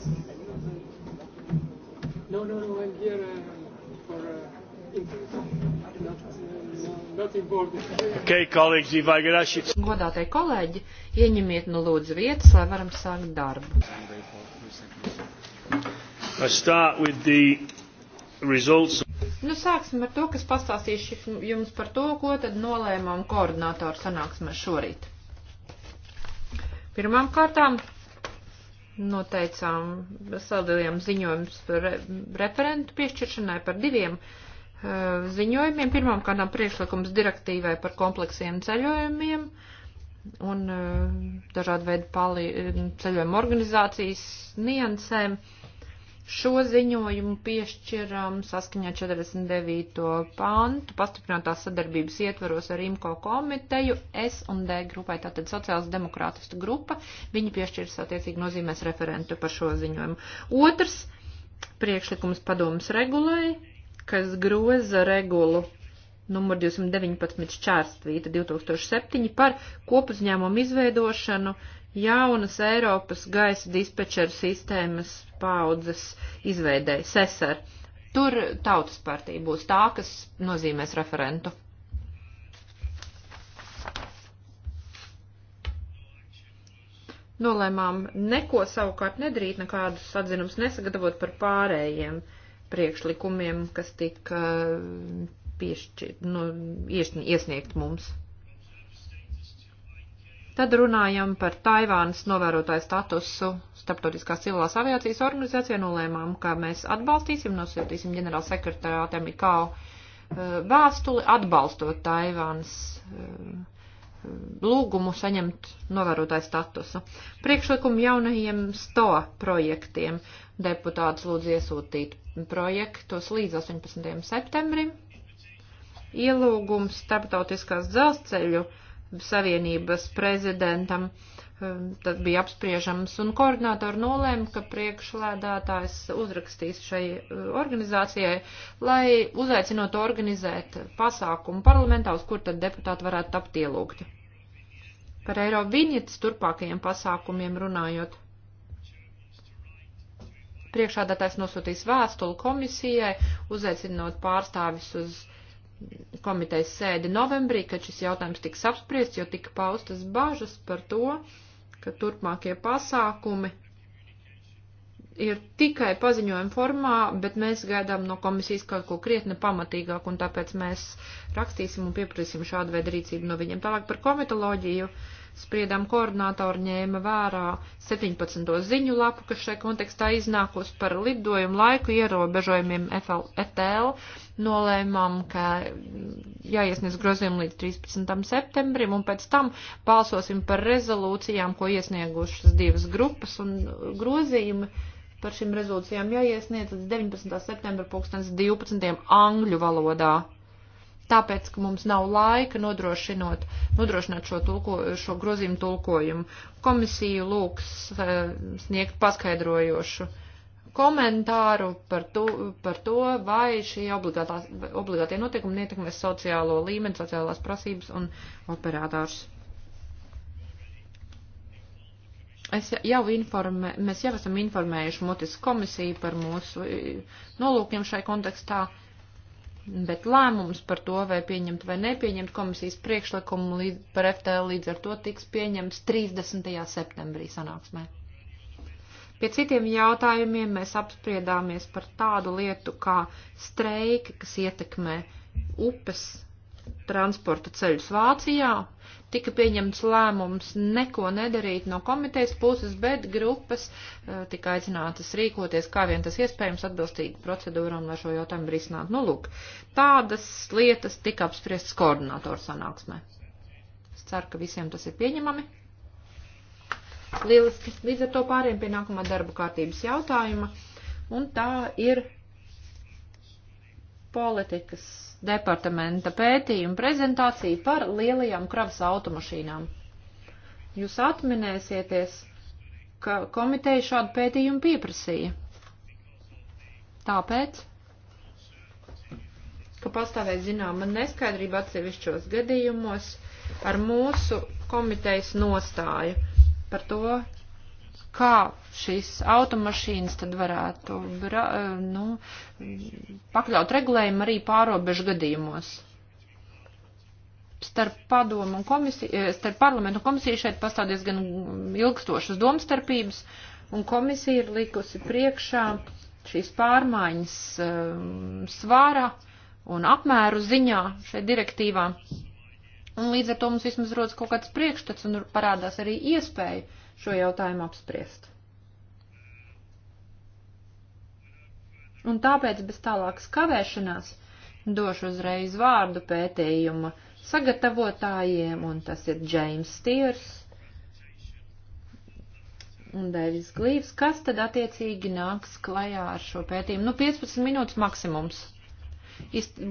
this. No, no, no, I'm here uh, for uh, interest. Not, uh, not important. Okay, colleagues, if I could ask you... Godātai kolēģi, ieņemiet nu lūdzu vietas, lai varam sākt darbu. I start with the results. Nu, sāksim ar to, kas pastāstīšu jums par to, ko tad nolēmām koordinātoru sanāksmē šorīt. Pirmām kārtām noteicām, saldījām ziņojumus par re, referentu piešķiršanai par diviem uh, ziņojumiem. Pirmām kādām priekšlikums direktīvai par kompleksiem ceļojumiem un uh, dažādu veidu pali, ceļojumu organizācijas niansēm. Uh, Šo ziņojumu piešķiram saskaņā 49. pantu pastiprinātās sadarbības ietvaros ar IMCO komiteju S un D grupai, tātad sociāls demokrātistu grupa. Viņi piešķirs attiecīgi nozīmēs referentu par šo ziņojumu. Otrs priekšlikums padomas regulai, kas groza regulu numur 219 čārstvīta 2007 par kopuzņēmumu izveidošanu uh, jaunas Eiropas gaisa dispečera sistēmas paudzes izveidē, SESAR. Tur tautas partija būs tā, kas nozīmēs referentu. Nolēmām neko savukārt nedarīt, nekādus atzinums nesagatavot par pārējiem priekšlikumiem, kas tika piešķirt, nu, iesniegt mums. Tad runājam par Taivānas novērotāju statusu Starptautiskā civilās aviācijas organizācijā. Nolēmām, ka mēs atbalstīsim, nosūtīsim ģenerāla sekretārātiem IKAU eh, vēstuli atbalstot Taivānas eh, lūgumu saņemt novērotāju statusu. Priekšlikumu jaunajiem STO projektiem deputāts lūdz iesūtīt projektus līdz 18. septembrim. Ielūgums starptautiskās dzelzceļu Savienības prezidentam. Um, tad bija apspriežams un koordinātori nolēma, ka priekšlēdātājs uzrakstīs šai uh, organizācijai, lai uzaicinot organizēt pasākumu parlamentā, uz kur tad deputāti varētu tapt ielūgti. Par Eiropu viņietas turpākajiem pasākumiem runājot. Priekšādātājs nosūtīs vēstuli komisijai, uzaicinot pārstāvis uz komitejas sēdi novembrī, kad šis jautājums tiks apspriests, jo tika paustas bažas par to, ka turpmākie pasākumi ir tikai paziņojuma formā, bet mēs gaidām no komisijas kaut ko krietni pamatīgāk, un tāpēc mēs rakstīsim un pieprasīsim šādu veidu rīcību no viņiem. Tālāk par komitoloģiju spriedām koordinātori ņēma vērā 17. ziņu lapu, kas šai kontekstā iznākus par lidojumu laiku ierobežojumiem FL, FTL. E Nolēmām, ka jāiesniedz grozījumi līdz 13. septembrim, un pēc tam balsosim par rezolūcijām, ko iesniegušas divas grupas, un grozījumi par šīm rezolūcijām jāiesniedz līdz 19. septembra 2012. angļu valodā tāpēc, ka mums nav laika nodrošinot, nodrošināt šo, tulko, šo grozījumu tulkojumu. Komisija lūgs eh, sniegt paskaidrojošu komentāru par to, par to vai šie obligātie notiekumi neietekmēs sociālo līmeni, sociālās prasības un operātārus. Es jau informē, mēs jau esam informējuši mutis komisiju par mūsu nolūkiem šai kontekstā. Uh, Bet lēmums par to, vai pieņemt vai nepieņemt komisijas priekšlikumu par FTL līdz ar to tiks pieņemts 30. septembrī sanāksmē. Pie citiem jautājumiem mēs apspriedāmies par tādu lietu kā streiki, kas ietekmē upes transporta ceļus Vācijā. Tika pieņemts lēmums neko nedarīt no komitejas puses, bet grupas eh, tika aicinātas rīkoties, kā vien tas iespējams, atbilstīgi procedūram, lai šo jautājumu risinātu. Nu, lūk, tādas lietas tika apspriestas koordinātoru sanāksmē. Es ceru, ka visiem tas ir pieņemami. Lieliski. Līdz ar to pāriem pie nākamā darba kārtības jautājuma. Un tā ir politikas departamenta pētījumu prezentāciju par lielajām kravas automašīnām. Jūs atminēsieties, ka komiteja šādu pētījumu pieprasīja. Tāpēc, ka pastāvēja zināma neskaidrība atsevišķos gadījumos ar mūsu komitejas nostāju par to, kā šīs automašīnas tad varētu bra, eh, nu, pakļaut regulējumu arī pārobežu gadījumos. Starp, padomu un komisiju, eh, starp parlamentu un komisiju šeit pastāv diezgan ilgstošas domstarpības, un komisija ir likusi priekšā šīs pārmaiņas eh, svāra un apmēru ziņā šeit direktīvā. Un līdz ar to mums vismaz rodas kaut kāds priekšstats un parādās arī iespēja uh, šo jautājumu apspriest. Un tāpēc bez tālākas kavēšanās došu uzreiz vārdu pētījuma sagatavotājiem, un tas ir Džeims Stiers un Deivis Glīvs, kas tad attiecīgi nāks klajā ar šo pētījumu. Nu, 15 minūtes maksimums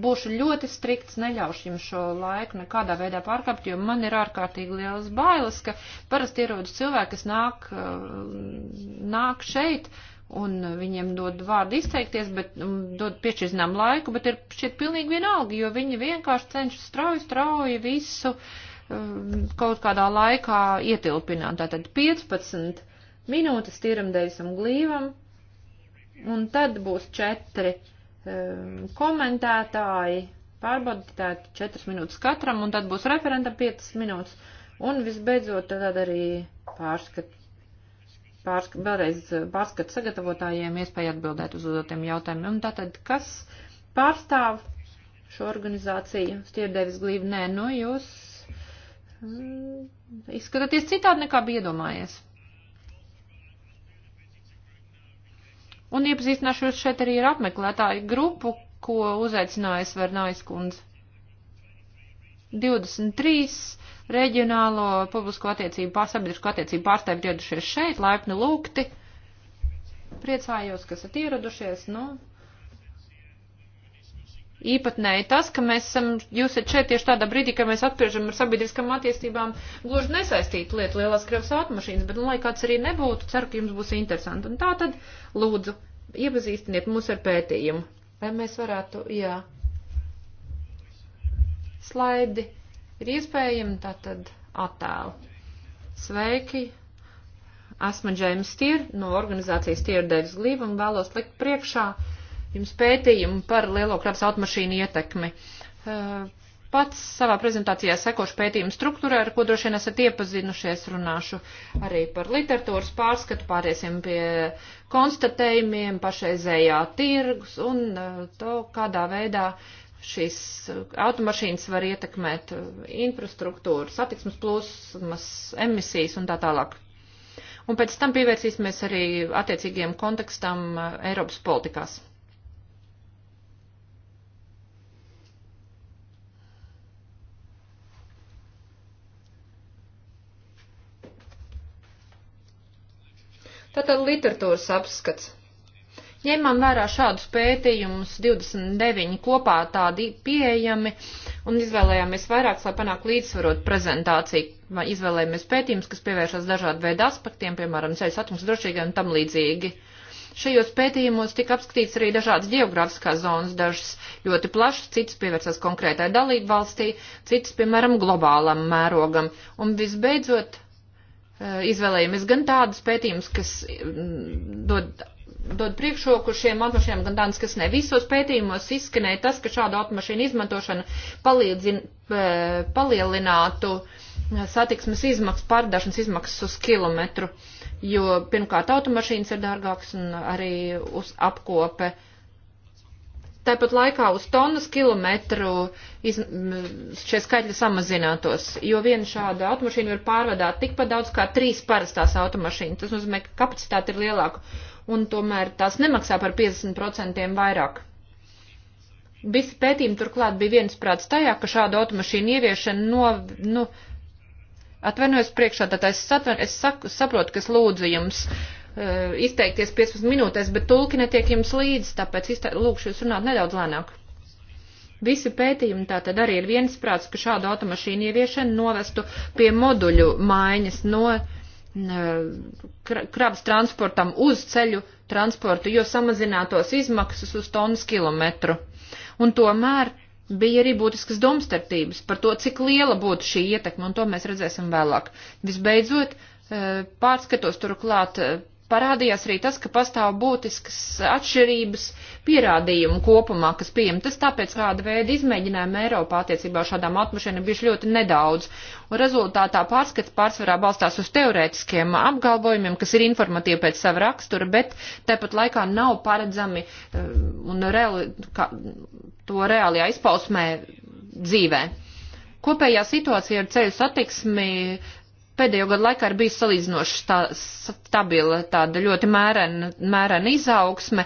būšu ļoti strikts, neļaušu jums šo laiku nekādā veidā pārkāpt, jo man ir ārkārtīgi liels bailes, ka parasti ierodas cilvēki, kas nāk, nāk šeit un viņiem dod vārdu izteikties, bet dod piešķirzinām laiku, bet ir šķiet pilnīgi vienalga, jo viņi vienkārši cenšas strauji, strauji visu kaut kādā laikā ietilpināt. Tātad 15 minūtes tiramdēļas un glīvam, un tad būs 4 Ehm, komentētāji, pārbaudītāji 4 minūtes katram, un tad būs referenta 5 minūtes. Un visbeidzot, tad arī pārskat, pārskat, vēlreiz pārskat sagatavotājiem iespēja atbildēt uz uzdotiem jautājumiem. Un tātad, kas pārstāv šo organizāciju? Stierdevis glīvi, nē, nu jūs mm, izskatāties citādi nekā bija iedomājies. Un iepazīstināšu jūs šeit arī ar apmeklētāju grupu, ko uzaicinājas Vernājas kundze. 23 reģionālo publisko attiecību pārsabiedrisko attiecību pārstāvji ieradušies šeit, laipni lūgti. Priecājos, ka esat ieradušies, nu, īpatnēji tas, ka mēs esam, jūs esat šeit tieši tādā brīdī, kad mēs atpiežam ar sabiedriskām attiestībām gluži nesaistītu lietu lielās kravas automašīnas, bet, nu, lai kāds arī nebūtu, ceru, ka jums būs interesanti. Un tā tad, lūdzu, iepazīstiniet mūs ar pētījumu, lai mēs varētu, jā, slaidi ir iespējami, tā tad attēli. Sveiki! Esmu Džeims Tīr no organizācijas Tīr Devs Glīva un vēlos likt priekšā uh, jums pētījumu par lielo kravas automašīnu ietekmi. Eh, pats savā prezentācijā sekošu pētījumu struktūrā, ar ko droši vien esat iepazinušies, runāšu arī par literatūras pārskatu, pāriesim pie konstatējumiem, pašreizējā tirgus un eh, to, kādā veidā šīs automašīnas var ietekmēt eh, infrastruktūru, satiksmes plūsmas, emisijas un tā tālāk un pēc tam pievērsīsimies arī attiecīgiem kontekstam Eiropas politikās. Tātad literatūras apskats. Ņemam vērā šādus pētījumus, 29 kopā tādi pieejami, un izvēlējāmies vairākus, lai panāktu līdzsvarot prezentāciju. Izvēlējāmies pētījumus, kas pievēršas dažādu veidu aspektiem, piemēram, ceļu satums drošīgai un tam līdzīgi. Šajos pētījumos tika apskatīts arī dažādas geogrāfiskās zonas, dažas ļoti plašas, citas pievērsās konkrētai dalību valstī, citas, piemēram, globālam mērogam. Un visbeidzot, Eh, izvēlējamies gan tādus pētījumus, kas mm, dod, dod priekšroku šiem automašīnām, gan tādus, kas ne. Visos pētījumos izskanēja tas, ka šāda automašīna izmantošana palīdzin, eh, palielinātu eh, satiksmes izmaksas, pārdašanas izmaksas uz kilometru, jo pirmkārt automašīnas ir dārgākas un arī uz apkope uh, Tāpat laikā uz tonnas kilometru iz, šie skaitļi samazinātos, jo viena šāda automašīna var pārvadāt tikpat daudz kā trīs parastās automašīnas. Tas nozīmē, ka kapacitāte ir lielāka un tomēr tās nemaksā par 50% vairāk. Visi pētījumi turklāt bija viensprāts tajā, ka šāda automašīna ieviešana no, nu, atvainojos priekšā, tad es, atvain, es saku, saprotu, ka es lūdzu jums Eh, izteikties 15 minūtēs, bet tulki netiek jums līdzi, tāpēc izte... lūkšu jūs runāt nedaudz lēnāk. Visi pētījumi tātad arī ir viensprāts, ka šāda automašīna ieviešana novestu pie moduļu maiņas no eh, kravas transportam uz ceļu transportu, jo samazinātos izmaksas uz tonnas kilometru. Un tomēr bija arī būtiskas domstarpības par to, cik liela būtu šī ietekme, un to mēs redzēsim vēlāk. Visbeidzot, eh, pārskatos turklāt parādījās arī tas, ka pastāv būtiskas atšķirības pierādījumu kopumā, kas pieejam. Tas tāpēc, kāda veida izmēģinājumi Eiropā attiecībā šādām atmašīnām bijuši ļoti nedaudz, un rezultātā pārskats pārsvarā balstās uz teorētiskiem apgalvojumiem, kas ir informatīvi pēc sava rakstura, bet tāpat laikā nav paredzami eh, un reali, kā, to reālajā izpausmē dzīvē. Kopējā situācija ar ceļu satiksmi pēdējo gadu laikā ir bijis salīdzinoši tā, stabila, tāda ļoti mērena, mērena izaugsme,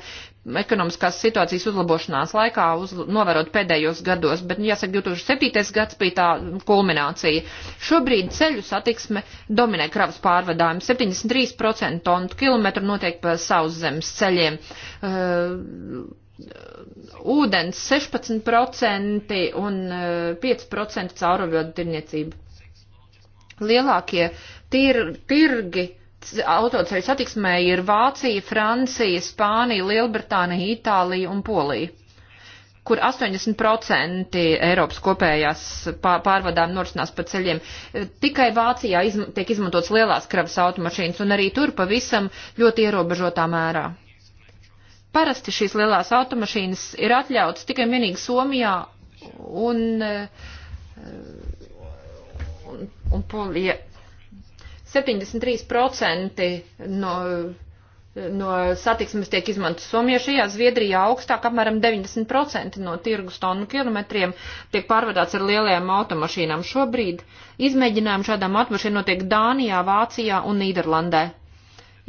ekonomiskās situācijas uzlabošanās laikā uz, novērot pēdējos gados, bet, nu, jāsaka, 2007. gads bija tā kulminācija. Šobrīd ceļu satiksme dominē kravas pārvadājumu. 73% tonu kilometru notiek pa savus zemes ceļiem. Uh, ūdens 16% un 5% cauruļotu tirniecību. Lielākie tir, tirgi autoceļu satiksmē ir Vācija, Francija, Spānija, Lielbritānija, Itālija un Polija kur 80% Eiropas kopējās pārvadām norisinās pa ceļiem. Tikai Vācijā izm tiek izmantots lielās kravas automašīnas un arī tur pavisam ļoti ierobežotā mērā. Parasti šīs lielās automašīnas ir atļautas tikai vienīgi Somijā un uh, un, un Polija. 73% no, no satiksmes tiek izmantots Somijā, Zviedrijā augstāk, apmēram 90% no tirgus tonu kilometriem tiek pārvadāts ar lielajām automašīnām. Šobrīd izmēģinājumi šādām automašīnām notiek Dānijā, Vācijā un Nīderlandē.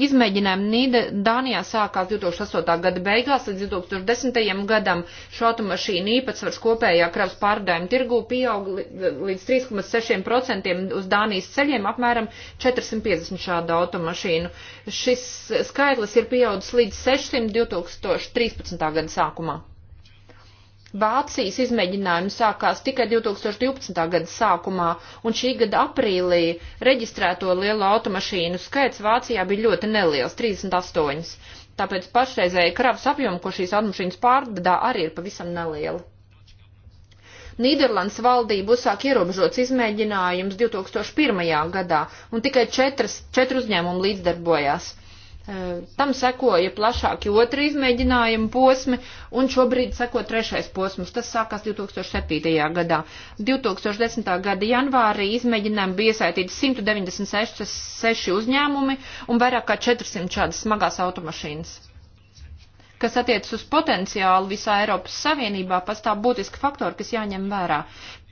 Izmēģinājumi Nīde Dānijā sākās 2008. gada beigās līdz 2010. gadam. Šo automašīnu īpatsvars kopējā kravas pārdājuma tirgū pieaug līdz 3,6% uz Dānijas ceļiem apmēram 450 šādu automašīnu. Šis skaitlis ir pieaudzis līdz 600 2013. gada sākumā. Vācijas izmēģinājumi sākās tikai 2012. gada sākumā, un šī gada aprīlī reģistrēto lielo automašīnu skaits Vācijā bija ļoti neliels - 38. Tāpēc pašreizēja kravas apjoma, ko šīs automašīnas pārdadā, arī ir pavisam neliela. Nīderlandes valdība uzsāk ierobežots izmēģinājums 2001. gadā, un tikai četras, četru uzņēmumu līdzdarbojās. Eh, tam sekoja plašāki otri izmēģinājumi posmi, un šobrīd seko trešais posms. Tas sākās 2007. gadā. 2010. gada janvārī izmēģinājumi bija iesaistīti 196 uzņēmumi un vairāk kā 400 šādas smagās automašīnas. Kas attiec uz potenciālu visā Eiropas Savienībā, pastāv būtiski faktori, kas jāņem vērā.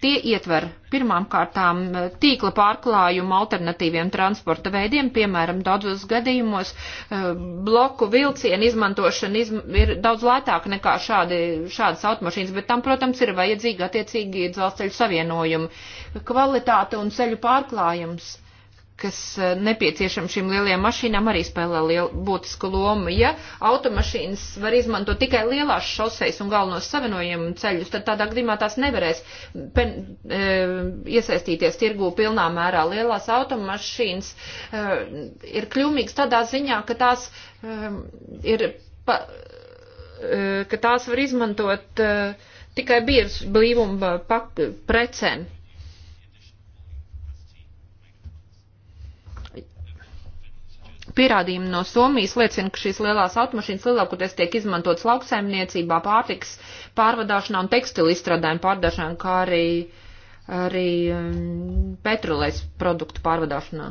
Tie ietver pirmām kārtām eh, tīkla pārklājumu alternatīviem transporta veidiem, piemēram, daudzos gadījumos eh, bloku vilcienu izmantošana izm ir daudz lētāka nekā šādi, šādas automašīnas, bet tam, protams, ir vajadzīgi attiecīgi dzelzceļu savienojumi, kvalitāte un ceļu pārklājums kas eh, nepieciešama šīm lielajām mašīnām, arī spēlē lielu būtisku lomu. Ja automašīnas var izmantot tikai lielās šoseis un galvenos savenojumu ceļus, tad tādā gadījumā tās nevarēs pen, e, iesaistīties tirgū pilnā mērā. Lielās automašīnas e, ir kļūmīgas tādā ziņā, ka tās e, ir, pa, e, ka tās var izmantot e, tikai biezu blīvumu pak, precēm. Pierādījumi no Somijas liecina, ka šīs lielās automašīnas lielākoties tiek izmantotas lauksaimniecībā, pārtiks pārvadāšanā un tekstilu izstrādājumu pārdošanā, kā arī, arī um, petrolēs produktu pārvadāšanā.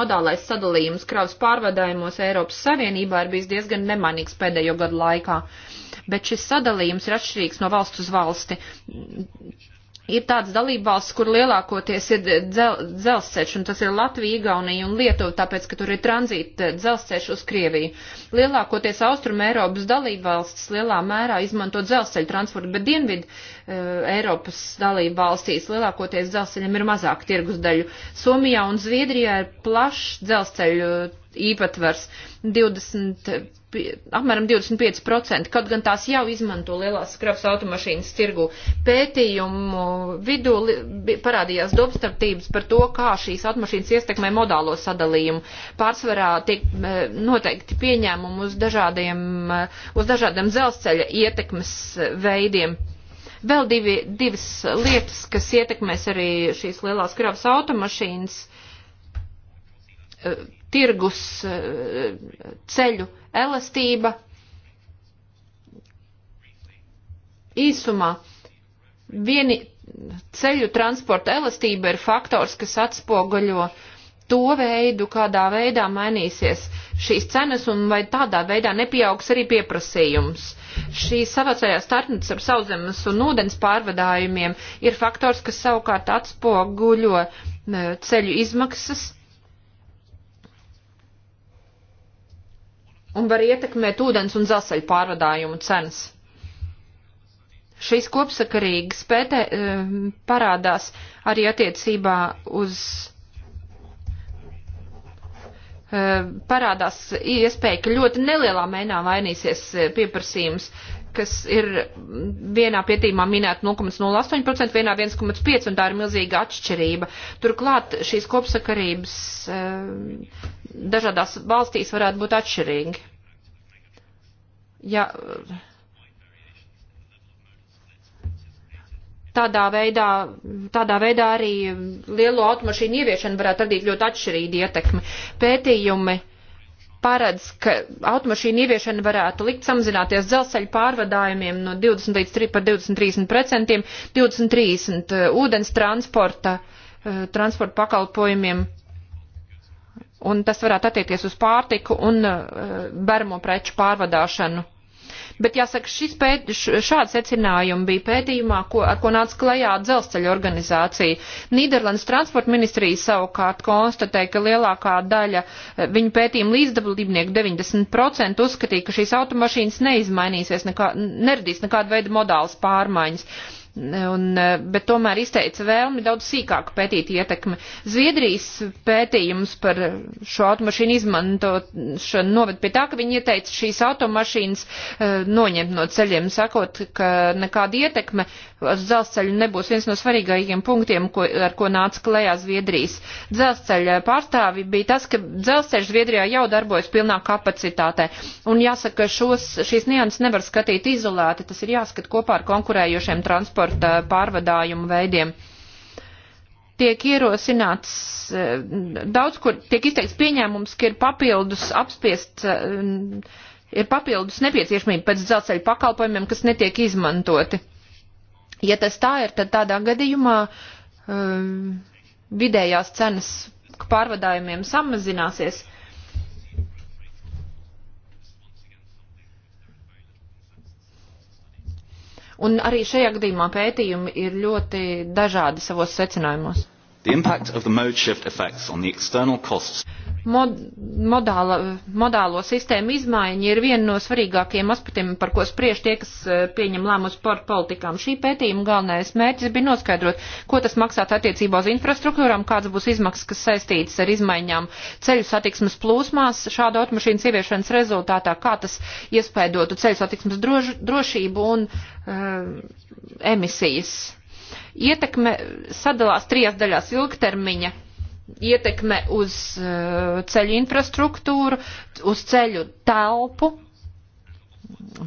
Modālais sadalījums kravas pārvadājumos Eiropas Savienībā ir bijis diezgan nemanīgs pēdējo gadu laikā, bet šis sadalījums ir atšķirīgs no valsts uz valsti ir tāds dalībvalsts, kur lielākoties ir dzel, dzelzceļš, un tas ir Latvija, Igaunija un Lietuva, tāpēc, ka tur ir tranzīta eh, dzelzceļš uz Krieviju. Lielākoties Austrum Eiropas dalībvalstis lielā mērā izmanto dzelzceļu transportu, bet Dienvidu uh, Eiropas dalībvalstīs lielākoties dzelzceļam ir mazāk tirgus daļu. Somijā un Zviedrijā ir plašs dzelzceļu eh, īpatvars 20 pie, apmēram 25%, kaut gan tās jau izmanto lielās skrabas automašīnas tirgu. Pētījumu vidū parādījās dobstarptības par to, kā šīs automašīnas iestekmē modālo sadalījumu. Pārsvarā tiek e, noteikti pieņēmumi uz dažādiem, e, uz dažādiem dzelzceļa ietekmes veidiem. Vēl divi, divas lietas, kas ietekmēs arī šīs lielās kravas automašīnas e, tirgus eh, ceļu elastība. Īsumā, vieni ceļu transporta elastība ir faktors, kas atspoguļo to veidu, kādā veidā mainīsies šīs cenas un vai tādā veidā nepieaugs arī pieprasījums. Šīs savacējās starpnes ar sauzemes un ūdens pārvadājumiem ir faktors, kas savukārt atspoguļo eh, ceļu izmaksas un var ietekmēt ūdens un zasaļu pārvadājumu cenas. Šīs kopsakarīgas pētē eh, parādās arī attiecībā uz eh, parādās iespēja, ka ļoti nelielā mēnā mainīsies eh, pieprasījums kas ir vienā pietīmā minēta 0,08%, vienā 1,5%, un tā ir milzīga atšķirība. Turklāt šīs kopsakarības eh, dažādās valstīs varētu būt atšķirīgi. Ja, tādā veidā, tādā veidā arī lielo automašīnu ieviešana varētu radīt ļoti atšķirīgu ietekmi. Pētījumi paredz, ka automašīnu ieviešana varētu likt samazināties dzelzceļa pārvadājumiem no 20 līdz 3 par 20-30%, 20-30 eh, ūdens transporta, eh, transporta pakalpojumiem. Un tas varētu attiekties uz pārtiku un eh, bērmo preču pārvadāšanu Bet jāsaka, šis pēt, šāds secinājums bija pētījumā, ko, ar ko nāca klajā dzelzceļa organizācija. Nīderlandes transporta ministrija savukārt konstatē, ka lielākā daļa eh, viņu pētījumu līdzdalībnieku 90% uzskatīja, ka šīs automašīnas neizmainīsies, nekā, neradīs nekādu veidu modālas pārmaiņas. Un, e, bet tomēr izteica vēlmi daudz sīkāk pētīt ietekmi. Zviedrijas pētījums par šo automašīnu izmantošanu noved pie tā, ka viņi ieteica šīs automašīnas e, noņemt no ceļiem, sakot, ka nekāda ietekme dzelzceļu nebūs viens no svarīgākajiem punktiem, ko, ar ko nāca klējā Zviedrijas dzelzceļa pārstāvi, bija tas, ka dzelzceļš Zviedrijā jau darbojas pilnā kapacitātē. Un jāsaka, šos, šīs nianses nevar skatīt izolēti, tas ir jāskat kopā ar konkurējošiem transporta pārvadājumu veidiem tiek ierosināts, eh, daudz kur tiek izteikts pieņēmums, ka ir papildus apspiest, eh, ir papildus nepieciešamība pēc dzelzceļa pakalpojumiem, kas netiek izmantoti. Ja tas tā ir, tad tādā gadījumā um, vidējās cenas pārvadājumiem samazināsies. Un arī šajā gadījumā pētījumi ir ļoti dažādi savos secinājumos. The impact of the mode shift effects on the external costs. Mod, modāla, modālo sistēmu izmaiņa ir viena no svarīgākajiem aspektiem, par ko spriež tie, kas eh, pieņem lēmumus par politikām. Šī pētījuma galvenais mērķis bija noskaidrot, ko tas maksāt attiecībā uz infrastruktūrām, kādas būs izmaksas, kas saistītas ar izmaiņām ceļu satiksmes plūsmās, šāda automašīnas ieviešanas rezultātā, kā tas iespēdotu ceļu satiksmes drož, drošību un uh, emisijas Ietekme sadalās trijās daļās ilgtermiņa ietekme uz eh, ceļu infrastruktūru, uz ceļu telpu,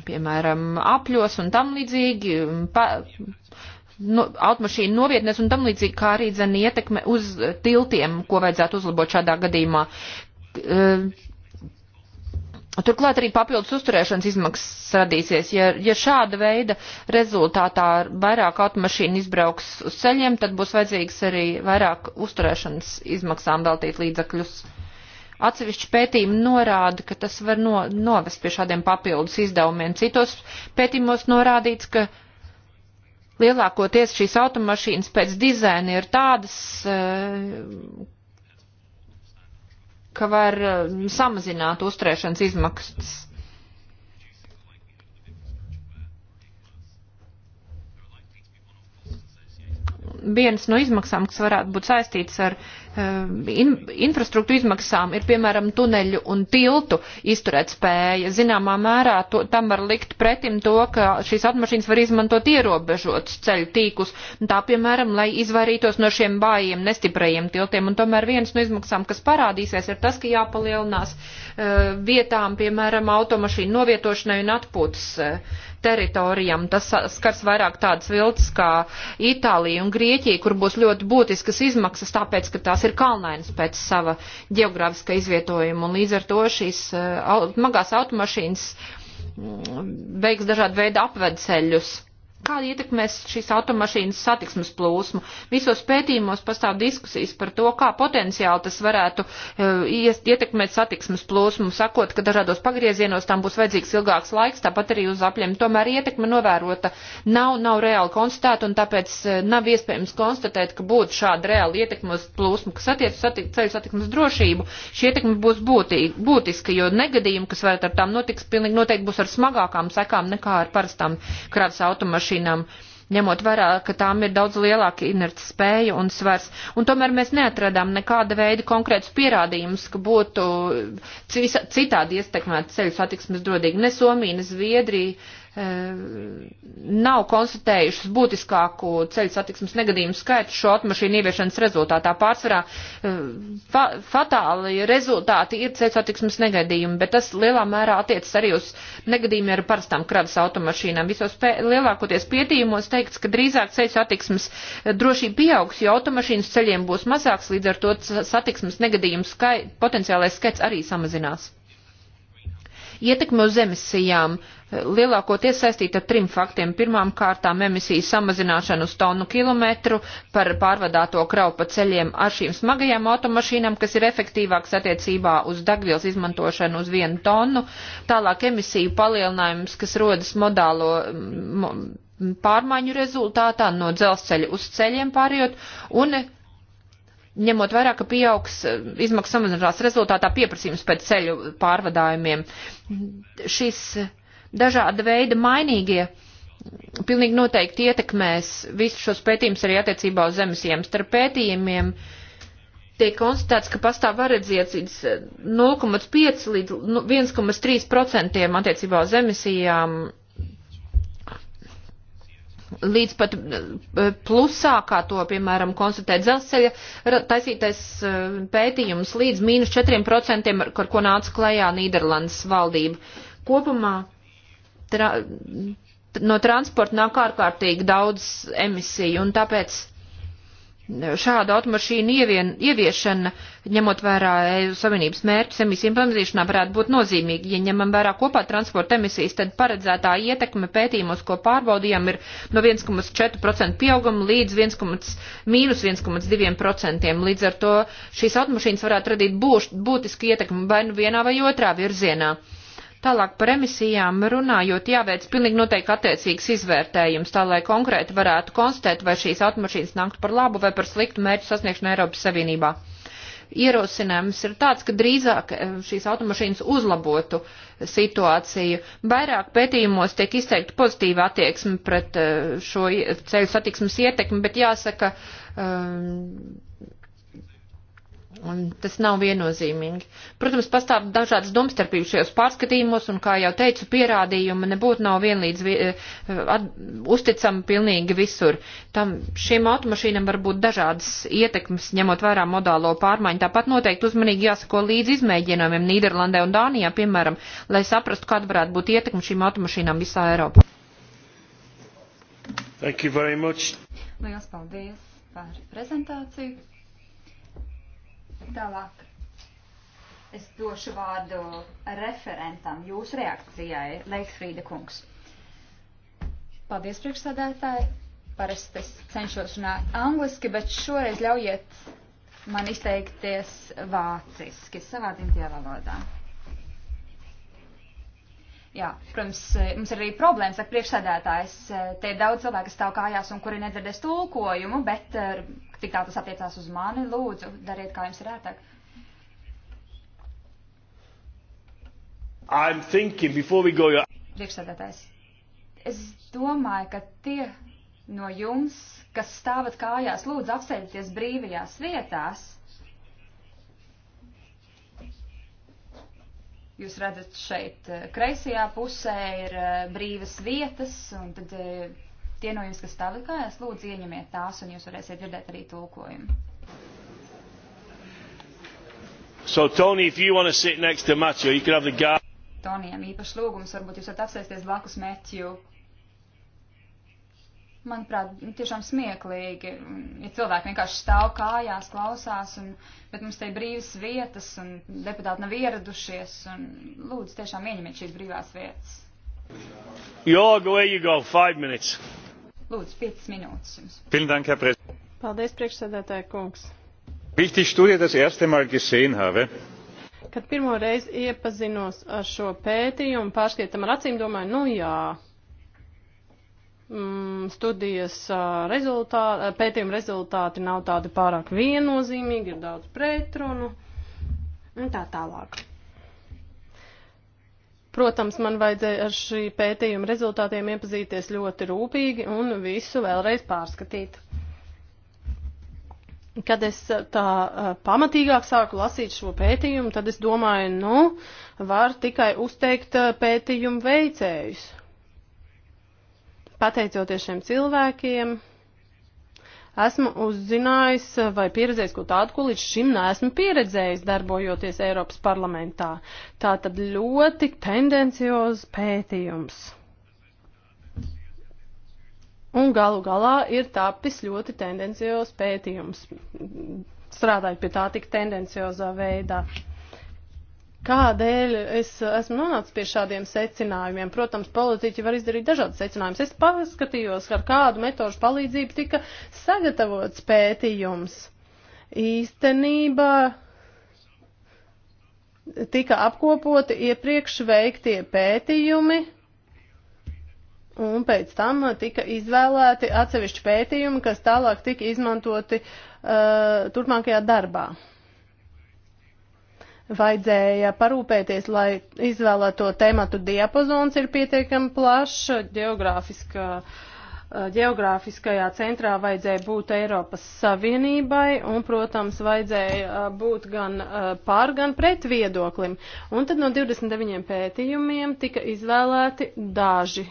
piemēram, apļos un tam līdzīgi, pa, no, nu, automašīnu novietnes un tam līdzīgi, kā arī dzen ietekme uz tiltiem, ko vajadzētu uzlabot šādā gadījumā. Eh, Turklāt arī papildus uzturēšanas izmaksas radīsies. Ja, ja šāda veida rezultātā vairāk automašīnu izbrauks uz ceļiem, tad būs vajadzīgs arī vairāk uzturēšanas izmaksām veltīt līdzakļus. Atsevišķi pētījumi norāda, ka tas var no, novest pie šādiem papildus izdevumiem. Citos pētījumos norādīts, ka lielākoties šīs automašīnas pēc dizaina ir tādas, eh, ka var eh, samazināt uzturēšanas izmaksas. Viens no izmaksām, kas varētu būt saistīts ar uh, Ehm, in, infrastruktūra izmaksām ir piemēram tuneļu un tiltu izturēt spēja. Zināmā mērā to, tam var likt pretim to, ka šīs automašīnas var izmantot ierobežotus ceļu tīkus, tā piemēram, lai izvairītos no šiem bājiem, nestiprajiem tiltiem. Un tomēr viens no izmaksām, kas parādīsies, ir tas, ka jāpalielinās uh, vietām, piemēram, automašīnu novietošanai un atpūtas uh, teritorijām. Tas skars vairāk tādas vilcis kā Itālija un Grieķija, kur būs ļoti būtiskas izmaksas, tāpēc, ka tās ir kalnainas pēc sava geogrāfiska izvietojuma. Un līdz ar to šīs uh, eh, magās automašīnas veiks mm, dažādu veidu apvedceļus Kāda ietekmēs šīs automašīnas satiksmes plūsmu? Visos pētījumos pastāv diskusijas par to, kā potenciāli tas varētu uh, ietekmēt satiksmes plūsmu, sakot, ka dažādos pagriezienos tam būs vajadzīgs ilgāks laiks, tāpat arī uz apļiem. Tomēr ietekme novērota nav, nav reāli konstatēta, un tāpēc e, nav iespējams konstatēt, ka būtu šāda reāla ietekme uz plūsmu, kas attiec uz satik ceļu satiksmes drošību. Šī ietekme būs būtī, būtiska, jo negadījumi, kas varētu ar tām notiks, pilnīgi noteikti būs ar smagākām sekām nekā ar parastām kravas automašīnām mašīnām, ņemot vērā, ka tām ir daudz lielāka inerces spēja un svars. Un tomēr mēs neatradām nekāda veida konkrētus pierādījumus, ka būtu citādi iestekmēta ceļu satiksmes drodīgi ne Somija, ne Zviedrija Ehm, nav konstatējušas būtiskāku ceļu satiksmes negadījumu skaitu šo automašīnu ieviešanas rezultātā. Pārsvarā ehm, fa fatāli rezultāti ir ceļu satiksmes negadījumi, bet tas lielā mērā attiecas arī uz negadījumiem ar parastām kravas automašīnām. Visos pē lielākoties pētījumos teikts, ka drīzāk ceļu satiksmes eh, drošība pieaugs, jo automašīnas ceļiem būs mazāks, līdz ar to satiksmes negadījumu skai potenciālais skaits arī samazinās. Ietekme uz emisijām uh, lielākoties saistīta ar trim faktiem. Pirmām kārtām emisiju samazināšanu uz tonu kilometru par pārvadāto kravu pa ceļiem ar šīm smagajām automašīnām, kas ir efektīvāks attiecībā uz degvielas izmantošanu uz vienu tonu. Tālāk emisiju palielinājums, kas rodas modālo mo, pārmaiņu rezultātā no dzelzceļa uz ceļiem pārējot un ņemot vērā, ka pieaugs eh, izmaksas samazinās rezultātā pieprasījums pēc ceļu pārvadājumiem. Šis dažāda veida mainīgie pilnīgi noteikti ietekmēs visu šos pētījumus arī attiecībā uz emisijām. Starp pētījumiem tiek konstatēts, ka pastāv varedziecis eh, 0,5 līdz 1,3% nu, attiecībā uz emisijām līdz pat eh, plusā, kā to, piemēram, konstatē dzelzceļa taisītais eh, pētījums, līdz mīnus 4%, ar ko nāca klajā Nīderlandes valdība. Kopumā tra no transporta nāk ārkārtīgi daudz emisiju, un tāpēc šāda automašīna ievien, ieviešana, ņemot vērā Savienības mērķus emisiju pamatīšanā, varētu būt nozīmīga. Ja ņemam vērā kopā transporta emisijas, tad paredzētā ietekme pētījumos, ko pārbaudījām, ir no 1,4% pieauguma līdz 1,2%. Līdz ar to šīs automašīnas varētu radīt būš, būtisku ietekmi vai nu vienā vai otrā virzienā. Tālāk par emisijām runājot, jāveic pilnīgi noteikti attiecīgs izvērtējums, tā lai konkrēti varētu konstatēt, vai šīs automašīnas nāktu par labu vai par sliktu mērķu sasniegšanu Eiropas Savienībā. Ierosinājums ir tāds, ka drīzāk eh, šīs automašīnas uzlabotu situāciju. Vairāk pētījumos tiek izteikta pozitīva attieksme pret eh, šo ceļu satiksmes ietekmi, bet jāsaka, um, un tas nav viennozīmīgi. Protams, pastāv dažādas domstarpības šajos pārskatījumos, un, kā jau teicu, pierādījumi nebūtu nav vienlīdz eh, at, uzticami pilnīgi visur. Tam šīm automašīnām var būt dažādas ietekmes, ņemot vērā modālo pārmaiņu. Tāpat noteikti uzmanīgi jāsako līdz izmēģinājumiem Nīderlandē un Dānijā, piemēram, lai saprastu, kāda varētu būt ietekme šīm automašīnām visā Eiropā. Thank you very much. Lielas paldies par prezentāciju. Tālāk. Es došu vārdu referentam jūsu reakcijai, Leikfrīda kungs. Paldies, priekšsādātāji. Parasti es cenšos runāt angliski, bet šoreiz ļaujiet man izteikties vāciski, savā dzimtajā valodā. Jā, protams, mums ir arī problēmas ar priekšsēdētājs. Te ir daudz cilvēku, kas stāv kājās un kuri nedzirdēs tulkojumu, bet eh, Tik tā tas attiecās uz mani, lūdzu, dariet, kā jums ir ērtāk. Go... Priekšsēdētājs, es domāju, ka tie no jums, kas stāvat kājās, lūdzu apsēdieties brīvajās vietās. Jūs redzat, šeit eh, kreisajā pusē ir eh, brīvas vietas, un tad eh, Tie no jums, kas stāvat kājās, lūdzu ieņemiet tās, un jūs varēsiet dzirdēt arī tulkojumu. So, Tony, if you want to sit next to Matthew, you can have the guy. Tonijam īpašs lūgums, varbūt jūs varat apsēsties blakus Matthew. Manuprāt, tiešām smieklīgi, ja cilvēki vienkārši stāv kājās, klausās, un, bet mums te ir brīvas vietas, un deputāti nav ieradušies, un lūdzu tiešām ieņemiet šīs brīvās vietas. Jorga, where you go? Five minutes. Lūdzu, 5 minūtes jums. Paldies, priekšsēdētāja kungs. Wichtig studija das erste Mal gesehen habe. Kad pirmo reizi iepazinos ar šo pētījumu, pārskietam ar acīm, domāju, nu jā, mm, studijas rezultāti, pētījuma rezultāti nav tādi pārāk viennozīmīgi, ir daudz pretrunu un tā tālāk. Protams, man vajadzēja ar šī pētījuma rezultātiem iepazīties ļoti rūpīgi un visu vēlreiz pārskatīt. Kad es tā eh, pamatīgāk sāku lasīt šo pētījumu, tad es domāju, nu, var tikai uzteikt eh, pētījumu veicējus. Pateicoties šiem cilvēkiem, esmu uzzinājis eh, vai pieredzējis ko tādu, ko līdz šim neesmu pieredzējis darbojoties Eiropas parlamentā. Tā tad ļoti tendenciozs pētījums. Un galu galā ir tapis ļoti tendenciozs pētījums. Strādājot pie tā tik tendenciozā veidā. Kādēļ es esmu nonācis pie šādiem secinājumiem? Protams, politiķi var izdarīt dažādas secinājumus. Es paskatījos, ar kādu metožu palīdzību tika sagatavots pētījums. Īstenībā tika apkopoti iepriekš veiktie pētījumi, un pēc tam tika izvēlēti atsevišķi pētījumi, kas tālāk tika izmantoti uh, turpmākajā darbā vajadzēja parūpēties, lai izvēlēto tematu diapazons ir pietiekami plašs, geogrāfiskā ģeogrāfiskajā eh, centrā vajadzēja būt Eiropas Savienībai un, protams, vajadzēja eh, būt gan eh, pār, gan pret viedoklim. Un tad no 29 pētījumiem tika izvēlēti daži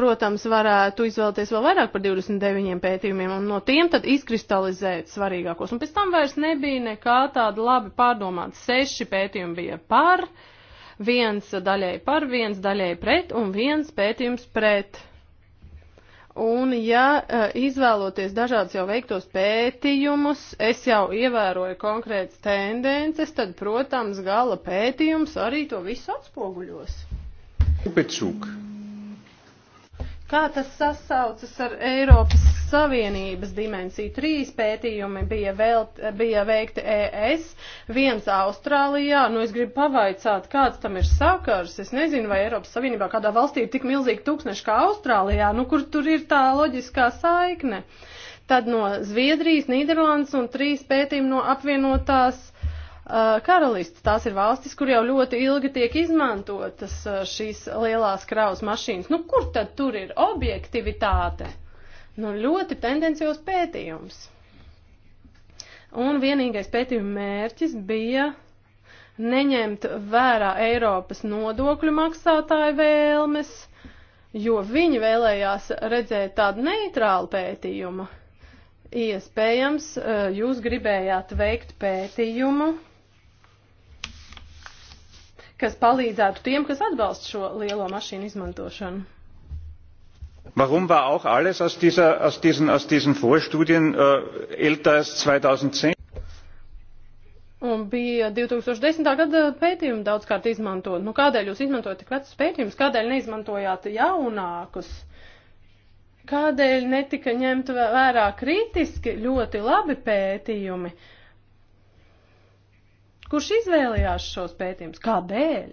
protams, varētu izvēlēties vēl vairāk par 29 pētījumiem un no tiem tad izkristalizēt svarīgākos. Un pēc tam vairs nebija nekā tāda labi pārdomāta. Seši pētījumi bija par, viens daļai par, viens daļai pret un viens pētījums pret. Un, ja eh, izvēloties dažādus jau veiktos pētījumus, es jau ievēroju konkrētas tendences, tad, protams, gala pētījums arī to visu atspoguļos. Pēc šūka. Kā tas sasaucas ar Eiropas Savienības dimensiju? Trīs pētījumi bija, vēl, bija veikti ES, viens Austrālijā. Nu, es gribu pavaicāt, kāds tam ir sakars. Es nezinu, vai Eiropas Savienībā kādā valstī ir tik milzīgi tūkstneši kā Austrālijā. Nu, kur tur ir tā loģiskā saikne? Tad no Zviedrijas, Nīderlandes un trīs pētījumi no apvienotās Eh, karalists. Tās ir valstis, kur jau ļoti ilgi tiek izmantotas eh, šīs lielās kraus mašīnas. Nu, kur tad tur ir objektivitāte? Nu, ļoti tendencios pētījums. Un vienīgais pētījuma mērķis bija neņemt vērā Eiropas nodokļu maksātāju vēlmes, jo viņi vēlējās redzēt tādu neitrālu pētījumu. Iespējams, eh, jūs gribējāt veikt pētījumu kas palīdzētu tiem, kas atbalsta šo lielo mašīnu izmantošanu. Warum war auch alles aus, dieser, aus, diesen, aus diesen Vorstudien äh, älter als 2010? Un bija 2010. gada pētījumi daudzkārt izmantot. Nu, kādēļ jūs izmantojat tik vecus pētījumus, kādēļ neizmantojāt jaunākus? Kādēļ netika ņemt vērā kritiski ļoti labi pētījumi? Uh, Kurš izvēlējās šos pētījumus? Kādēļ?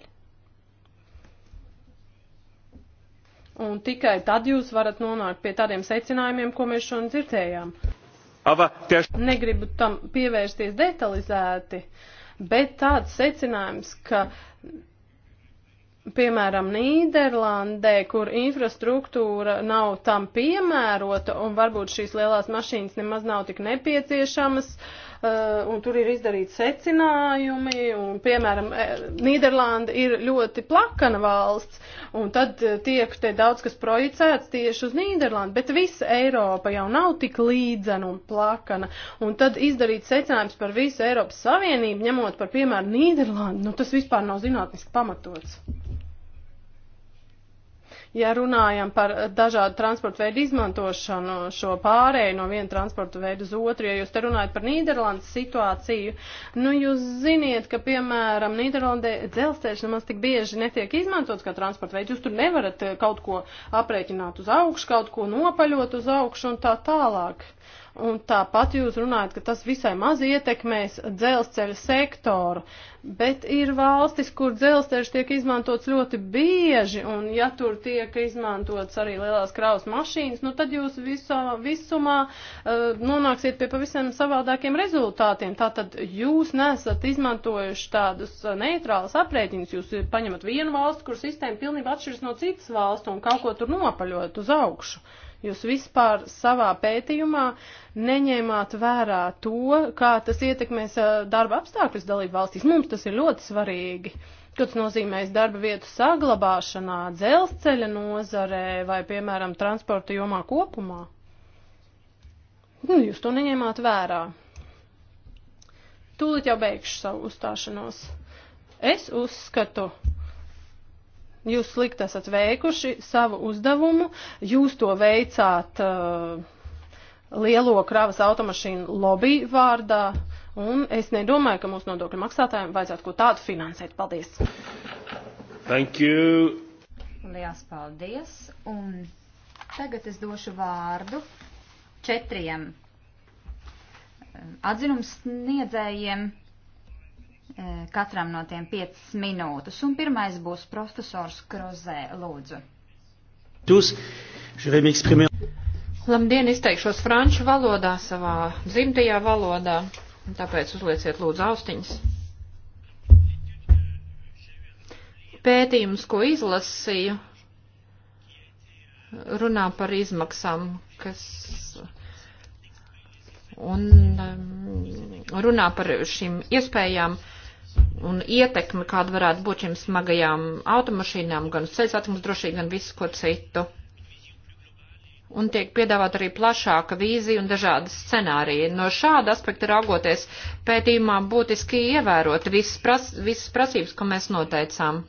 Un tikai tad jūs varat nonākt pie tādiem secinājumiem, ko mēs šodien dzirdējām. Negribu tam pievērsties detalizēti, bet tāds secinājums, ka piemēram, Nīderlandē, kur infrastruktūra nav tam piemērota un varbūt šīs lielās mašīnas nemaz nav tik nepieciešamas, uh, Eh, un tur ir izdarīti secinājumi, un, piemēram, eh, Nīderlanda ir ļoti plakana valsts, un tad eh, tiek te daudz kas projicēts tieši uz Nīderlandu, bet visa Eiropa jau nav tik līdzena un plakana, un tad izdarīt secinājums par visu Eiropas Savienību, ņemot par piemēru Nīderlandu, nu tas vispār nav zinātniski pamatots. Ja runājam par dažādu transporta veidu izmantošanu, šo pārēju no viena transporta veida uz otru, ja jūs te runājat par Nīderlandes situāciju, nu jūs ziniet, ka, piemēram, Nīderlandē dzelzceļš nemaz tik bieži netiek izmantots kā transporta veids. Jūs tur nevarat eh, kaut ko aprēķināt uz augšu, kaut ko nopaļot uz augšu un tā tālāk. Uh, Un tāpat jūs runājat, ka tas visai maz ietekmēs dzelzceļa sektoru, bet ir valstis, kur dzelzceļš tiek izmantots ļoti bieži, un ja tur tiek izmantots arī lielās kraus mašīnas, nu tad jūs visā, visumā uh, nonāksiet pie pavisam savādākiem rezultātiem. Tātad jūs nesat izmantojuši tādus uh, neitrālus aprēķinus, jūs paņemat vienu valstu, kur sistēma pilnībā atšķiras no citas valsts un kaut ko tur nopaļot uz augšu. Jūs vispār savā pētījumā neņēmāt vērā to, kā tas ietekmēs eh, darba apstākļus dalību valstīs. Mums tas ir ļoti svarīgi. Ko tas nozīmēs darba vietu saglabāšanā, dzelzceļa nozarē vai, piemēram, transporta jomā kopumā? Nu, jūs to neņēmāt vērā. Tūlīt jau beigšu savu uzstāšanos. Es uzskatu, Jūs slikti esat veikuši savu uzdevumu, jūs to veicāt uh, lielo kravas automašīnu lobby vārdā, un es nedomāju, ka mūsu nodokļu maksātājiem vajadzētu ko tādu finansēt. Paldies! Thank you! Lielas paldies! Un tagad es došu vārdu četriem um, atzinums sniedzējiem Eh, katram no tiem 5 minūtes. Un pirmais būs profesors Krozē, lūdzu. Jūs, Labdien, izteikšos franču valodā, savā dzimtajā valodā, tāpēc uzlieciet lūdzu austiņas. Pētījums, ko izlasīju, runā par izmaksām, kas un um, runā par šīm iespējām un ietekmi, kāda varētu būt šīm smagajām automašīnām, gan ceļu atmums drošību, gan visu ko citu. Un tiek piedāvāt arī plašāka vīzija un dažādi scenāriji. No šāda aspekta raugoties pētījumā būtiski ievērot visas, pras, visas prasības, ko mēs noteicām.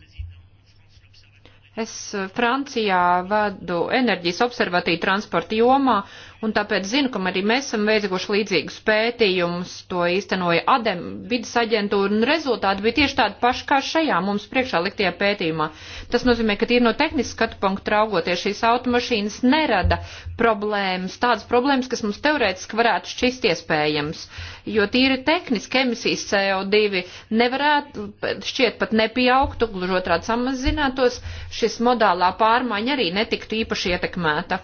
Es eh, Francijā vadu enerģijas observatīvu transporta jomā, un tāpēc zinu, ka arī mēs esam veikuši līdzīgus pētījumus, to īstenoja ADEM vidas aģentūra, un rezultāti bija tieši tādi paši kā šajā mums priekšā liktajā pētījumā. Tas nozīmē, ka ir no tehniska skatu punkta raugoties šīs automašīnas nerada problēmas, tādas problēmas, kas mums teorētiski varētu šķist iespējams, jo tīri tehniski emisijas CO2 nevarētu šķiet pat nepieaugtu, gluži otrādi samazinātos, šis modālā pārmaiņa arī netiktu īpaši ietekmēta.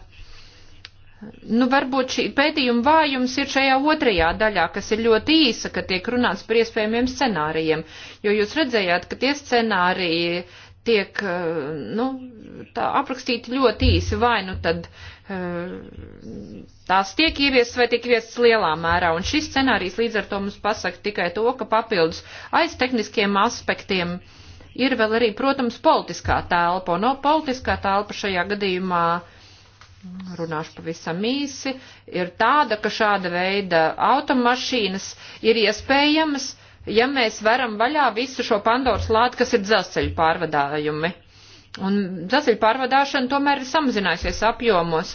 Nu, varbūt šī pētījuma vājums ir šajā otrajā daļā, kas ir ļoti īsa, ka tiek runāts par iespējamiem scenārijiem, jo jūs redzējāt, ka tie scenāriji tiek, eh, nu, tā aprakstīti ļoti īsi, vai nu tad eh, tās tiek ieviestas vai tiek ieviestas lielā mērā, un šis scenārijs līdz ar to mums pasaka tikai to, ka papildus aiz tehniskiem aspektiem ir vēl arī, protams, politiskā telpa, un no politiskā telpa šajā gadījumā uh, runāšu pavisam īsi, ir tāda, ka šāda veida automašīnas ir iespējamas, ja mēs varam vaļā visu šo Pandoras lādu, kas ir dzelzceļu pārvadājumi. Un dzelzceļu pārvadāšana tomēr ir samazinājusies apjomos,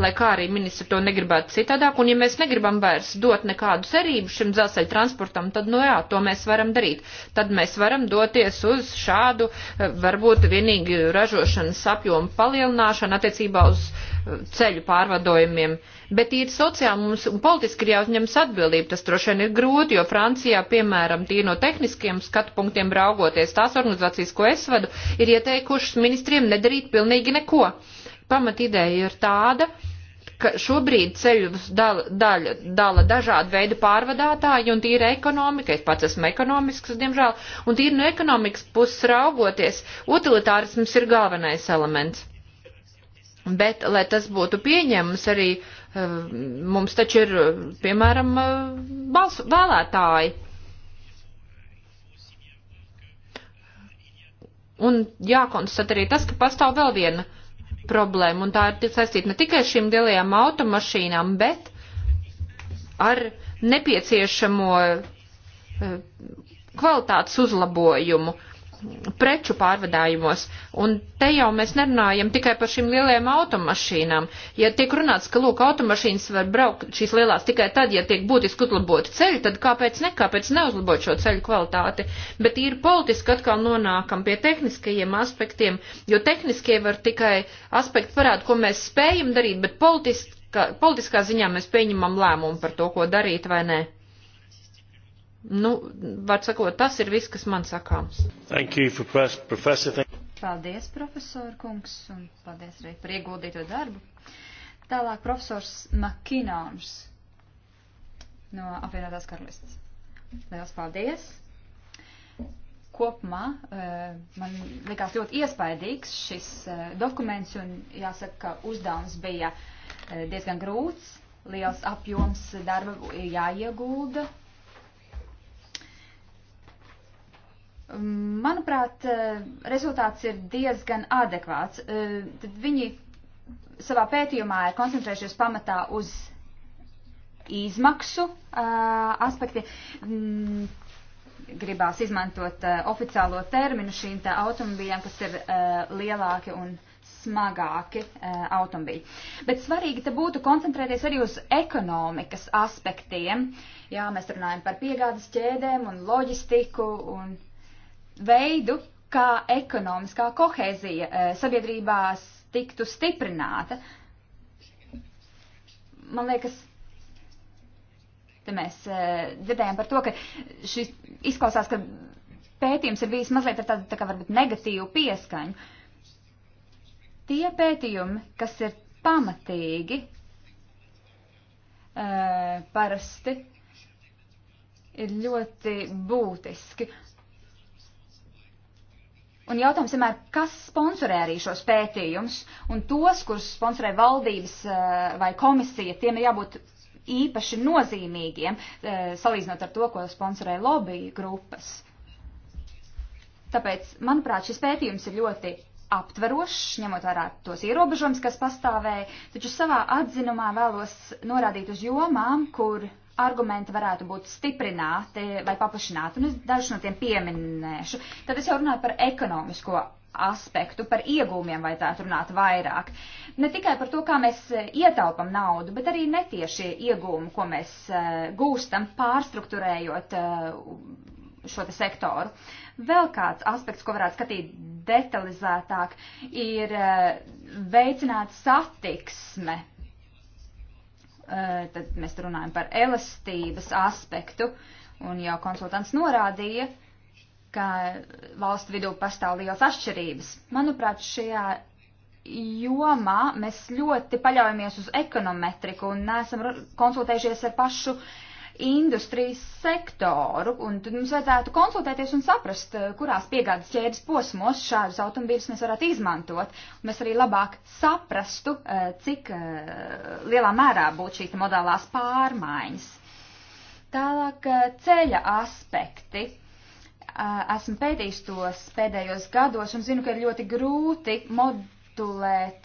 lai kā arī ministri to negribētu citādāk, un ja mēs negribam vairs dot nekādu cerību šim dzelzceļu transportam, tad, nu jā, to mēs varam darīt. Tad mēs varam doties uz šādu, eh, varbūt vienīgi ražošanas apjomu palielināšanu attiecībā uz uh, ceļu pārvadojumiem. Bet ir sociāli mums un politiski ir jāuzņemas atbildība. Tas droši vien ir grūti, jo Francijā, piemēram, tie no tehniskiem skatu punktiem raugoties, tās organizācijas, ko es vadu, ir ieteikušas ministriem nedarīt pilnīgi neko. Pamat ideja ir tāda, ka šobrīd ceļu dala, dala, dala dažādi veidi pārvadātāji un tīra ekonomika, es pats esmu ekonomisks, diemžēl, un tīra no ekonomikas puses raugoties, utilitārisms ir galvenais elements. Bet, lai tas būtu pieņemams, arī eh, mums taču ir, eh, piemēram, eh, balsu vēlētāji. Un jākonstatē arī tas, ka pastāv vēl viena problēma, un tā ir saistīta ne tikai ar šīm lielajām automašīnām, bet ar nepieciešamo kvalitātes uzlabojumu preču pārvadājumos. Un te jau mēs nerunājam tikai par šīm lielajām automašīnām. Ja tiek runāts, ka, lūk, automašīnas var braukt šīs lielās tikai tad, ja tiek būtiski uzlabota ceļa, tad kāpēc ne, kāpēc neuzlabot šo ceļu kvalitāti? Bet ir politiski atkal nonākam pie tehniskajiem aspektiem, jo tehniskie var tikai aspekti parāda, ko mēs spējam darīt, bet politiskā, politiskā ziņā mēs pieņemam lēmumu par to, ko darīt vai nē. Nu, var sakot, tas ir viss, kas man sakāms. Thank you for professor. Thank paldies, profesor kungs, un paldies arī par ieguldīto darbu. Tālāk profesors Makināns no apvienotās karalistas. Liels paldies! kopumā eh, man likās ļoti iespaidīgs šis eh, dokuments un jāsaka, ka uzdevums bija eh, diezgan grūts, liels apjoms darba jāiegulda Manuprāt, eh, rezultāts ir diezgan adekvāts. Eh, tad viņi savā pētījumā ir koncentrējušies pamatā uz izmaksu eh, aspektiem mm, gribās izmantot uh, oficiālo terminu šīm te automobīļiem, kas ir uh, lielāki un smagāki uh, automobīļi. Bet svarīgi te būtu koncentrēties arī uz ekonomikas aspektiem. Jā, mēs runājam par piegādas ķēdēm un loģistiku un veidu, kā ekonomiskā kohēzija e, sabiedrībās tiktu stiprināta. Man liekas, te mēs e, dzirdējām par to, ka šis izklausās, ka pētījums ir bijis mazliet ar tādu tā kā varbūt negatīvu pieskaņu. Tie pētījumi, kas ir pamatīgi, e, parasti ir ļoti būtiski. Un jautājums vienmēr, kas sponsorē arī šos pētījumus, un tos, kurus sponsorē valdības eh, vai komisija, tiem ir jābūt īpaši nozīmīgiem, eh, salīdzinot ar to, ko sponsorē lobby grupas. Tāpēc, manuprāt, šis pētījums ir ļoti aptverošs, ņemot vērā tos ierobežojumus, kas pastāvēja, taču savā atzinumā vēlos norādīt uz jomām, kur argumenti varētu būt stiprināti vai paplašināti, un es dažus no tiem pieminēšu. Tad es jau runāju par ekonomisko aspektu, par iegūmiem vajadzētu runāt vairāk. Ne tikai par to, kā mēs eh, ietaupam naudu, bet arī netiešie iegūmi, ko mēs eh, gūstam, pārstruktūrējot eh, šo te sektoru. Vēl kāds aspekts, ko varētu skatīt detalizētāk, ir veicināt satiksme Eh, tad mēs runājam par elastības aspektu, un jau konsultants norādīja, ka valstu vidū pastāv liels atšķirības. Manuprāt, šajā jomā mēs ļoti paļaujamies uz ekonometriku un neesam konsultējušies ar pašu industrijas sektoru, un tad mums vajadzētu konsultēties un saprast, eh, kurās piegādes ķēdes posmos šādus automobīļus mēs varētu izmantot. Un mēs arī labāk saprastu, eh, cik eh, lielā mērā būtu šīs modālās pārmaiņas. Tālāk ceļa aspekti esmu pētījis tos pēdējos gados un zinu, ka ir ļoti grūti modulēt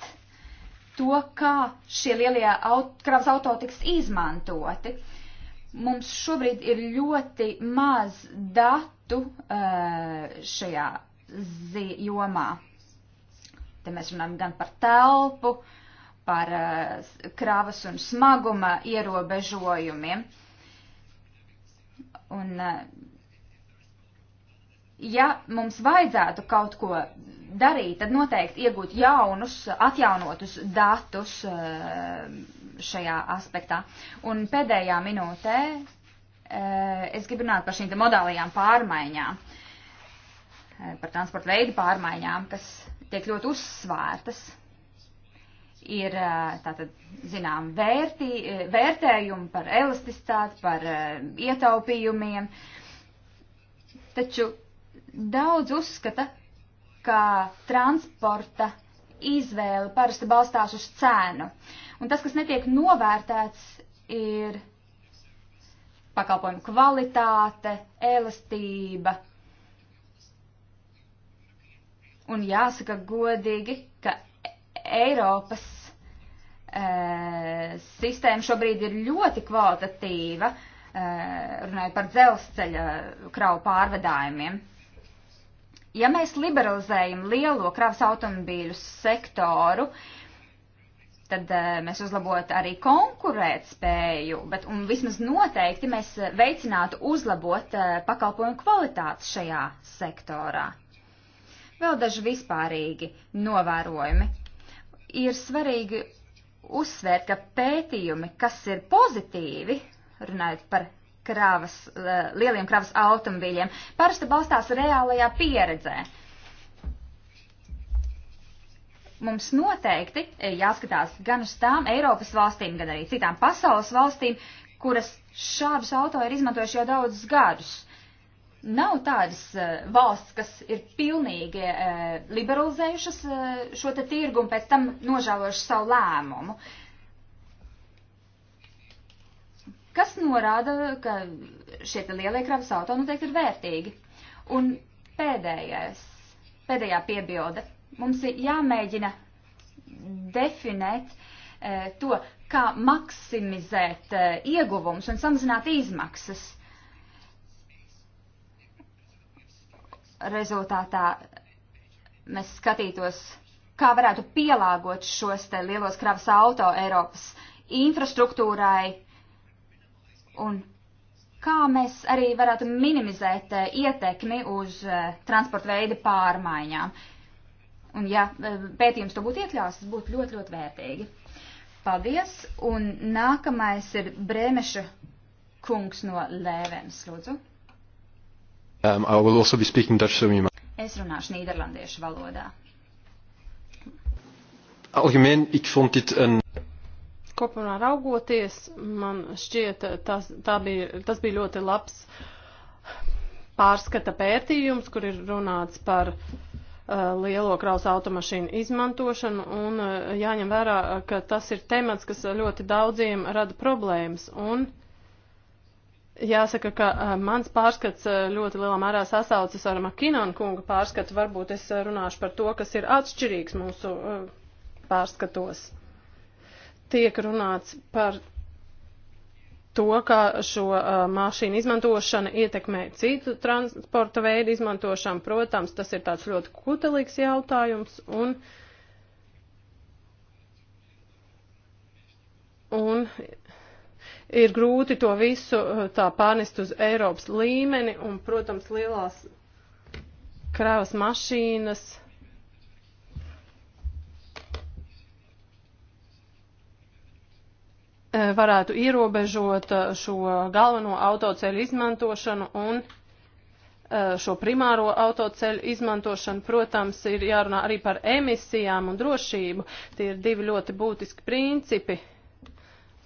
to, kā šie lielie aut kravas auto tiks izmantoti. Mums šobrīd ir ļoti maz datu eh, šajā jomā. Te mēs runājam gan par telpu, par eh, kravas un smaguma ierobežojumiem. Un, eh, ja mums vajadzētu kaut ko darīt, tad noteikti iegūt jaunus, atjaunotus datus šajā aspektā. Un pēdējā minūtē eh, es gribu runāt par šīm modālajām pārmaiņām, eh, par transporta veidu pārmaiņām, kas tiek ļoti uzsvērtas. Ir eh, tātad, zinām, vērtī, vērtējumi par elastistāti, par ietaupījumiem, taču daudz uzskata, ka transporta izvēle parasti balstās uz cēnu. Uh, Un tas, kas netiek novērtēts, ir pakalpojumu kvalitāte, elastība. Un jāsaka godīgi, ka Eiropas e, sistēma šobrīd ir ļoti kvalitatīva, e, runājot par dzelzceļa kravu pārvedājumiem. Ja mēs liberalizējam lielo kravas automobīļu sektoru, e, tad eh, mēs uzlabotu arī konkurētspēju, bet un vismaz noteikti mēs eh, veicinātu uzlabot eh, pakalpojumu kvalitātes šajā sektorā. Vēl daži vispārīgi novērojumi. Ir svarīgi uzsvērt, ka pētījumi, kas ir pozitīvi, runājot par kravas, lieliem kravas automobīļiem, parasti balstās reālajā pieredzē. Uh, Mums noteikti e, jāskatās gan uz tām Eiropas valstīm, gan arī citām pasaules valstīm, kuras šādus auto ir izmantojuši jau daudzus gadus. Nav tādas uh, valsts, kas ir pilnīgi uh, liberalizējušas uh, šo te tirgu un pēc tam nožēlojuši savu lēmumu. Kas norāda, ka šie lielie kravas auto noteikti ir vērtīgi. Un pēdējais, pēdējā piebilde Mums ir jāmēģina definēt eh, to, kā maksimizēt eh, ieguvums un samazināt izmaksas. Rezultātā mēs skatītos, kā varētu pielāgot šos te lielos kravas auto Eiropas infrastruktūrai un kā mēs arī varētu minimizēt eh, ietekmi uz eh, transporta veida pārmaiņām. Un ja e, pētījums to būtu iekļauts, tas būtu ļoti, ļoti vērtīgi. Paldies, un nākamais ir Brēmeša kungs no Lēvens, lūdzu. Um, I will also be speaking Dutch, so you might... Es runāšu nīderlandiešu valodā. Algemeen, ik vond dit een... Kopumā raugoties, man šķiet, tas, tā bija, tas bija ļoti labs pārskata pētījums, kur ir runāts par uh, Uh, lielo kraus automašīnu izmantošanu un uh, jāņem vērā, uh, ka tas ir temats, kas ļoti daudziem rada problēmas. Un Jāsaka, ka mans pārskats ļoti lielā mērā sasaucas ar Makinon kunga pārskatu. Varbūt es runāšu par to, kas ir atšķirīgs mūsu pārskatos. Tiek runāts par to, kā šo uh, mašīnu izmantošana ietekmē citu transporta veidu izmantošanu. Protams, tas ir tāds ļoti kutelīgs jautājums un, un ir grūti to visu uh, tā pārnest uz Eiropas līmeni un, protams, lielās kravas mašīnas Eh, varētu ierobežot eh, šo galveno autoceļu izmantošanu un eh, šo primāro autoceļu izmantošanu. Protams, ir jārunā arī par emisijām un drošību. Tie ir divi ļoti būtiski principi.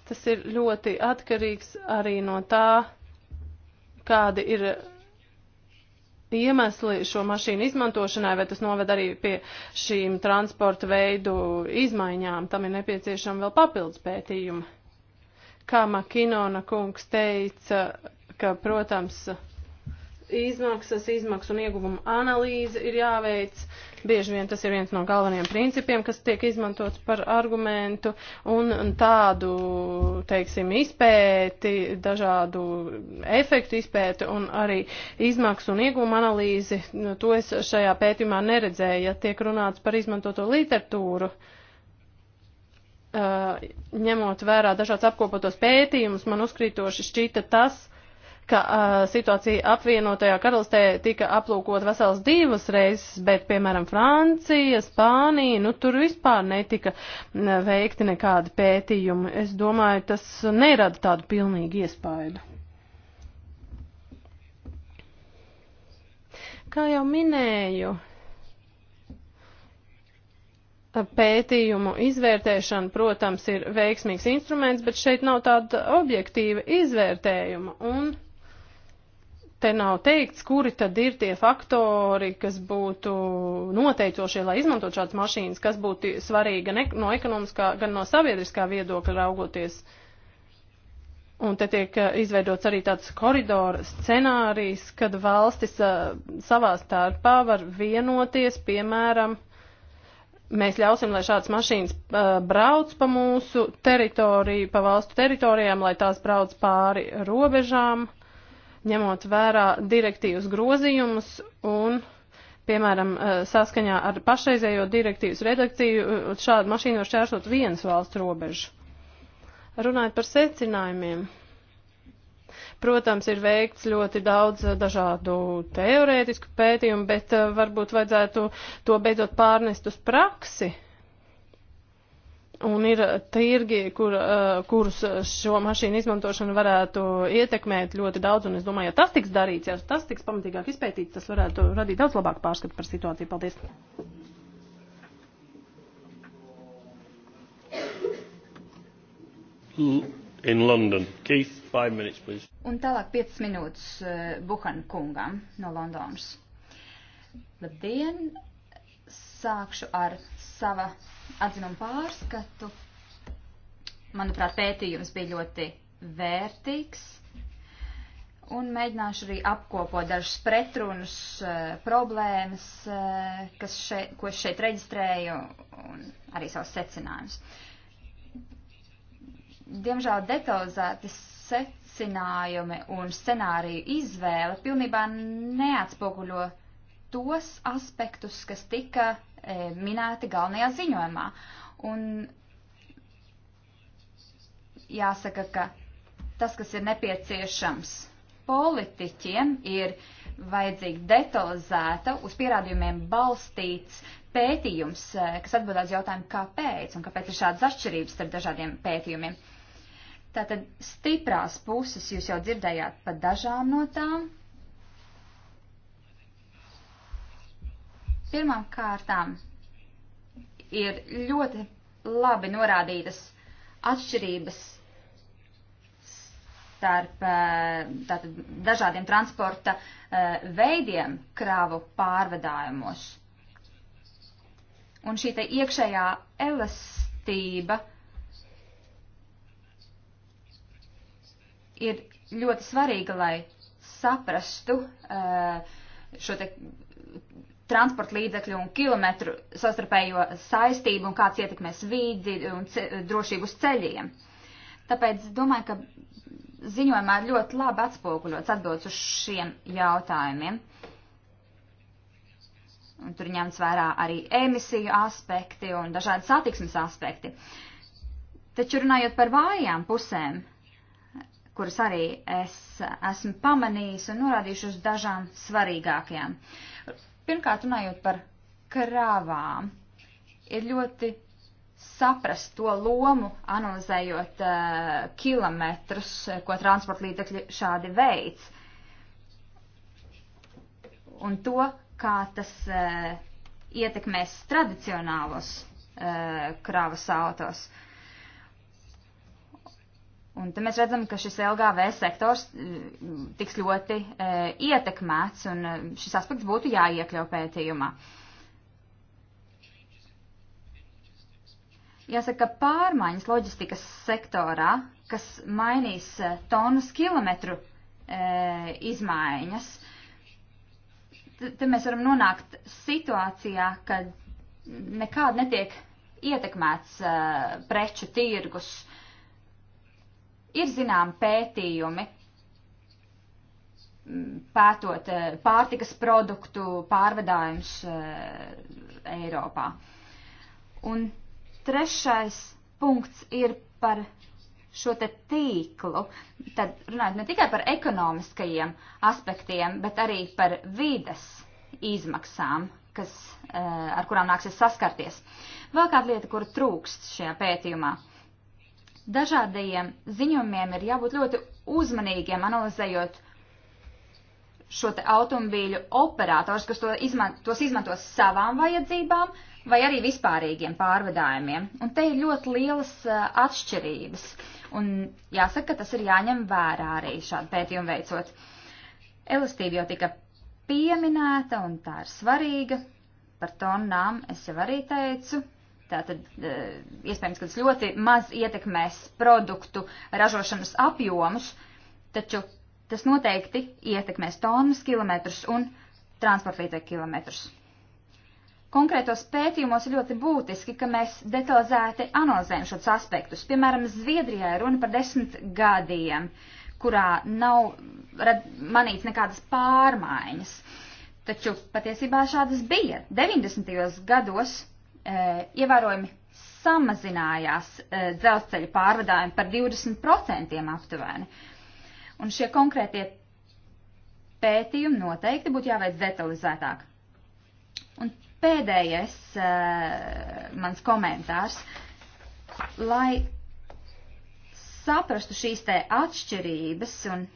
Tas ir ļoti atkarīgs arī no tā, kādi ir iemesli šo mašīnu izmantošanai, vai tas noved arī pie šīm transporta veidu izmaiņām. Tam ir nepieciešama vēl papildus pētījuma. Kā Makinona kungs teica, ka, protams, izmaksas, izmaksu un ieguvumu analīze ir jāveic. Bieži vien tas ir viens no galvenajiem principiem, kas tiek izmantots par argumentu un tādu, teiksim, izpēti, dažādu efektu izpēti un arī izmaksu un ieguvumu analīzi. Nu, to es šajā pētījumā neredzēju, ja tiek runāts par izmantoto literatūru. Uh, Uh, ņemot vērā dažāds apkopotos pētījumus, man uzkrītoši šķita tas, ka uh, situācija apvienotajā karalistē tika aplūkot vesels divas reizes, bet, piemēram, Francija, Spānija, nu tur vispār netika mm, veikti nekādi pētījumi. Es domāju, tas nerada tādu pilnīgu iespaidu. Kā jau minēju, uh, pētījumu izvērtēšana, protams, ir veiksmīgs instruments, bet šeit nav tāda objektīva izvērtējuma. Un te nav teikts, kuri tad ir tie faktori, kas būtu noteicošie, lai izmantot šādas mašīnas, kas būtu svarīgi gan no ekonomiskā, gan no sabiedriskā viedokļa raugoties. Un te tiek eh, izveidots arī tāds koridora scenārijs, kad valstis eh, savā starpā var vienoties, piemēram, mēs ļausim, lai šādas mašīnas uh, brauc pa mūsu teritoriju, pa valstu teritorijām, lai tās brauc pāri robežām, ņemot vērā direktīvas grozījumus un, piemēram, uh, saskaņā ar pašreizējo direktīvas redakciju, uh, šāda mašīna var šķērsot vienas valsts robežu. Runājot par secinājumiem. Protams, ir veikts ļoti daudz eh, dažādu teorētisku pētījumu, bet eh, varbūt vajadzētu to beidzot pārnest uz praksi. Un ir eh, tirgi, kur, kurus šo mašīnu izmantošanu varētu ietekmēt ļoti daudz, un es domāju, ja tas tiks darīts, ja tas tiks pamatīgāk izpētīts, tas varētu radīt daudz labāku pārskatu par situāciju. Paldies! Mm in London. Keith, five minutes, please. Un tālāk 5 minūtes uh, Buhan kungam no Londonas. Labdien! Sākšu ar sava atzinuma pārskatu. Manuprāt, pētījums bija ļoti vērtīgs. Un mēģināšu arī apkopot dažus pretrunus, eh, problēmas, eh, kas šeit, ko es šeit reģistrēju, un arī savus secinājumus diemžēl detalizēti secinājumi un scenāriju izvēle pilnībā neatspoguļo tos aspektus, kas tika e, minēti galvenajā ziņojumā. Un jāsaka, ka tas, kas ir nepieciešams politiķiem, ir vajadzīga detalizēta, uz pierādījumiem balstīts pētījums, e, kas atbildās jautājumu, kāpēc un kāpēc ir šādas atšķirības starp dažādiem pētījumiem. Uh, Tātad stiprās puses jūs jau dzirdējāt par dažām no tām. Pirmām kārtām ir ļoti labi norādītas atšķirības starp eh, tātad, dažādiem transporta eh, veidiem krāvu pārvadājumos. Un šī te iekšējā elastība uh, ir ļoti svarīga, lai saprastu eh, šo te transporta līdzekļu un kilometru sastarpējo saistību un kāds ietekmēs vīdi un drošību uz ceļiem. Tāpēc domāju, ka ziņojumā ir ļoti labi atspoguļots atbildes uz šiem jautājumiem. Un tur ņemts vērā arī emisiju aspekti un dažādi satiksmes aspekti. Taču runājot par vājām pusēm, kuras arī es esmu pamanījis un norādījuši uz dažām svarīgākajām. Pirmkārt, runājot par krāvām, ir ļoti saprast to lomu, analizējot uh, kilometrus, ko transporta līdzekļi šādi veids, un to, kā tas uh, ietekmēs tradicionālos uh, kravas autos. Uh, Un te mēs redzam, ka šis LGV sektors mm, tiks ļoti e, ietekmēts, un e, šis aspekts būtu jāiekļau pētījumā. Jāsaka, pārmaiņas loģistikas sektorā, kas mainīs e, tonus kilometru e, izmaiņas, te mēs varam nonākt situācijā, kad nekādi netiek ietekmēts e, preču tirgus. E, Ir zinām pētījumi, pētot eh, pārtikas produktu pārvadājumus eh, Eiropā. Un trešais punkts ir par šo te tīklu, tad runājot ne tikai par ekonomiskajiem aspektiem, bet arī par vides izmaksām, kas, eh, ar kurām nāksies saskarties. Vēl kāda lieta, kur trūkst šajā pētījumā. Uh, dažādajiem ziņojumiem ir jābūt ļoti uzmanīgiem, analizējot šo te automobīļu operators, kas to izman, tos izmantos savām vajadzībām vai arī vispārīgiem pārvadājumiem. Un te ir ļoti lielas uh, atšķirības. Un jāsaka, ka tas ir jāņem vērā arī šādu pētījumu veicot. Elastība jau tika pieminēta un tā ir svarīga. Par tonnām es jau arī teicu, Tātad e, iespējams, ka tas ļoti maz ietekmēs produktu ražošanas apjomus, taču tas noteikti ietekmēs tonnas kilometrus un transporta līdzekļu kilometrus. Konkrētos pētījumos ir ļoti būtiski, ka mēs detalizēti analizējam šos aspektus. Piemēram, Zviedrijā ir runa par desmit gadiem, kurā nav manīts nekādas pārmaiņas. Taču patiesībā šādas bija. 90. gados E, ievērojami samazinājās e, dzelzceļa pārvadājumi par 20% aptuveni. Un šie konkrētie pētījumi noteikti būtu jāveic detalizētāk. Un pēdējais e, mans komentārs, lai saprastu šīs te atšķirības un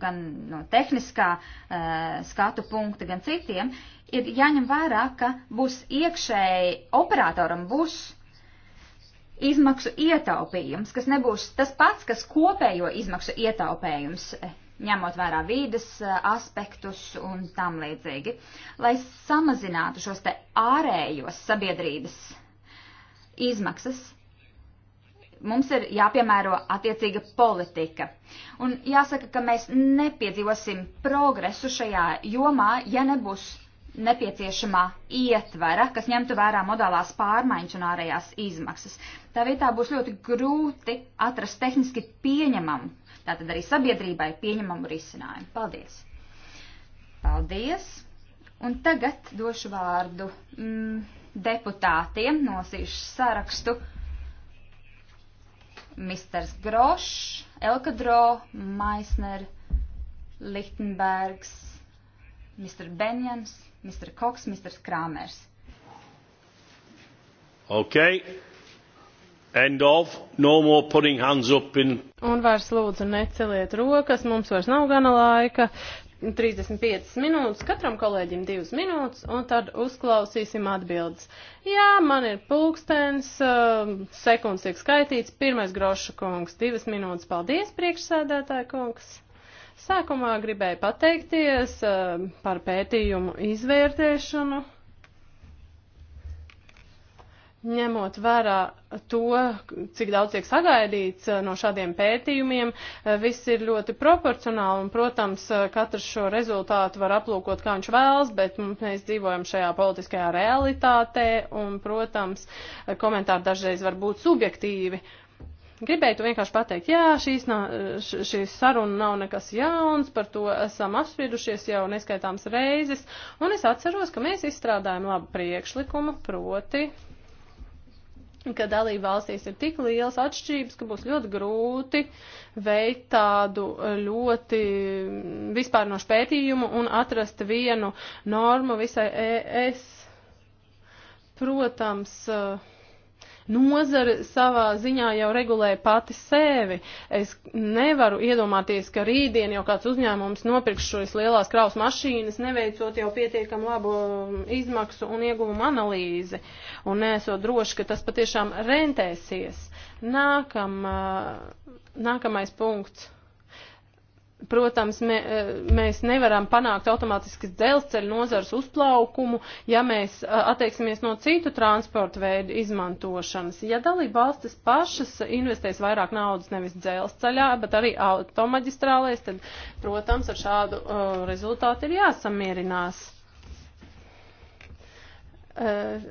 gan no tehniskā skatu punkta, gan citiem, ir jāņem vērā, ka būs iekšēji operatoram būs izmaksu ietaupījums, kas nebūs tas pats, kas kopējo izmaksu ietaupējums, ņemot vērā vīdes eh, aspektus un tam līdzīgi, lai samazinātu šos te ārējos sabiedrības izmaksas. Mums ir jāpiemēro attiecīga politika. Un jāsaka, ka mēs nepiedzīvosim progresu šajā jomā, ja nebūs nepieciešamā ietvera, kas ņemtu vērā modālās pārmaiņas un ārējās izmaksas. Tā vietā būs ļoti grūti atrast tehniski pieņemamu, tātad arī sabiedrībai pieņemamu risinājumu. Paldies! Paldies! Un tagad došu vārdu mm, deputātiem, nosīšu sarakstu. Misters Grošs, Elkadro, Maisner, Lichtenbergs, Mr. Benjams. Mr. Koks, Mr. Krāmers. Okay. End of. No more putting hands up in. Un vairs lūdzu neceliet rokas, mums vairs nav gana laika. 35 minūtes, katram kolēģim 2 minūtes, un tad uzklausīsim atbildes. Jā, man ir pulkstens, um, sekundes tiek skaitīts, pirmais groša kungs, 2 minūtes, paldies priekšsēdētāja kungs. Sākumā gribēju pateikties eh, par pētījumu izvērtēšanu, ņemot vērā to, cik daudz tiek sagaidīts eh, no šādiem pētījumiem, eh, viss ir ļoti proporcionāli un, protams, katrs šo rezultātu var aplūkot, kā viņš vēlas, bet mēs dzīvojam šajā politiskajā realitātē un, protams, komentāri dažreiz var būt subjektīvi. Uh, Gribētu vienkārši pateikt, jā, šīs, nav, šīs saruna nav nekas jauns, par to esam apspriedušies jau neskaitāms reizes, un es atceros, ka mēs izstrādājam labu priekšlikumu, proti, ka dalība valstīs ir tik lielas atšķirības, ka būs ļoti grūti veikt tādu ļoti vispārnošu pētījumu un atrast vienu normu visai ES. Protams, uh, Nozare savā ziņā jau regulē pati sevi. Es nevaru iedomāties, ka rītdien jau kāds uzņēmums nopirks šos lielās kraus mašīnas, neveicot jau pietiekam labu um, izmaksu un ieguvumu analīzi, un nesot droši, ka tas patiešām rentēsies. Nākam, uh, nākamais punkts. Protams, mē, eh, mēs nevaram panākt automātiski dzelzceļa nozars uzplaukumu, ja mēs eh, attieksimies no citu transporta veidu izmantošanas. Ja dalība valstis pašas investēs vairāk naudas nevis dzelzceļā, bet arī automaģistrālēs, tad, protams, ar šādu uh, rezultātu ir jāsamierinās. Uh,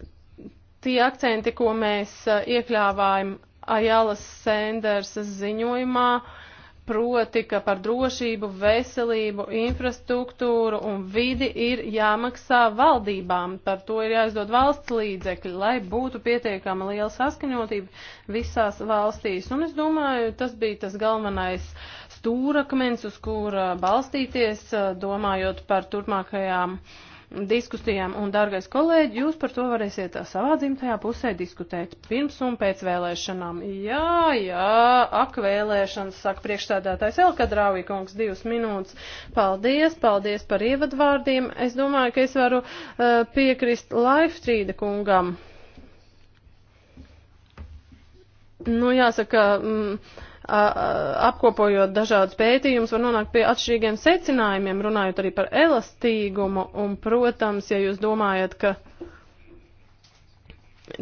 tie akcenti, ko mēs iekļāvājam Ajālas Sendersas ziņojumā, uh, proti, ka par drošību, veselību, infrastruktūru un vidi ir jāmaksā valdībām, par to ir jāizdod valsts līdzekļi, lai būtu pietiekama liela saskaņotība visās valstīs. Un es domāju, tas bija tas galvenais stūrakmens, uz kura balstīties, domājot par turpmākajām uh, diskusijām. Un, dargais kolēģi, jūs par to varēsiet savā dzimtajā pusē diskutēt pirms un pēc vēlēšanām. Jā, jā, ak vēlēšanas, saka priekšstādātājs Elkadrāvī kungs, divas minūtes. Paldies, paldies par ievadvārdiem. Es domāju, ka es varu uh, piekrist Laifstrīda kungam. Nu, jāsaka, mm, apkopojot dažādus pētījumus, var nonākt pie atšķirīgiem secinājumiem, runājot arī par elastīgumu. Un, protams, ja jūs domājat, ka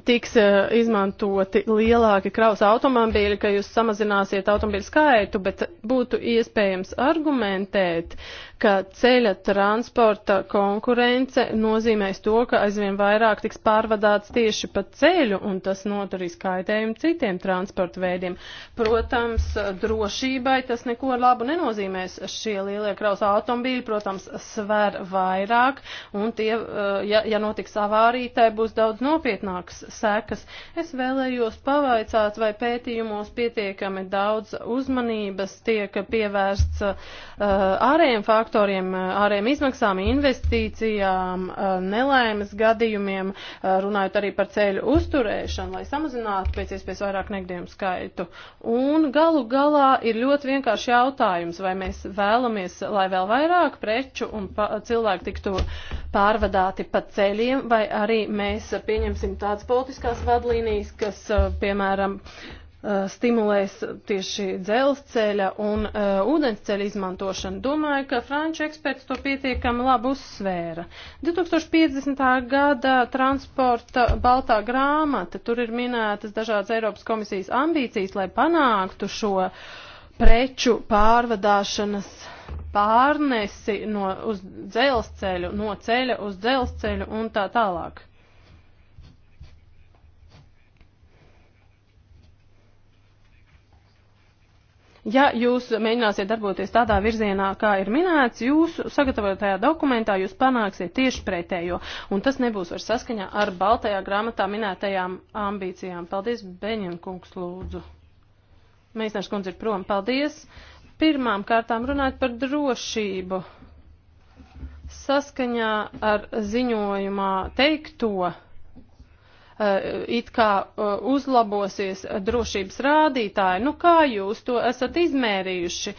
tiks e, izmantoti lielāki kraus automobīļi, ka jūs samazināsiet automobīļu skaitu, bet būtu iespējams argumentēt, ka ceļa transporta konkurence nozīmēs to, ka aizvien vairāk tiks pārvadāts tieši pa ceļu, un tas noturīs kaitējumu citiem transporta veidiem. Protams, drošībai tas neko labu nenozīmēs. Šie lielie kraus automobīļi, protams, sver vairāk, un tie, eh, ja, ja notiks avārija, tai būs daudz nopietnākas sekas. Es vēlējos pavaicāt, vai pētījumos pietiekami daudz uzmanības tiek pievērsts uh, ārējiem faktoriem, faktoriem, eh, ārējiem izmaksām, investīcijām, eh, nelaimes gadījumiem, eh, runājot arī par ceļu uzturēšanu, lai samazinātu pēc iespējas vairāk negdienu skaitu. Un galu galā ir ļoti vienkārši jautājums, vai mēs vēlamies, lai vēl vairāk preču un cilvēku tiktu pārvadāti pa ceļiem, vai arī mēs pieņemsim tādas politiskās vadlīnijas, kas, piemēram, Eh, stimulēs tieši dzelzceļa un uh, ūdensceļa izmantošanu. Domāju, ka franču eksperts to pietiekami labi uzsvēra. 2050. gada transporta baltā grāmata, tur ir minētas dažādas Eiropas komisijas ambīcijas, lai panāktu šo preču pārvadāšanas pārnesi no, uz dzelzceļu, no ceļa uz dzelzceļu un tā tālāk. Ja jūs mēģināsiet darboties tādā virzienā, kā ir minēts, jūsu sagatavotajā dokumentā jūs panāksiet tieši pretējo, un tas nebūs vairs saskaņā ar Baltajā grāmatā minētajām ambīcijām. Paldies, Beņemkungs, lūdzu. Meisners kundze ir prom. Paldies. Pirmām kārtām runāt par drošību. Saskaņā ar ziņojumā teikto Eh, it kā eh, uzlabosies drošības rādītāji. Nu, kā jūs to esat izmērījuši?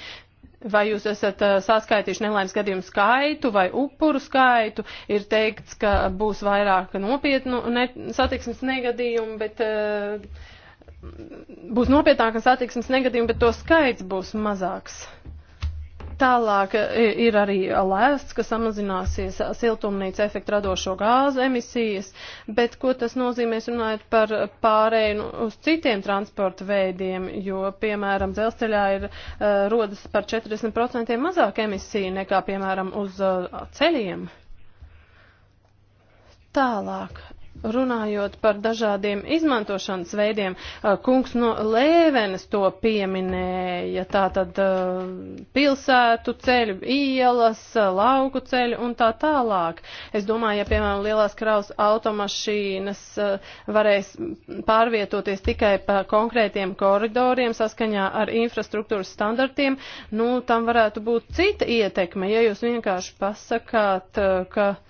Vai jūs esat eh, saskaitījuši nelaimes gadījumu skaitu vai upuru skaitu? Ir teikts, ka būs vairāk nopietnu ne, satiksmes negadījumu, bet būs nopietnāk satiksmes negadījumu, bet to skaits būs mazāks. Tālāk e, ir arī lēsts, ka samazināsies siltumnīca efektu radošo gāzu emisijas, bet ko tas nozīmēs runājot par pārēju nu, uz citiem transporta veidiem, jo, piemēram, dzelzceļā ir e, rodas par 40% mazāk emisiju nekā, piemēram, uz e, ceļiem. Tālāk Runājot par dažādiem izmantošanas veidiem, eh, kungs no Lēvenes to pieminēja, tātad eh, pilsētu ceļu, ielas, eh, lauku ceļu un tā tālāk. Es domāju, ja piemēram lielās kraus automašīnas varēs pārvietoties tikai pa konkrētiem koridoriem saskaņā ar infrastruktūras standartiem, nu tam varētu būt cita ietekme, ja jūs vienkārši pasakāt, ka. Uh,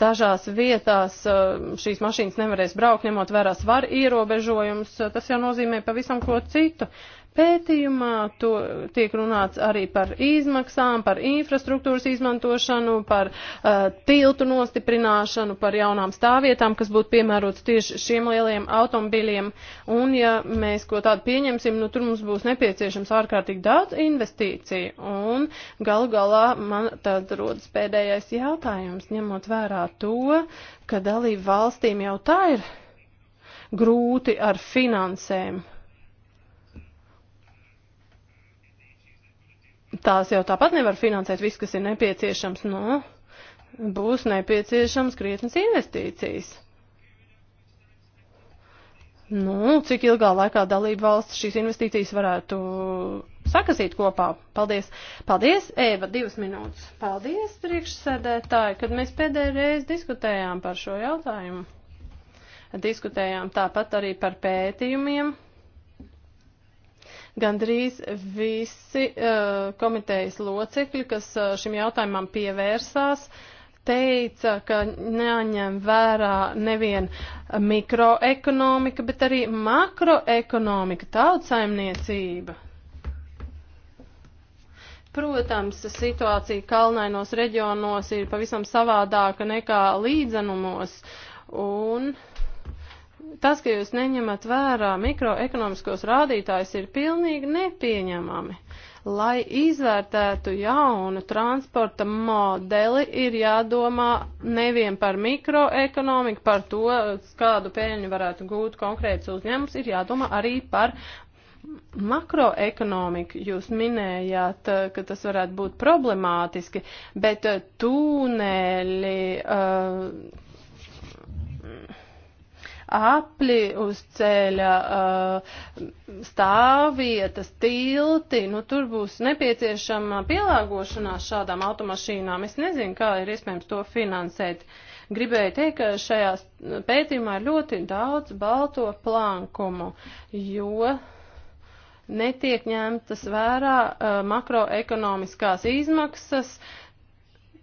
Dažās vietās šīs mašīnas nevarēs braukt, ņemot vērā svaru ierobežojumus. Tas jau nozīmē pavisam ko citu. Uh, Pētījumā to tiek runāts arī par izmaksām, par infrastruktūras izmantošanu, par uh, tiltu nostiprināšanu, par jaunām stāvvietām, kas būtu piemērots tieši šiem lielajiem automobiļiem. Un ja mēs ko tādu pieņemsim, nu tur mums būs nepieciešams ārkārtīgi daudz investīciju. Un galu galā man tad rodas pēdējais jautājums, ņemot vērā to, ka dalību valstīm jau tā ir grūti ar finansēm tās jau tāpat nevar finansēt viss, kas ir nepieciešams. Nu, būs nepieciešams krietnas investīcijas. Nu, cik ilgā laikā dalība valsts šīs investīcijas varētu sakasīt kopā? Paldies. Paldies, Eva, divas minūtes. Paldies, priekšsēdētāji, kad mēs pēdējo reizi diskutējām par šo jautājumu. Diskutējām tāpat arī par pētījumiem. Gandrīz visi uh, komitejas locekļi, kas uh, šim jautājumam pievērsās, teica, ka neaņem vērā nevien mikroekonomika, bet arī makroekonomika, tautsaimniecība. Protams, situācija kalnainos reģionos ir pavisam savādāka nekā līdzenumos, un uh, tas, ka jūs neņemat vērā mikroekonomiskos rādītājus, ir pilnīgi nepieņemami. Lai izvērtētu jaunu transporta modeli, ir jādomā nevien par mikroekonomiku, par to, kādu pēļņu varētu gūt konkrēts uzņēmums, ir jādomā arī par makroekonomiku. Jūs minējāt, ka tas varētu būt problemātiski, bet tūneļi. Uh, apli uz ceļa, uh, stāvvietas, tilti, nu tur būs nepieciešama pielāgošanās šādām automašīnām. Es nezinu, kā ir iespējams to finansēt. Gribēju teikt, ka šajā pētījumā ir ļoti daudz balto plankumu, jo netiek ņemtas vērā uh, makroekonomiskās izmaksas, uh,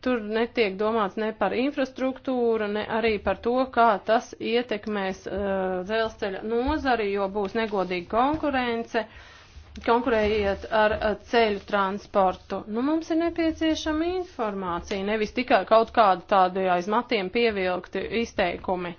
Tur netiek domāts ne par infrastruktūru, ne arī par to, kā tas ietekmēs uh, dzelzceļa nozari, jo būs negodīga konkurence. Uh, konkurējiet ar uh, ceļu transportu. Nu, mums ir nepieciešama informācija, nevis tikai kaut kādi tādi aiz matiem pievilkti izteikumi.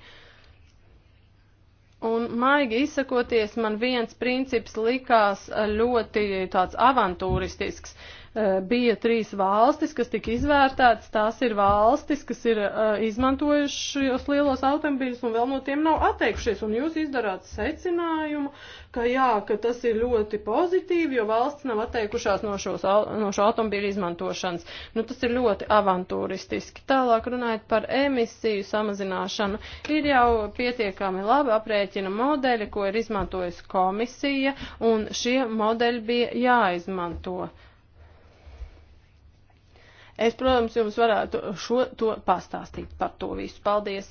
Un maigi izsakoties, man viens princips likās uh, ļoti tāds avantūristisks. Eh, bija trīs valstis, kas tika izvērtētas. Tās ir valstis, kas ir uh, izmantojušas lielos automobīļus un vēl no tiem nav atteikušies. Un jūs izdarāt secinājumu, ka jā, ka tas ir ļoti pozitīvi, jo valsts nav atteikušās no, šos, no šo automobīļu izmantošanas. Nu, tas ir ļoti avantūristiski. Tālāk runājot par emisiju samazināšanu, ir jau pietiekami labi aprēķina modeļi, ko ir izmantojusi komisija, un šie modeļi bija jāizmanto. Es, protams, jums varētu šo to pastāstīt par to visu. Paldies!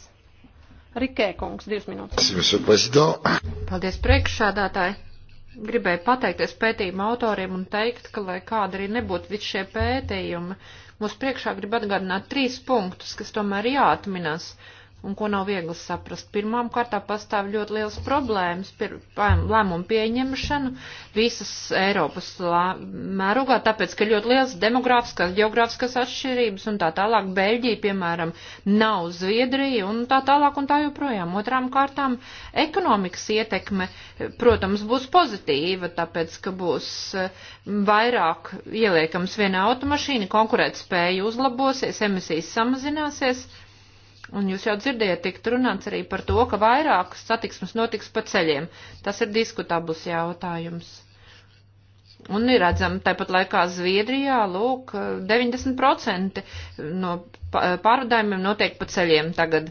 Rikē kungs, divas minūtes. Paldies priekšsādātāji! Gribēju pateikties pētījuma autoriem un teikt, ka, lai kāda arī nebūtu visi šie pētījumi, mūs priekšā grib atgādināt trīs punktus, kas tomēr jāatminās. Uh, un ko nav viegli saprast. Pirmām kārtām pastāv ļoti liels problēmas pir, lēmumu pieņemšanu visas Eiropas mērogā, tāpēc, ka ļoti liels demogrāfiskās, geogrāfiskās atšķirības un tā tālāk. Beļģija, piemēram, nav Zviedrija un tā tālāk un tā joprojām. Otrām kārtām ekonomikas ietekme, protams, būs pozitīva, tāpēc, ka būs eh, vairāk ieliekams viena automašīna, konkurētspēja uzlabosies, emisijas samazināsies Un jūs jau dzirdējat, tiek runāts arī par to, ka vairāk satiksmes notiks pa ceļiem. Tas ir diskutabls jautājums. Un ir redzam, tāpat laikā Zviedrijā, lūk, 90% no pārvadājumiem notiek pa ceļiem tagad.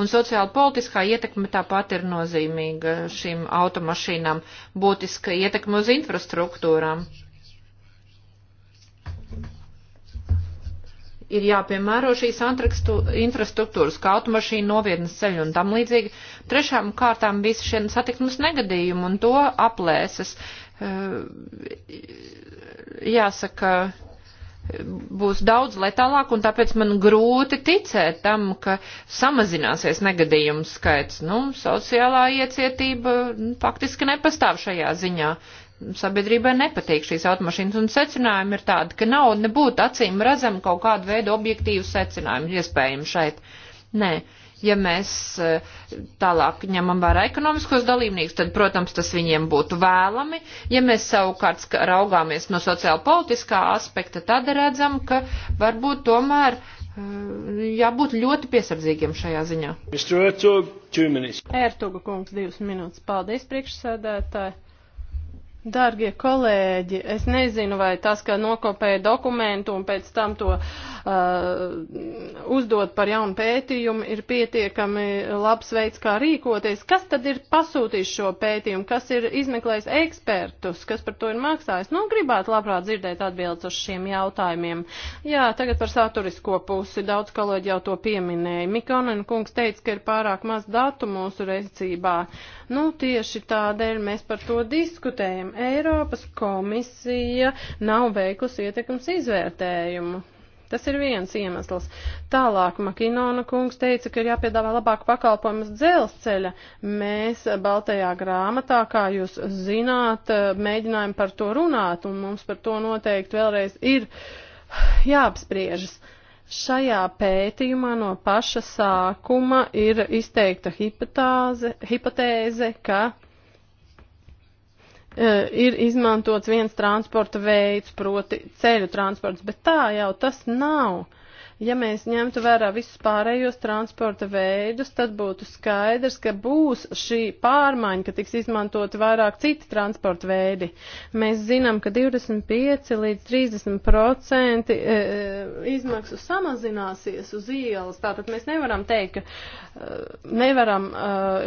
Un sociāla politiskā ietekme tāpat ir nozīmīga šīm automašīnām, būtiska ietekme uz infrastruktūrām. ir jāpiemēro šīs infrastruktūras, kā automašīnu novietnes ceļu un tam līdzīgi. Trešām kārtām visi šie satiksmes negadījumi un to aplēses, eh, jāsaka, būs daudz letālāk, un tāpēc man grūti ticēt tam, ka samazināsies negadījumu skaits. Nu, sociālā iecietība nu, faktiski nepastāv šajā ziņā sabiedrībai nepatīk šīs automašīnas, un secinājumi ir tādi, ka nav nebūtu acīm redzam kaut kādu veidu objektīvu secinājumu iespējami šeit. Nē, ja mēs eh, tālāk ņemam vērā ekonomiskos dalībniekus, tad, protams, tas viņiem būtu vēlami. Ja mēs savukārt raugāmies no sociāla politiskā aspekta, tad redzam, ka varbūt tomēr eh, jābūt ļoti piesardzīgiem šajā ziņā. Ertuga kungs, divas minūtes. Paldies, priekšsēdētāji. Dārgie kolēģi, es nezinu, vai tas, ka nokopēja dokumentu un pēc tam to uh, uzdot par jaunu pētījumu, ir pietiekami labs veids, kā rīkoties. Kas tad ir pasūtījis šo pētījumu, kas ir izmeklējis ekspertus, kas par to ir maksājis? Nu, gribētu labprāt dzirdēt atbildes uz šiem jautājumiem. Jā, tagad par saturisko pusi. Daudz kolēģi jau to pieminēja. Mikonen kungs teica, ka ir pārāk maz datu mūsu rīcībā. Nu, tieši tādēļ mēs par to diskutējam piemēram, Eiropas komisija nav veikusi ietekmes izvērtējumu. Tas ir viens iemesls. Tālāk Makinona kungs teica, ka ir jāpiedāvā labāk pakalpojums dzelzceļa. Mēs Baltajā grāmatā, kā jūs zināt, mēģinājām par to runāt, un mums par to noteikti vēlreiz ir jāapspriežas. Šajā pētījumā no paša sākuma ir izteikta hipotāze, hipotēze, ka Eh, ir izmantots viens transporta veids, proti ceļu transports, bet tā jau tas nav. Ja mēs ņemtu vērā visus pārējos transporta veidus, tad būtu skaidrs, ka būs šī pārmaiņa, ka tiks izmantot vairāk citi transporta veidi. Mēs zinām, ka 25 līdz 30 procenti e, e, izmaksu samazināsies uz ielas, tātad mēs nevaram teikt, ka e, nevaram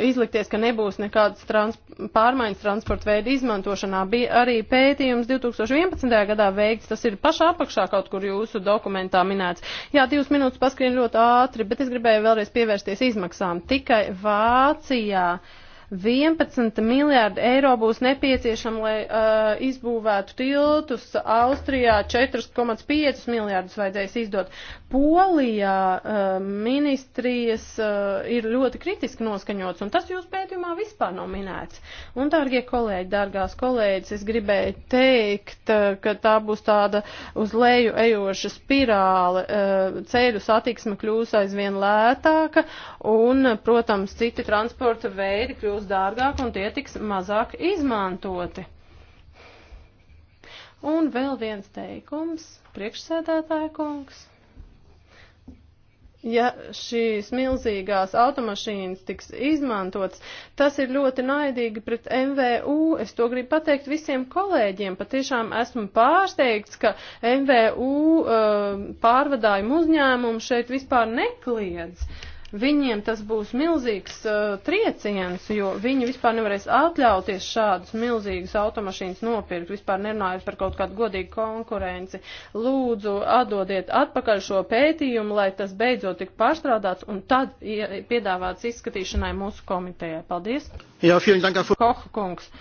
izlikties, ka nebūs nekādas trans pārmaiņas transporta veidu izmantošanā. Bija arī pētījums 2011. gadā veikts, tas ir pašā apakšā kaut kur jūsu dokumentā minēts. Jā, Vācijā divas minūtes paskrien ļoti ātri, bet es gribēju vēlreiz pievērsties izmaksām. Tikai Vācijā uh, 11 miljārdi eiro būs nepieciešama, lai uh, izbūvētu tiltus. Austrijā 4,5 miljārdus vajadzēs izdot. Polijā uh, ministrijas uh, ir ļoti kritiski noskaņots, un tas jūs pētījumā vispār nav minēts. Un, dārgie kolēģi, dārgās kolēģis, es gribēju teikt, uh, ka tā būs tāda uz leju ejoša spirāle. Uh, ceļu satiksme kļūs aizvien lētāka, un, protams, citi transporta veidi kļūs kļūs dārgāk un tie tiks mazāk izmantoti. Un vēl viens teikums, priekšsēdētāja kungs. Ja šīs milzīgās automašīnas tiks izmantots, tas ir ļoti naidīgi pret MVU. Es to gribu pateikt visiem kolēģiem. Patiešām esmu pārsteigts, ka MVU uh, eh, pārvadājumu uzņēmumu šeit vispār nekliedz. Uh, Viņiem tas būs milzīgs uh, trieciens, jo viņi vispār nevarēs atļauties šādus milzīgus automašīnas nopirkt, vispār nerunājot par kaut kādu godīgu konkurenci. Lūdzu, atdodiet atpakaļ šo pētījumu, lai tas beidzot tik pārstrādāts un tad piedāvāts izskatīšanai mūsu komitejai. Paldies! Jā, ja, vielen dank, Koha kungs!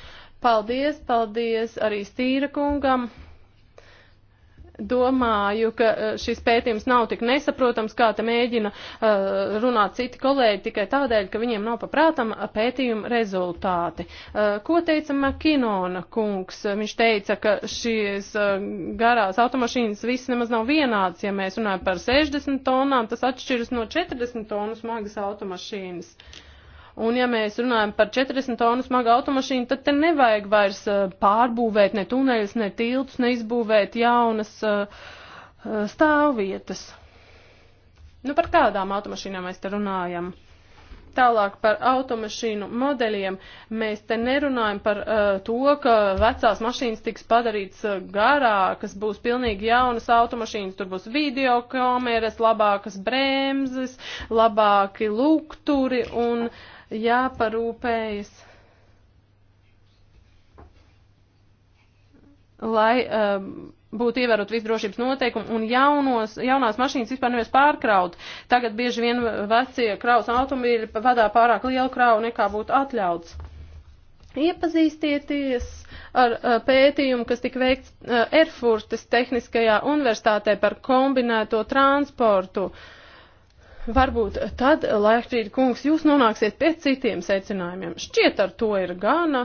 Paldies, paldies arī Stīra kungam! domāju, ka e, šis pētījums nav tik nesaprotams, kā te mēģina uh, runāt citi kolēģi, tikai tādēļ, ka viņiem nav paprātama pētījuma rezultāti. Uh, ko teica Makinona kungs? Viņš teica, ka šīs uh, garās automašīnas viss nemaz nav vienāds. Ja mēs runājam par 60 tonām, tas atšķiras no 40 tonu smagas automašīnas. Uh, Un ja mēs runājam par 40 tonu smagu automašīnu, tad te nevajag vairs uh, pārbūvēt ne tuneļus, ne tiltus, ne izbūvēt jaunas uh, uh, stāvvietas. Nu, par kādām automašīnām mēs te runājam? Tālāk par automašīnu modeļiem. Mēs te nerunājam par uh, to, ka vecās mašīnas tiks padarīts uh, garākas, būs pilnīgi jaunas automašīnas, tur būs video kameras, labākas bremzes, labāki lukturi un uh, jāparūpējas. lai um, būtu ievērot visu drošības noteikumu un jaunos, jaunās mašīnas vispār nevis pārkraut. Tagad bieži vien vecie kraus automobīļi vadā pārāk lielu kravu nekā būtu atļauts. Iepazīstieties ar uh, pētījumu, kas tika veikts uh, Erfurtes Tehniskajā universitātē par kombinēto transportu. Uh, Varbūt tad, Laikfrīd kungs, jūs nonāksiet pie citiem secinājumiem. Šķiet ar to ir gana.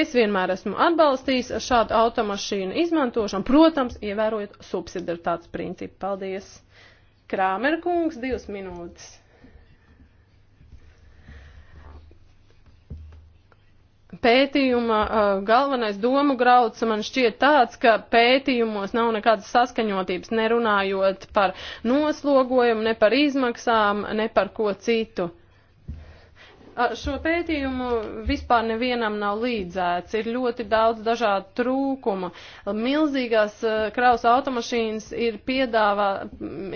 Es vienmēr esmu atbalstījis šādu automašīnu izmantošanu, protams, ievērojot subsidaritātes principu. Paldies! Krāmer kungs, divas minūtes. pētījuma uh, galvenais domu grauds man šķiet tāds, ka pētījumos nav nekādas saskaņotības, nerunājot par noslogojumu, ne par izmaksām, ne par ko citu. Šo pētījumu vispār nevienam nav līdzēts. Ir ļoti daudz dažādu trūkumu. Milzīgās kraus automašīnas ir piedāvā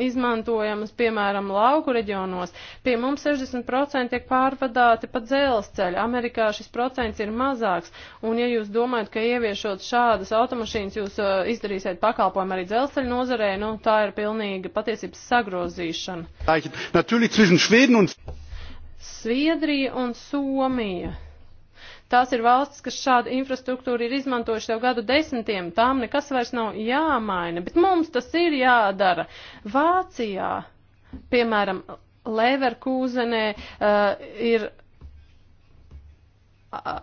izmantojamas, piemēram, lauku reģionos. Pie mums 60% tiek pārvadāti pa dzelzceļu. Amerikā šis procents ir mazāks. Un ja jūs domājat, ka ieviešot šādas automašīnas, jūs izdarīsiet pakalpojumu arī dzelzceļu nozarē, nu tā ir pilnīga patiesības sagrozīšana. Natürlich zwischen Schweden un Sviedrija un Somija. Tās ir valstis, kas šādu infrastruktūru ir izmantojuši jau gadu desmitiem, tām nekas vairs nav jāmaina, bet mums tas ir jādara. Vācijā, piemēram, Leverkūzenē uh, ir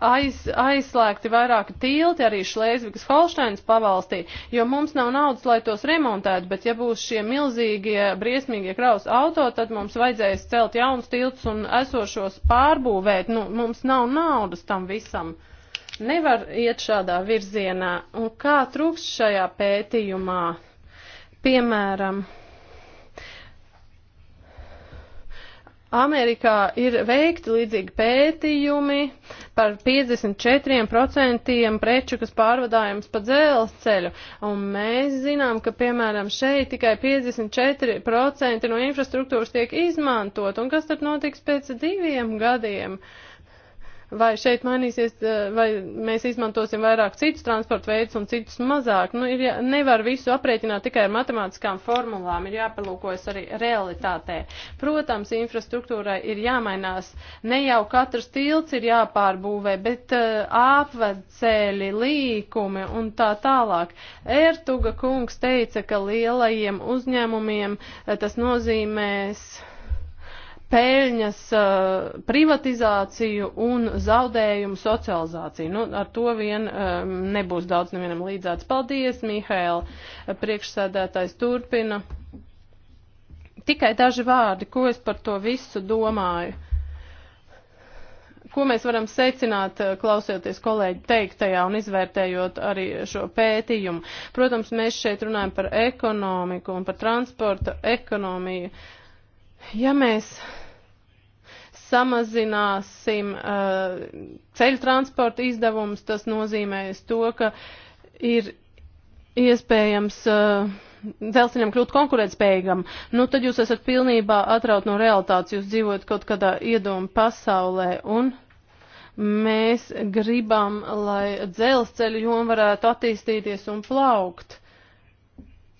aiz, aizslēgti vairāki tilti arī Šlēzvigas Holšteinas pavalstī, jo mums nav naudas, lai tos remontētu, bet ja būs šie milzīgie, briesmīgie kraus auto, tad mums vajadzēs celt jaunus tiltus un esošos pārbūvēt. Nu, mums nav naudas tam visam. Nevar iet šādā virzienā. Un kā trūks šajā pētījumā? Piemēram, Amerikā ir veikti līdzīgi pētījumi par 54% preču, kas pārvadājams pa dzelzceļu, un mēs zinām, ka, piemēram, šeit tikai 54% no infrastruktūras tiek izmantot, un kas tad notiks pēc diviem gadiem? Uh, vai šeit mainīsies, eh, vai mēs izmantosim vairāk citus transporta veidus un citus mazāk. Nu, ir, jā, nevar visu aprēķināt tikai ar matemātiskām formulām, ir jāpalūkojas arī realitātē. Protams, infrastruktūrai ir jāmainās. Ne jau katrs tilts ir jāpārbūvē, bet uh, apvedceļi, līkumi un tā tālāk. Ertuga kungs teica, ka lielajiem uzņēmumiem uh, tas nozīmēs peļņas eh, privatizāciju un zaudējumu socializāciju. Nu, ar to vien eh, nebūs daudz nevienam līdzēts. Paldies, Mihēl, priekšsēdētājs turpina. Tikai daži vārdi, ko es par to visu domāju. Ko mēs varam secināt, eh, klausoties kolēģi teiktajā un izvērtējot arī šo pētījumu? Protams, mēs šeit runājam par ekonomiku un par transporta ekonomiju. Ja mēs samazināsim uh, ceļu transporta izdevumus, tas nozīmēs to, ka ir iespējams uh, dzelzceļam kļūt konkurētspējīgam, nu tad jūs esat pilnībā atraut no realitātes, jūs dzīvojat kaut kādā iedomu pasaulē un mēs gribam, lai dzelzceļu joma varētu attīstīties un plaukt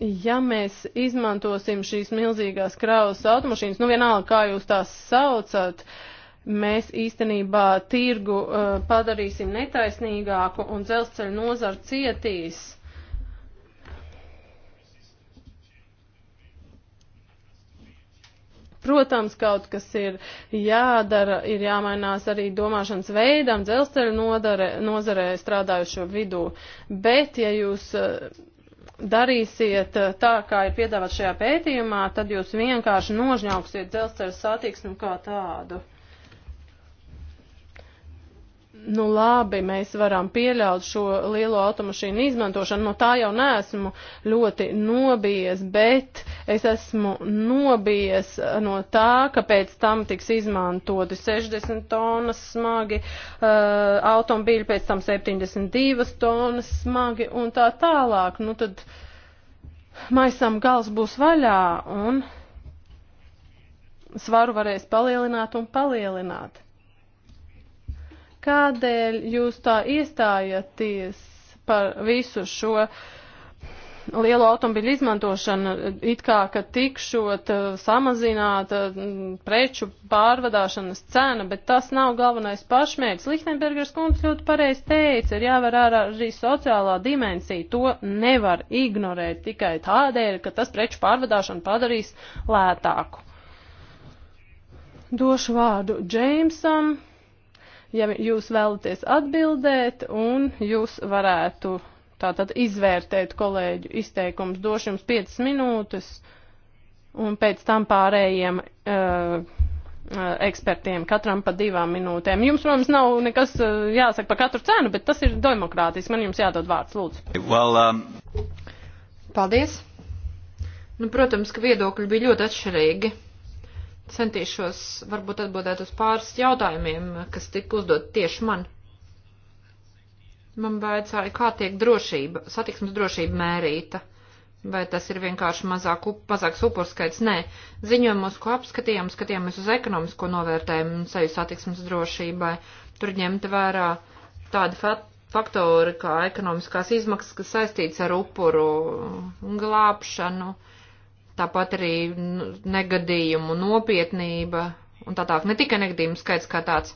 ja mēs izmantosim šīs milzīgās kravas automašīnas, nu vienalga, kā jūs tās saucat, mēs īstenībā tirgu uh, padarīsim netaisnīgāku un dzelzceļa nozar cietīs. Protams, kaut kas ir jādara, ir jāmainās arī domāšanas veidam, dzelzceļa nozare strādājušo vidū. Bet, ja jūs uh, darīsiet eh, tā, kā ir piedāvāts šajā pētījumā, tad jūs vienkārši nožņauksiet dzelzceļa satiksmi kā tādu nu labi, mēs varam pieļaut šo lielo automašīnu izmantošanu, no tā jau neesmu ļoti nobijies, bet es esmu nobijies no tā, ka pēc tam tiks izmantoti 60 tonas smagi uh, automobīļi, pēc tam 72 tonas smagi un tā tālāk. Nu tad maisam gals būs vaļā un svaru varēs palielināt un palielināt. Kādēļ jūs tā iestājaties par visu šo lielo automobiļu izmantošanu, it kā, ka tikšot eh, samazināta eh, preču pārvadāšanas cena, bet tas nav galvenais pašmērķis. Lichtenbergers kundze ļoti pareizi teica, ir jāvar ārā arī sociālā dimensija, to nevar ignorēt tikai tādēļ, ka tas preču pārvadāšanu padarīs lētāku. Došu vārdu Džeimsam ja jūs vēlaties atbildēt un jūs varētu tātad izvērtēt kolēģu izteikums. Došu jums 5 minūtes un pēc tam pārējiem uh, ekspertiem katram pa divām minūtēm. Jums, protams, nav nekas uh, jāsaka par katru cenu, bet tas ir demokrātiski. Man jums jādod vārds, lūdzu. Well, um... Paldies. Nu, protams, ka viedokļi bija ļoti atšķirīgi. Centīšos varbūt atbildēt uz pāris jautājumiem, kas tika uzdot tieši man. Man vajadzēja, kā tiek drošība, satiksmes drošība mērīta. Vai tas ir vienkārši mazāk, mazāks upurskaits? Nē, ziņojumos, ko apskatījām, skatījāmies uz ekonomisko novērtējumu seju satiksmes drošībai. Tur ņemta vērā tādi faktori kā ekonomiskās izmaksas, kas saistīts ar upuru glābšanu. Uh, tāpat arī negadījumu nopietnība un tā tālāk. Ne tikai negadījumu skaits kā tāds.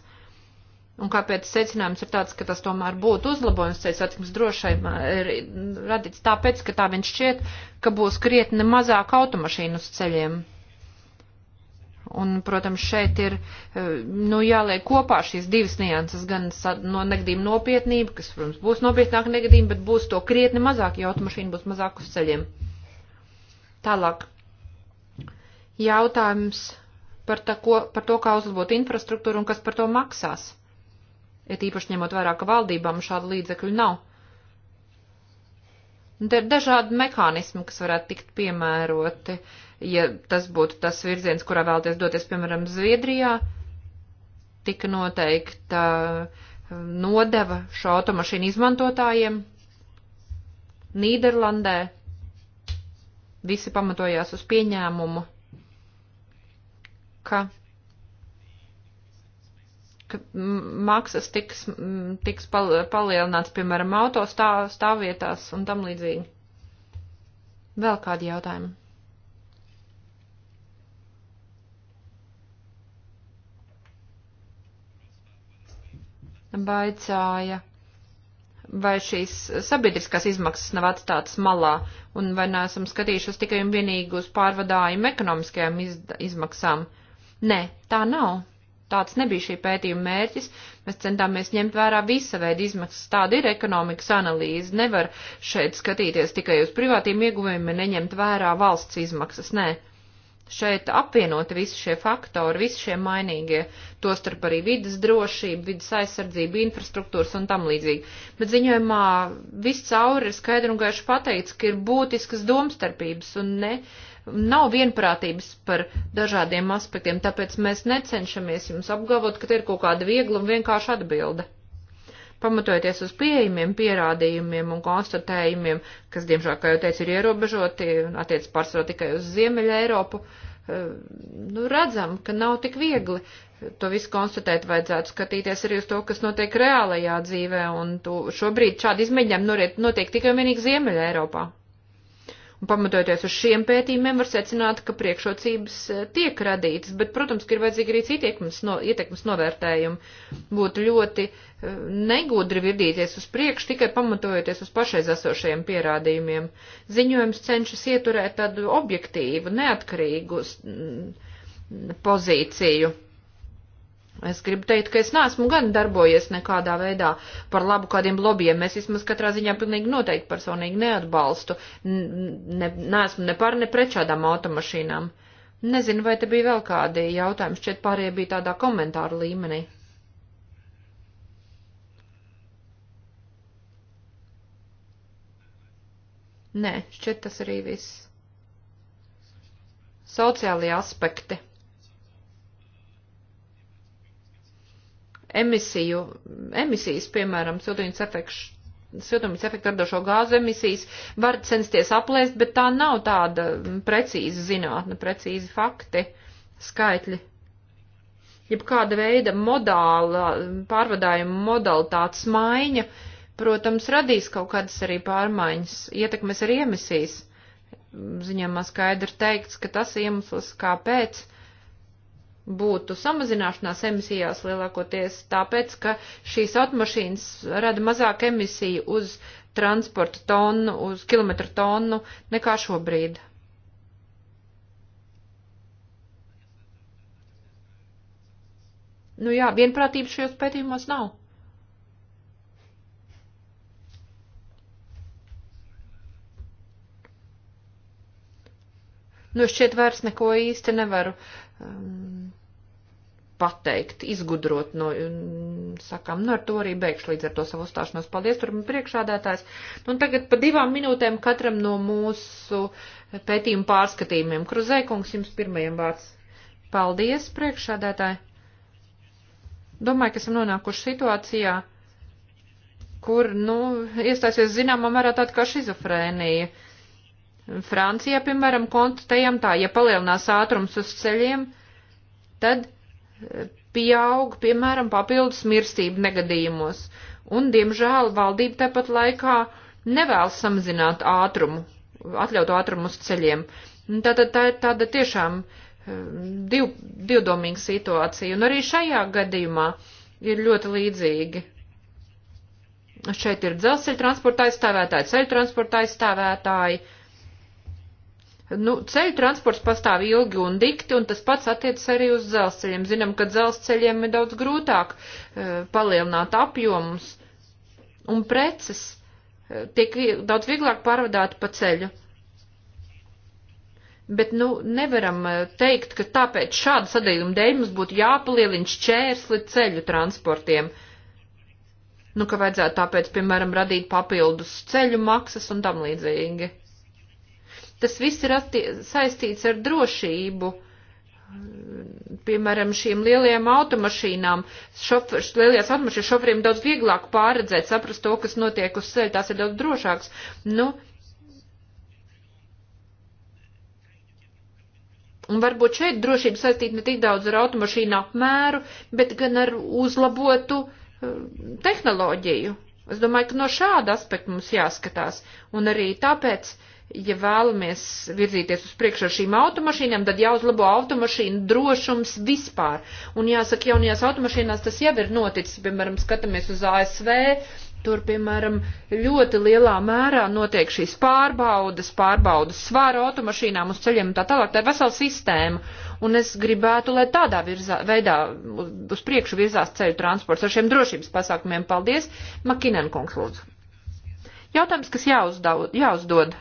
Un kāpēc secinājums ir tāds, ka tas tomēr būtu uzlabojums ceļu satiksmes drošai radīts tāpēc, ka tā viņš šķiet, ka būs krietni mazāk automašīnu uz ceļiem. Un, protams, šeit ir, e, nu, jāliek kopā šīs divas nianses, gan no negadījuma nopietnība, kas, protams, būs nopietnāka negadījuma, bet būs to krietni mazāk, jo automašīna būs mazāk uz ceļiem. Tālāk jautājums par, ta, ko, par to, kā uzlabot infrastruktūru un kas par to maksās. Ir īpaši ņemot vērā, ka valdībām šāda līdzekļu nav. Te ir dažādi mehānismi, kas varētu tikt piemēroti, ja tas būtu tas virziens, kurā vēlties doties, piemēram, Zviedrijā, tika noteikta um, nodeva šo automašīnu izmantotājiem. Nīderlandē visi pamatojās uz pieņēmumu, ka, ka maksas tiks, tiks palielināts, piemēram, autostāv stāvvietās un tam līdzīgi. Vēl kādi jautājumi? Baicāja, vai šīs sabiedriskās izmaksas nav atstātas malā, un vai neesam skatījušos tikai un vienīgi uz pārvadājumu ekonomiskajām iz, izmaksām. Uh, Nē, tā nav. Tāds nebija šī pētījuma mērķis. Mēs centāmies ņemt vērā visa veida izmaksas. Tāda ir ekonomikas analīze. Nevar šeit skatīties tikai uz privātiem ieguvumiem un neņemt vērā valsts izmaksas. Nē. Šeit apvienoti visi šie faktori, visi šie mainīgie, tostarp arī vidas drošība, vidas aizsardzība, infrastruktūras un tam līdzīgi. Bet ziņojumā viss cauri ir skaidri un gaiši pateicis, ka ir būtiskas domstarpības un ne, uh, nav vienprātības par dažādiem aspektiem, tāpēc mēs necenšamies jums apgalvot, ka te ir kaut kāda viegla un vienkārša atbilde. Pamatojoties uz pieejamiem pierādījumiem un konstatējumiem, kas, diemžēl, kā jau teicu, ir ierobežoti un attiec pārsvarā tikai uz Ziemeļa Eiropu, eh, nu, redzam, ka nav tik viegli to visu konstatēt, vajadzētu skatīties arī uz to, kas notiek reālajā dzīvē, un tu, šobrīd šādi izmēģinājumi notiek tikai un vienīgi Ziemeļa Eiropā. Un pamatojoties uz šiem pētījumiem, var secināt, ka priekšrocības eh, tiek radītas, bet, protams, ka ir vajadzīgi arī citi ietekmes, no, ietekmes novērtējumi. Būtu ļoti eh, negudri virdīties uz priekšu tikai pamatojoties uz pašreiz esošajiem pierādījumiem. Ziņojums cenšas ieturēt tādu objektīvu, neatkarīgu pozīciju Es gribu teikt, ka es neesmu gan darbojies nekādā veidā par labu kādiem lobiem. Es vismaz katrā ziņā pilnīgi noteikti personīgi neatbalstu. Ne, neesmu ne par, ne pret šādām automašīnām. Nezinu, vai te bija vēl kādi jautājumi, šķiet pārējie bija tādā komentāru līmenī. Nē, šķiet tas arī viss. Sociālie aspekti. emisiju, emisijas, piemēram, siltumnīca efekts siltumnīca efektu radošo gāzu emisijas var censties aplēst, bet tā nav tāda precīza zinātne, precīzi fakti, skaitļi. Jebkāda veida modāla, pārvadājuma modalitātes maiņa, protams, radīs kaut kādas arī pārmaiņas, ietekmes arī emisijas. Ziņamā skaidri teikts, ka tas iemesls, kāpēc būtu samazināšanās emisijās lielākoties tāpēc, ka šīs automašīnas rada mazāk emisiju uz transporta tonu, uz kilometru tonu nekā šobrīd. Nu jā, vienprātības šajos pētījumos nav. Nu, šķiet, vairs neko īsti nevaru uh, um, pateikt, izgudrot no sakām. Nu, ar to arī beigšu līdz ar to savu stāšanos. Paldies, turpin priekšādātājs. Nu, tagad pa divām minūtēm katram no mūsu pētījumu pārskatījumiem. Kruzēkungs, jums pirmajam vārds. Paldies, priekšādātāji. Domāju, ka esam nonākuši situācijā, kur, nu, iestāsies zināmā mērā tāda kā šizofrēnija. Uh, Francijā, piemēram, konstatējam tā, ja palielinās ātrums uz ceļiem, tad eh, pieaug, piemēram, papildus mirstību negadījumos. Un, diemžēl, valdība tepat laikā nevēlas samazināt ātrumu, atļaut ātrumu uz ceļiem. Tātad tā ir tāda tiešām eh, div, divdomīga situācija. Un arī šajā gadījumā ir ļoti līdzīgi. Šeit ir dzelzceļa transporta aizstāvētāji, ceļu transporta aizstāvētāji. Uh, Nu, ceļu transports pastāv ilgi un dikti, un tas pats attiecas arī uz dzelzceļiem. Zinām, ka dzelzceļiem ir daudz grūtāk e, palielināt apjomus, un preces e, tiek daudz vieglāk pārvadāt pa ceļu. Bet, nu, nevaram eh, teikt, ka tāpēc šādu sadalījumu dēļ mums būtu jāpalielina šķērsli ceļu transportiem. Nu, ka vajadzētu tāpēc, piemēram, radīt papildus ceļu maksas un tam līdzīgi. Tas viss ir saistīts ar drošību. Piemēram, šīm lielajām automašīnām, šofers, lielajās automašīnām šoferiem daudz vieglāk pārredzēt, saprast to, kas notiek uz ceļa, tās ir daudz drošākas. Nu, Un varbūt šeit drošība saistīta ne tik daudz ar automašīnu apmēru, bet gan ar uzlabotu uh, tehnoloģiju. Es domāju, ka no šāda aspekta mums jāskatās. Un arī tāpēc ja vēlamies virzīties uz priekšu ar šīm automašīnām, tad jāuzlabo automašīnu drošums vispār. Un jāsaka, jaunajās automašīnās tas jau ir noticis, piemēram, skatāmies uz ASV. Tur, piemēram, ļoti lielā mērā notiek šīs pārbaudas, pārbaudas svāra automašīnām uz ceļiem un tā tālāk. Tā ir vesela sistēma. Un es gribētu, lai tādā virzā, veidā uz priekšu virzās ceļu transports ar šiem drošības pasākumiem. Paldies. Makinen kungs, lūdzu. Jautājums, kas jāuzdav, jāuzdod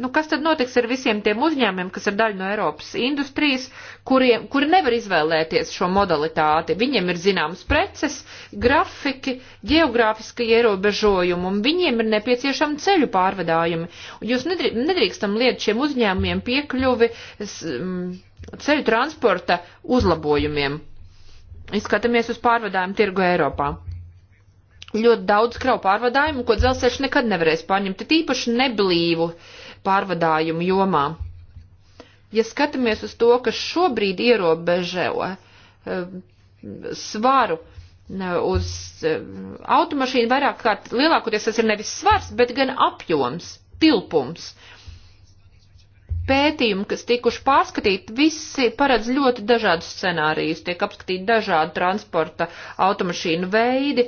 Nu, kas tad notiks ar visiem tiem uzņēmumiem, kas ir daļa no Eiropas industrijas, kuriem, kuri nevar izvēlēties šo modalitāti? Viņiem ir zināmas preces, grafiki, geogrāfiski ierobežojumi, un viņiem ir nepieciešami ceļu pārvadājumi. Un jūs nedrīkstam liet šiem uzņēmumiem piekļuvi ceļu transporta uzlabojumiem. Izskatāmies uz pārvadājumu tirgu Eiropā ļoti daudz kravu pārvadājumu, ko dzelzceļš nekad nevarēs paņemt, ir īpaši neblīvu pārvadājumu jomā. Ja skatāmies uz to, kas šobrīd ierobežo eh, svaru eh, uz eh, automašīnu, vairāk kārt lielākoties tas ir nevis svars, bet gan apjoms, tilpums pētījumi, kas tikuši pārskatīti, visi paredz ļoti dažādus scenārijus, tiek apskatīti dažādi transporta automašīnu veidi,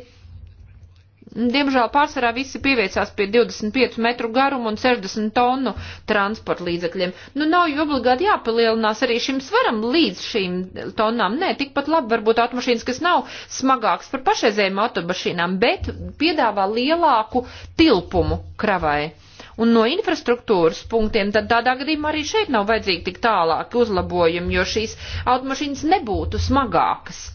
Diemžēl pārsvarā visi pieviesās pie 25 metru garuma un 60 tonu transporta līdzekļiem. Nu, nav jau obligāti jāpalielinās arī šim svaram līdz šīm tonām. Nē, tikpat labi varbūt automašīnas, kas nav smagāks par pašreizējiem automašīnām, bet piedāvā lielāku tilpumu kravai. Un no infrastruktūras punktiem tad tādā gadījumā arī šeit nav vajadzīgi tik tālāki uzlabojumi, jo šīs automašīnas nebūtu smagākas.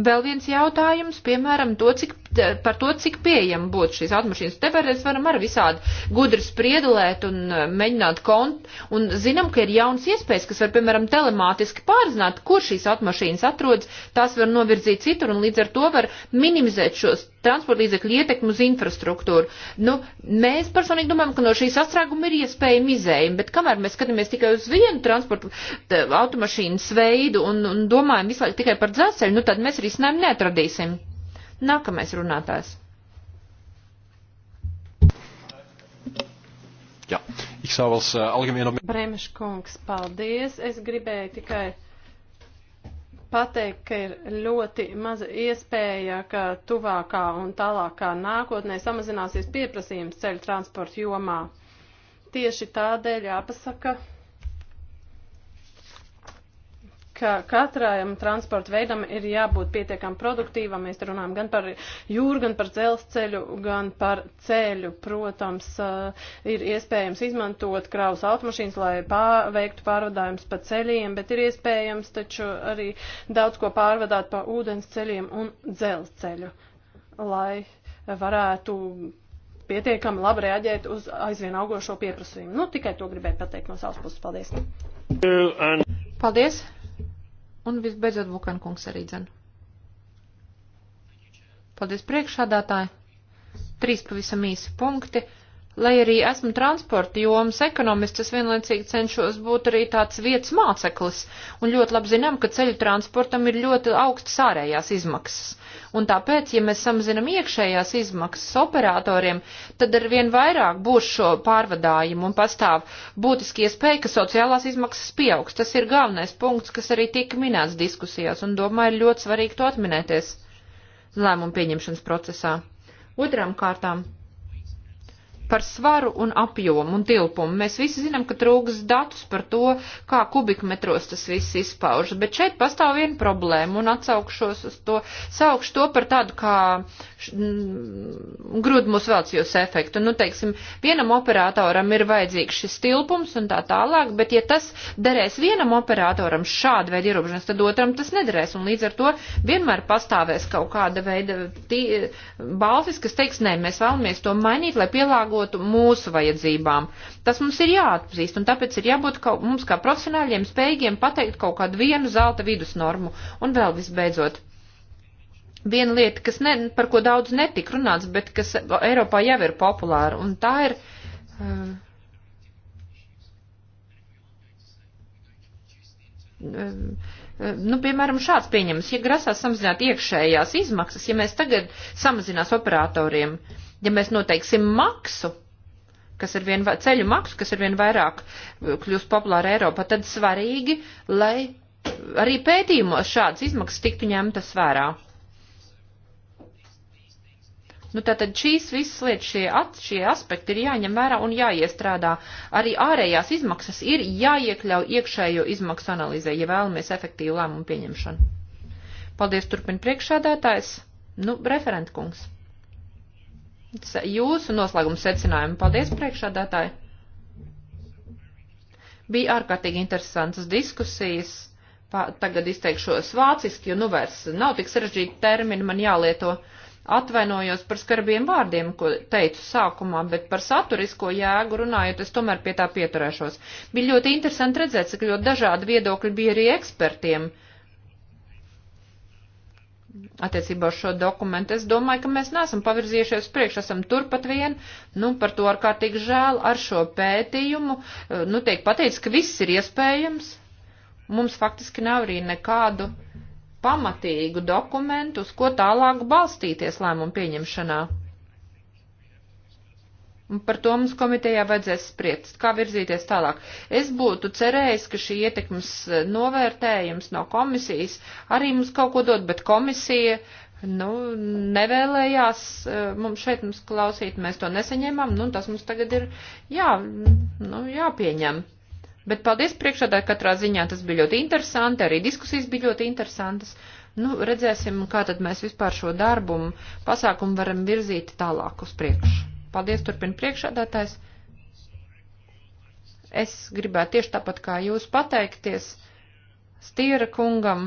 Vēl viens jautājums, piemēram, to, cik Eh, par to, cik pieejama būtu šīs automašīnas. Te mēs varam ar visādi gudri spriedelēt un eh, mēģināt kont, un zinām, ka ir jauns iespējas, kas var, piemēram, telemātiski pārzināt, kur šīs automašīnas atrodas, tās var novirzīt citur, un līdz ar to var minimizēt šos transporta līdzekļu ietekmu uz infrastruktūru. Nu, mēs personīgi domājam, ka no šīs sastrēguma ir iespējama izējuma, bet kamēr mēs skatāmies tikai uz vienu transporta automašīnas veidu un, un domājam visu laiku tikai par dzelzceļu, nu tad mēs risinājumu neatradīsim. Nākamais runātājs. Jā, ik savas uh, eh, algamienu. Bremeškungs, paldies. Es gribēju tikai pateikt, ka ir ļoti maza iespēja, ka tuvākā un tālākā nākotnē samazināsies pieprasījums ceļu transporta jomā. Tieši tādēļ jāpasaka, ka katrajam transporta veidam ir jābūt pietiekam produktīvam. Mēs runājam gan par jūru, gan par dzelzceļu, gan par ceļu. Protams, eh, ir iespējams izmantot kravas automašīnas, lai veiktu pārvadājumus pa ceļiem, bet ir iespējams taču arī daudz ko pārvadāt pa ūdens ceļiem un dzelzceļu, lai varētu pietiekami labi reaģēt uz aizvien augošo pieprasījumu. Nu, tikai to gribēju pateikt no savas puses. Paldies! Paldies! Un visbeidzot, Vukankungs arī dzen. Paldies priekšādātāji. Trīs pavisam īsi punkti lai arī esmu transporta jomas ekonomists, es vienlaicīgi cenšos būt arī tāds vietas māceklis, un ļoti labi zinām, ka ceļu transportam ir ļoti augstas ārējās izmaksas. Un tāpēc, ja mēs samazinam iekšējās izmaksas operatoriem, tad ar vien vairāk būs šo pārvadājumu un pastāv būtiski iespēja, ka sociālās izmaksas pieaugs. Tas ir galvenais punkts, kas arī tika minēts diskusijās, un domāju, ir ļoti svarīgi to atminēties lēmumu pieņemšanas procesā. Otrām kārtām par svaru un apjomu un tilpumu. Mēs visi zinām, ka trūks datus par to, kā kubikmetros tas viss izpaužas, bet šeit pastāv viena problēma un atsaukšos uz to, saukšu to par tādu kā uh, grūtmus velcijus efektu. Nu, teiksim, vienam operatoram ir vajadzīgs šis tilpums un tā tālāk, bet ja tas derēs vienam operatoram šāda veida ierobežojums, tad otram tas nederēs. Un līdz ar to vienmēr pastāvēs kaut kāda veida tī, balsis, kas teiks, nē, mēs vēlamies to mainīt, lai pielāgotu mūsu vajadzībām. Tas mums ir jāatzīst, un tāpēc ir jābūt kaut, mums kā profesionāļiem spējīgiem pateikt kaut kādu vienu zelta vidusnormu. Un vēl visbeidzot viena lieta, kas ne, par ko daudz netika runāts, bet kas Eiropā jau ir populāra, un tā ir. Uh, nu, piemēram, šāds pieņems, ja grasās samazināt iekšējās izmaksas, ja mēs tagad samazinās operatoriem, ja mēs noteiksim maksu, kas ir vien, ceļu maksu, kas ir vien vairāk eh, kļūst populāra Eiropā, tad svarīgi, lai arī pētījumos šādas izmaksas tiktu ņemtas vērā. Nu, tātad šīs visas lietas, šie, at, šie aspekti ir jāņem vērā un jāiestrādā. Arī ārējās izmaksas ir jāiekļauj iekšējo izmaksu analīzē, ja vēlamies efektīvu lēmumu pieņemšanu. Paldies, turpin priekšādātājs. Nu, referentkungs. Jūsu noslēguma secinājumi. Paldies, priekšādātāji. Bija ārkārtīgi interesantas diskusijas. Pā, tagad izteikšos vāciski, jo nu vairs nav tik sarežģīti termini man jālieto. Uh, Atvainojos par skarbiem vārdiem, ko teicu sākumā, bet par saturisko jēgu runājot, es tomēr pie tā pieturēšos. Bija ļoti interesanti redzēt, cik ļoti dažādi viedokļi bija arī ekspertiem attiecībā uz šo dokumentu. Es domāju, ka mēs neesam pavirzījušies priekš, esam turpat vien, nu, par to ārkārtīgi žēl ar šo pētījumu. Eh, nu, tiek pateicis, ka viss ir iespējams. Mums faktiski nav arī nekādu pamatīgu dokumentu, uz ko tālāk balstīties lēmumu pieņemšanā. Un par to mums komitejā vajadzēs spriest, kā virzīties tālāk. Es būtu cerējis, ka šī ietekmes eh, novērtējums no komisijas arī mums kaut ko dod, bet komisija nu, nevēlējās eh, mums šeit mums klausīt, mēs to nesaņēmām, nu, tas mums tagad ir jā, nu, jāpieņem. Bet paldies priekšādāji katrā ziņā, tas bija ļoti interesanti, arī diskusijas bija ļoti interesantas. Nu, redzēsim, kā tad mēs vispār šo darbu un pasākumu varam virzīt tālāk uz priekšu. Paldies, turpina priekšādātājs. Es gribētu tieši tāpat kā jūs pateikties Stiera kungam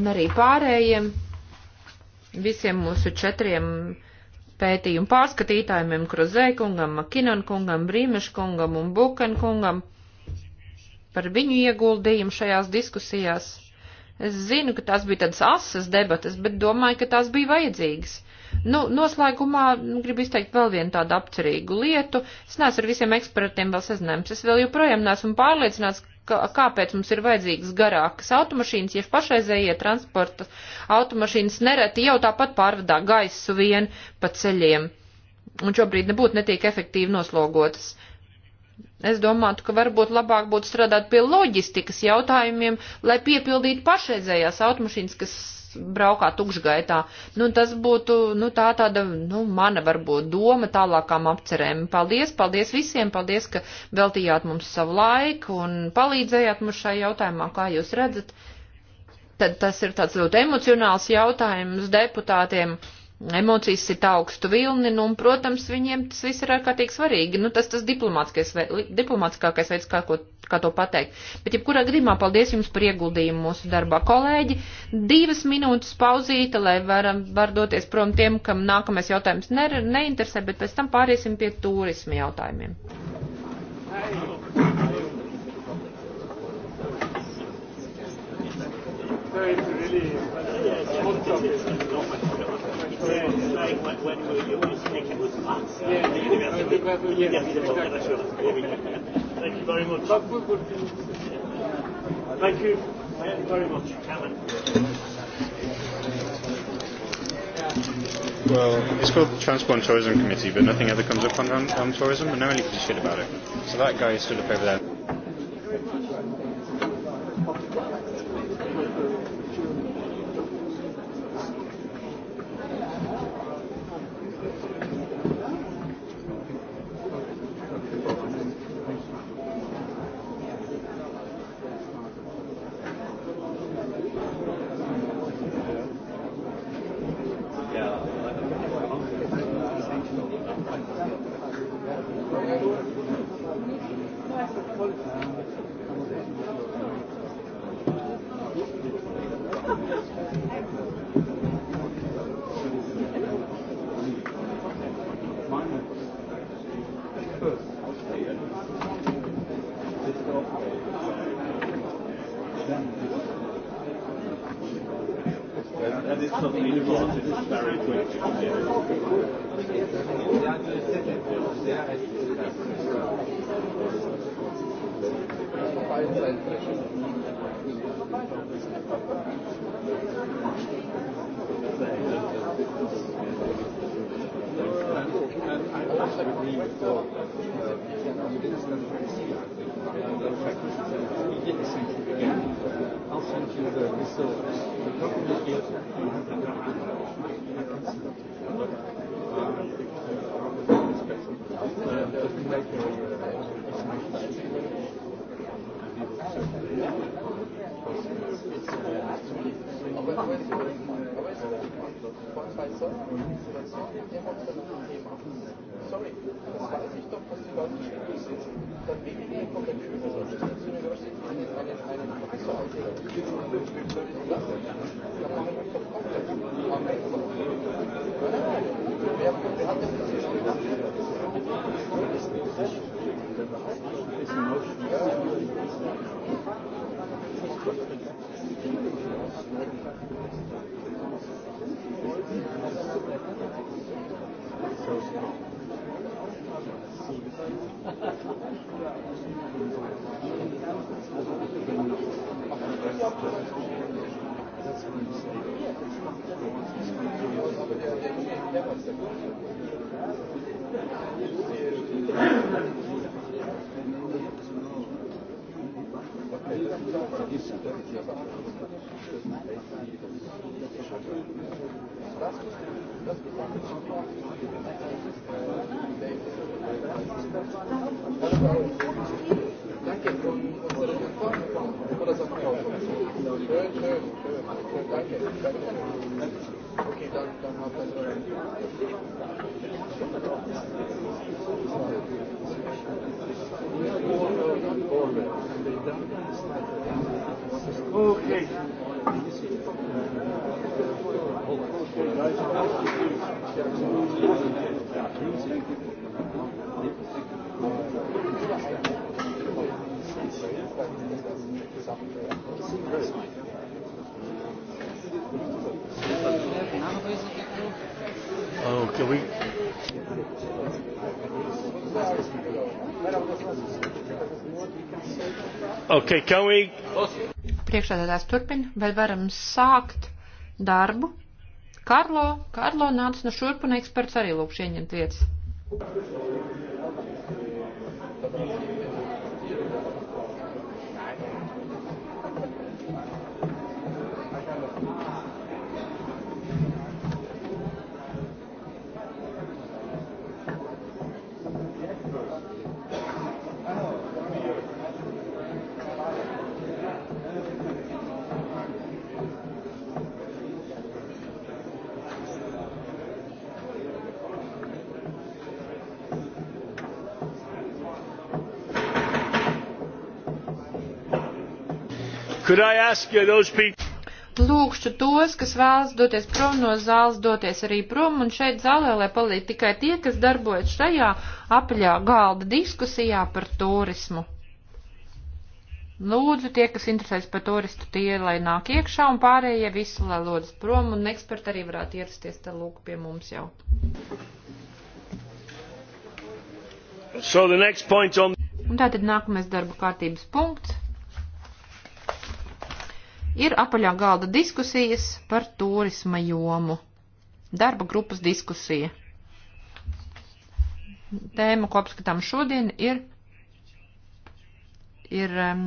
un arī pārējiem visiem mūsu četriem pētījumu pārskatītājiem Krozēkungam, Makinonkungam, Brīmeškungam un Bukankungam par viņu ieguldījumu šajās diskusijās. Es zinu, ka tās bija tādas asas debatas, bet domāju, ka tās bija vajadzīgas. Nu, noslēgumā gribu izteikt vēl vienu tādu apcerīgu lietu. Es neesmu ar visiem ekspertiem vēl sazināms. Es vēl joprojām neesmu pārliecināts, ka, kāpēc mums ir vajadzīgas garākas automašīnas, ja pašreizējie transporta automašīnas nereti jau tāpat pārvadā gaisu vien pa ceļiem. Un šobrīd nebūtu netiek efektīvi noslogotas. Es domātu, ka varbūt labāk būtu strādāt pie loģistikas jautājumiem, lai piepildītu pašreizējās automašīnas, kas braukā tukšgaitā. Nu, tas būtu, nu, tā tāda, nu, mana varbūt doma tālākām apcerēm. Paldies, paldies visiem, paldies, ka veltījāt mums savu laiku un palīdzējāt mums šajā jautājumā, kā jūs redzat. Tad tas ir tāds ļoti emocionāls jautājums deputātiem emocijas ir augstu vilni, nu, un, protams, viņiem tas viss ir ārkārtīgi svarīgi. Nu, tas tas diplomātiskākais veids, kā, ko, kā to pateikt. Bet, ja kurā gadījumā, paldies jums par ieguldījumu mūsu darbā, kolēģi. Divas minūtes pauzīte, lai varam, var doties prom tiem, kam nākamais jautājums ne, neinteresē, bet pēc tam pāriesim pie turisma jautājumiem. So it's really like when, when we were doing connecting with plants uh, yeah, the university. The university yes, exactly. sure. Thank you very much. Thank you very much, Cameron. Well, it's called Transport and Tourism Committee, but nothing ever comes up on, on, on tourism, and no one really gives a shit about it. So that guy stood up over there. Okay, we... Priekšādātājs turpina, vai varam sākt darbu? Karlo, Karlo nāc no šurp un eksperts arī lūkšu ieņemt vietas. Lūkšu tos, kas vēlas doties prom no zāles, doties arī prom, un šeit zālē, lai palīdz tikai tie, kas darbojas šajā apaļā galda diskusijā par turismu. Lūdzu, tie, kas interesēs par turistu, tie, lai nāk iekšā un pārējie visi, lai lodz prom, un eksperti arī varētu ierasties te lūk pie mums jau. So on... Un tātad nākamais darba kārtības punkts ir apaļā galda diskusijas par turisma jomu. Darba grupas diskusija. Tēma, ko apskatām šodien, ir, ir um,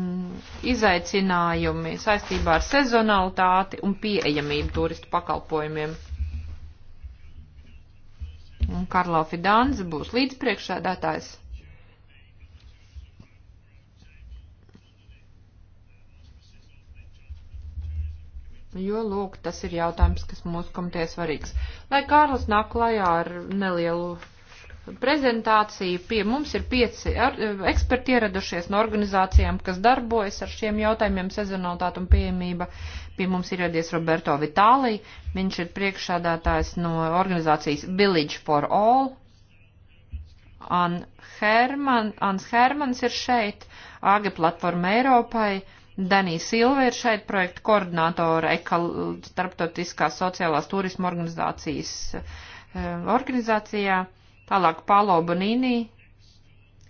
izaicinājumi saistībā ar sezonalitāti un pieejamību turistu pakalpojumiem. Un Karlā Fidāns būs līdzpriekšādātājs. Jo, lūk, tas ir jautājums, kas mūsu komitē svarīgs. Lai Kārlis nāk klajā ar nelielu prezentāciju, pie mums ir pieci ar, eksperti ieradušies no organizācijām, kas darbojas ar šiem jautājumiem sezonalitāte un pieejamība. Pie mums ir ieradies Roberto Vitālī, viņš ir priekšādātājs no organizācijas Village for All. An Herman, Ans Hermans ir šeit, AG platforma Eiropai Danija Silva ir šeit projekta koordinātora starptautiskās sociālās turisma organizācijas eh, organizācijā. Tālāk Palo Bonini,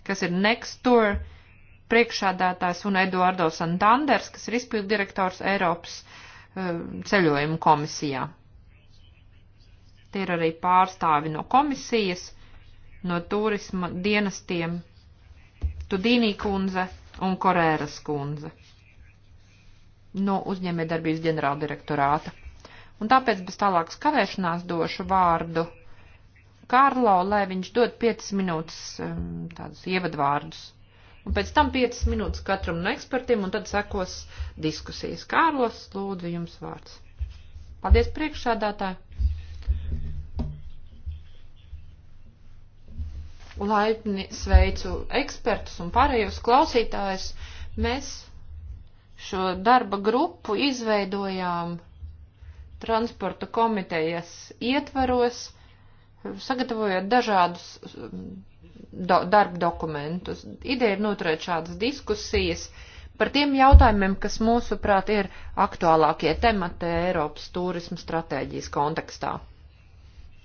kas ir Next Tour priekšādātājs un Eduardo Santanders, kas ir izpildu direktors Eiropas eh, ceļojumu komisijā. Tie ir arī pārstāvi no komisijas, no turisma dienestiem, Tudīnī kundze un Korēras kundze no uzņēmējdarbības ģenerāldirektorāta. Un tāpēc bez tālākas kavēšanās došu vārdu Kārlo, lai viņš dod 5 minūtes um, tādus ievadvārdus. Un pēc tam 5 minūtes katram no ekspertiem, un tad sekos diskusijas. Kārlos, lūdzu, jums vārds. Paldies priekšsādātāji! Laipni sveicu ekspertus un pārējos klausītājus. Mēs šo darba grupu izveidojām transporta komitejas ietvaros, sagatavojot dažādus um, do, darba dokumentus. Ideja ir noturēt šādas diskusijas par tiem jautājumiem, kas mūsuprāt ir aktuālākie temati Eiropas turismu stratēģijas kontekstā.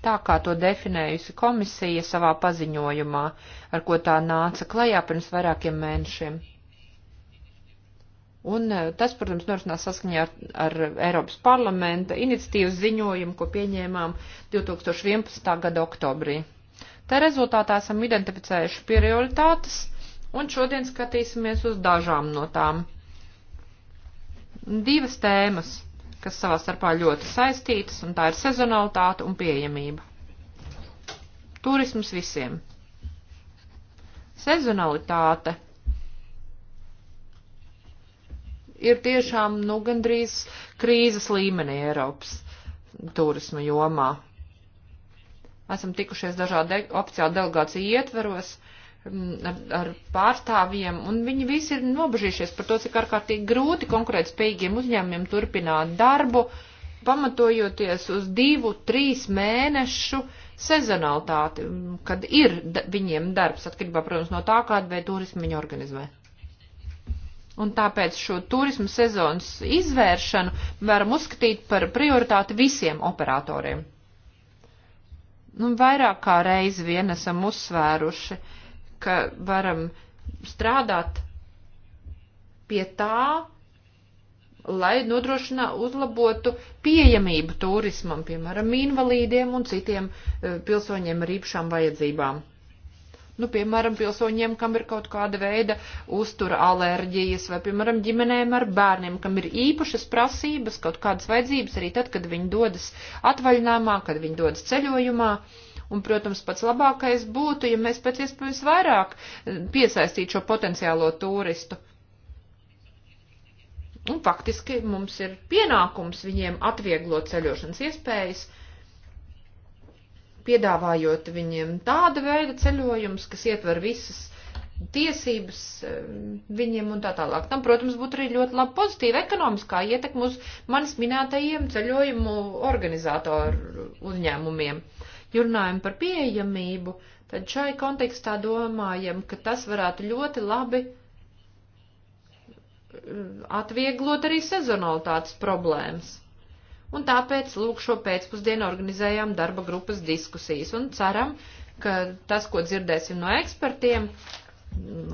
Tā kā to definējusi komisija savā paziņojumā, ar ko tā nāca klajā pirms vairākiem mēnešiem. Un eh, tas, protams, norisinās saskaņā ar, ar Eiropas parlamenta iniciatīvas ziņojumu, ko pieņēmām 2011. gada oktobrī. Tā rezultātā esam identificējuši prioritātes, un šodien skatīsimies uz dažām no tām. Divas tēmas, kas savā starpā ļoti saistītas, un tā ir sezonalitāte un pieejamība. Turisms visiem. Sezonalitāte ir tiešām, nu, gandrīz krīzes līmenī Eiropas turisma jomā. Esam tikušies dažādu oficiālu delegāciju ietveros mm, ar, ar pārstāvjiem, un viņi visi ir nobežījušies par to, cik ārkārtīgi grūti konkurētspējīgiem uzņēmumiem turpināt darbu, pamatojoties uz divu, trīs mēnešu sezonalitāti, kad ir viņiem darbs, atkarībā, protams, no tā, kādu veidu turismu viņi organizē un tāpēc šo turismu sezonas izvēršanu varam uzskatīt par prioritāti visiem operatoriem. Nu, vairāk kā reizi vien esam uzsvēruši, ka varam strādāt pie tā, lai nodrošinā uzlabotu pieejamību turismam, piemēram, invalīdiem un citiem eh, pilsoņiem ar īpašām vajadzībām. Nu, piemēram, pilsoņiem, kam ir kaut kāda veida uztura alerģijas, vai, piemēram, ģimenēm ar bērniem, kam ir īpašas prasības, kaut kādas vajadzības arī tad, kad viņi dodas atvaļinājumā, kad viņi dodas ceļojumā. Un, protams, pats labākais būtu, ja mēs pēc iespējas vairāk eh, piesaistītu šo potenciālo turistu. Un faktiski mums ir pienākums viņiem atvieglot ceļošanas iespējas, uh, piedāvājot viņiem tāda veida ceļojums, kas ietver visas tiesības eh, viņiem un tā tālāk. Tam, protams, būtu arī ļoti laba pozitīva ekonomiskā ietekma uz manis minētajiem ceļojumu organizatoru uzņēmumiem. Ja runājam par pieejamību, tad šai kontekstā domājam, ka tas varētu ļoti labi eh, atvieglot arī sezonalitātes problēmas un tāpēc lūk šo pēcpusdienu organizējām darba grupas diskusijas un ceram, ka tas, ko dzirdēsim no ekspertiem,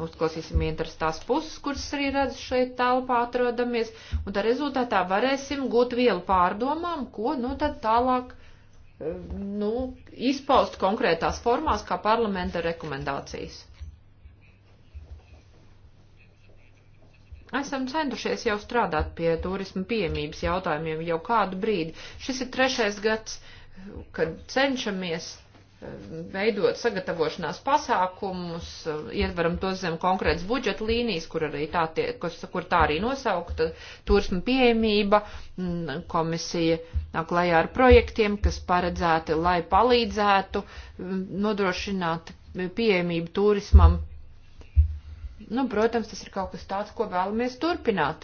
uzklausīsim interesantās puses, kuras arī redz šeit telpā atrodamies, un tā rezultātā varēsim gūt vielu pārdomām, ko nu tad tālāk eh, nu, izpaust konkrētās formās kā parlamenta rekomendācijas. Esam centušies jau strādāt pie turismu piemības jautājumiem jau kādu brīdi. Šis ir trešais gads, kad cenšamies eh, veidot sagatavošanās pasākumus, eh, ietveram to zem konkrētas budžeta līnijas, kur, arī tā tie, kas, kur tā arī nosaukta turismu pieejamība, mm, komisija nāk klajā ar projektiem, kas paredzēti, lai palīdzētu mm, nodrošināt pieejamību turismam Nu, protams, tas ir kaut kas tāds, ko vēlamies turpināt.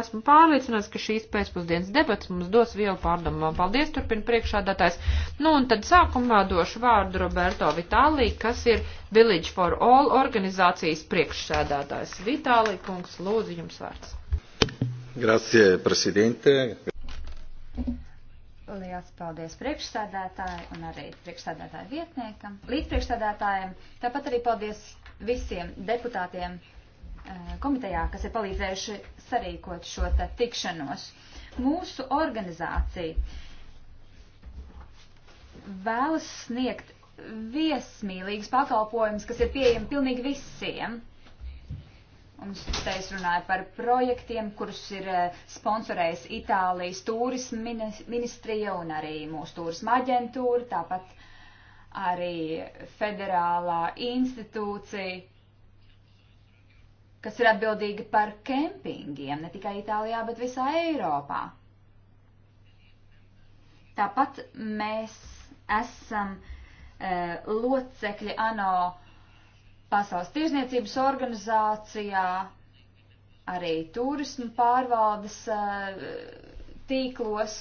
Esmu pārliecināts, ka šīs pēcpusdienas debats mums dos vielu pārdomām. Paldies, turpina priekšādātājs. Nu, un tad sākumā došu vārdu Roberto Vitālī, kas ir Village for All organizācijas priekšsēdātājs. Vitālī, kungs, lūdzu jums vārds. Grazie, prezidente. Liels paldies priekšsēdētāji un arī priekšsēdētāju vietniekam, līdzpriekšsēdētājiem. Tāpat arī paldies visiem deputātiem eh, komitejā, kas ir palīdzējuši sarīkot šo te tikšanos. Mūsu organizācija vēlas sniegt viesmīlīgas pakalpojumus, kas ir pieejami pilnīgi visiem. Un te es runāju par projektiem, kurus ir eh, sponsorējis Itālijas turisma ministrija un arī mūsu turisma aģentūra, tāpat arī federālā institūcija, kas ir atbildīga par kempingiem ne tikai Itālijā, bet visā Eiropā. Tāpat mēs esam e, locekļi ANO Pasaules tirzniecības organizācijā, arī turismu pārvaldes eh, tīklos,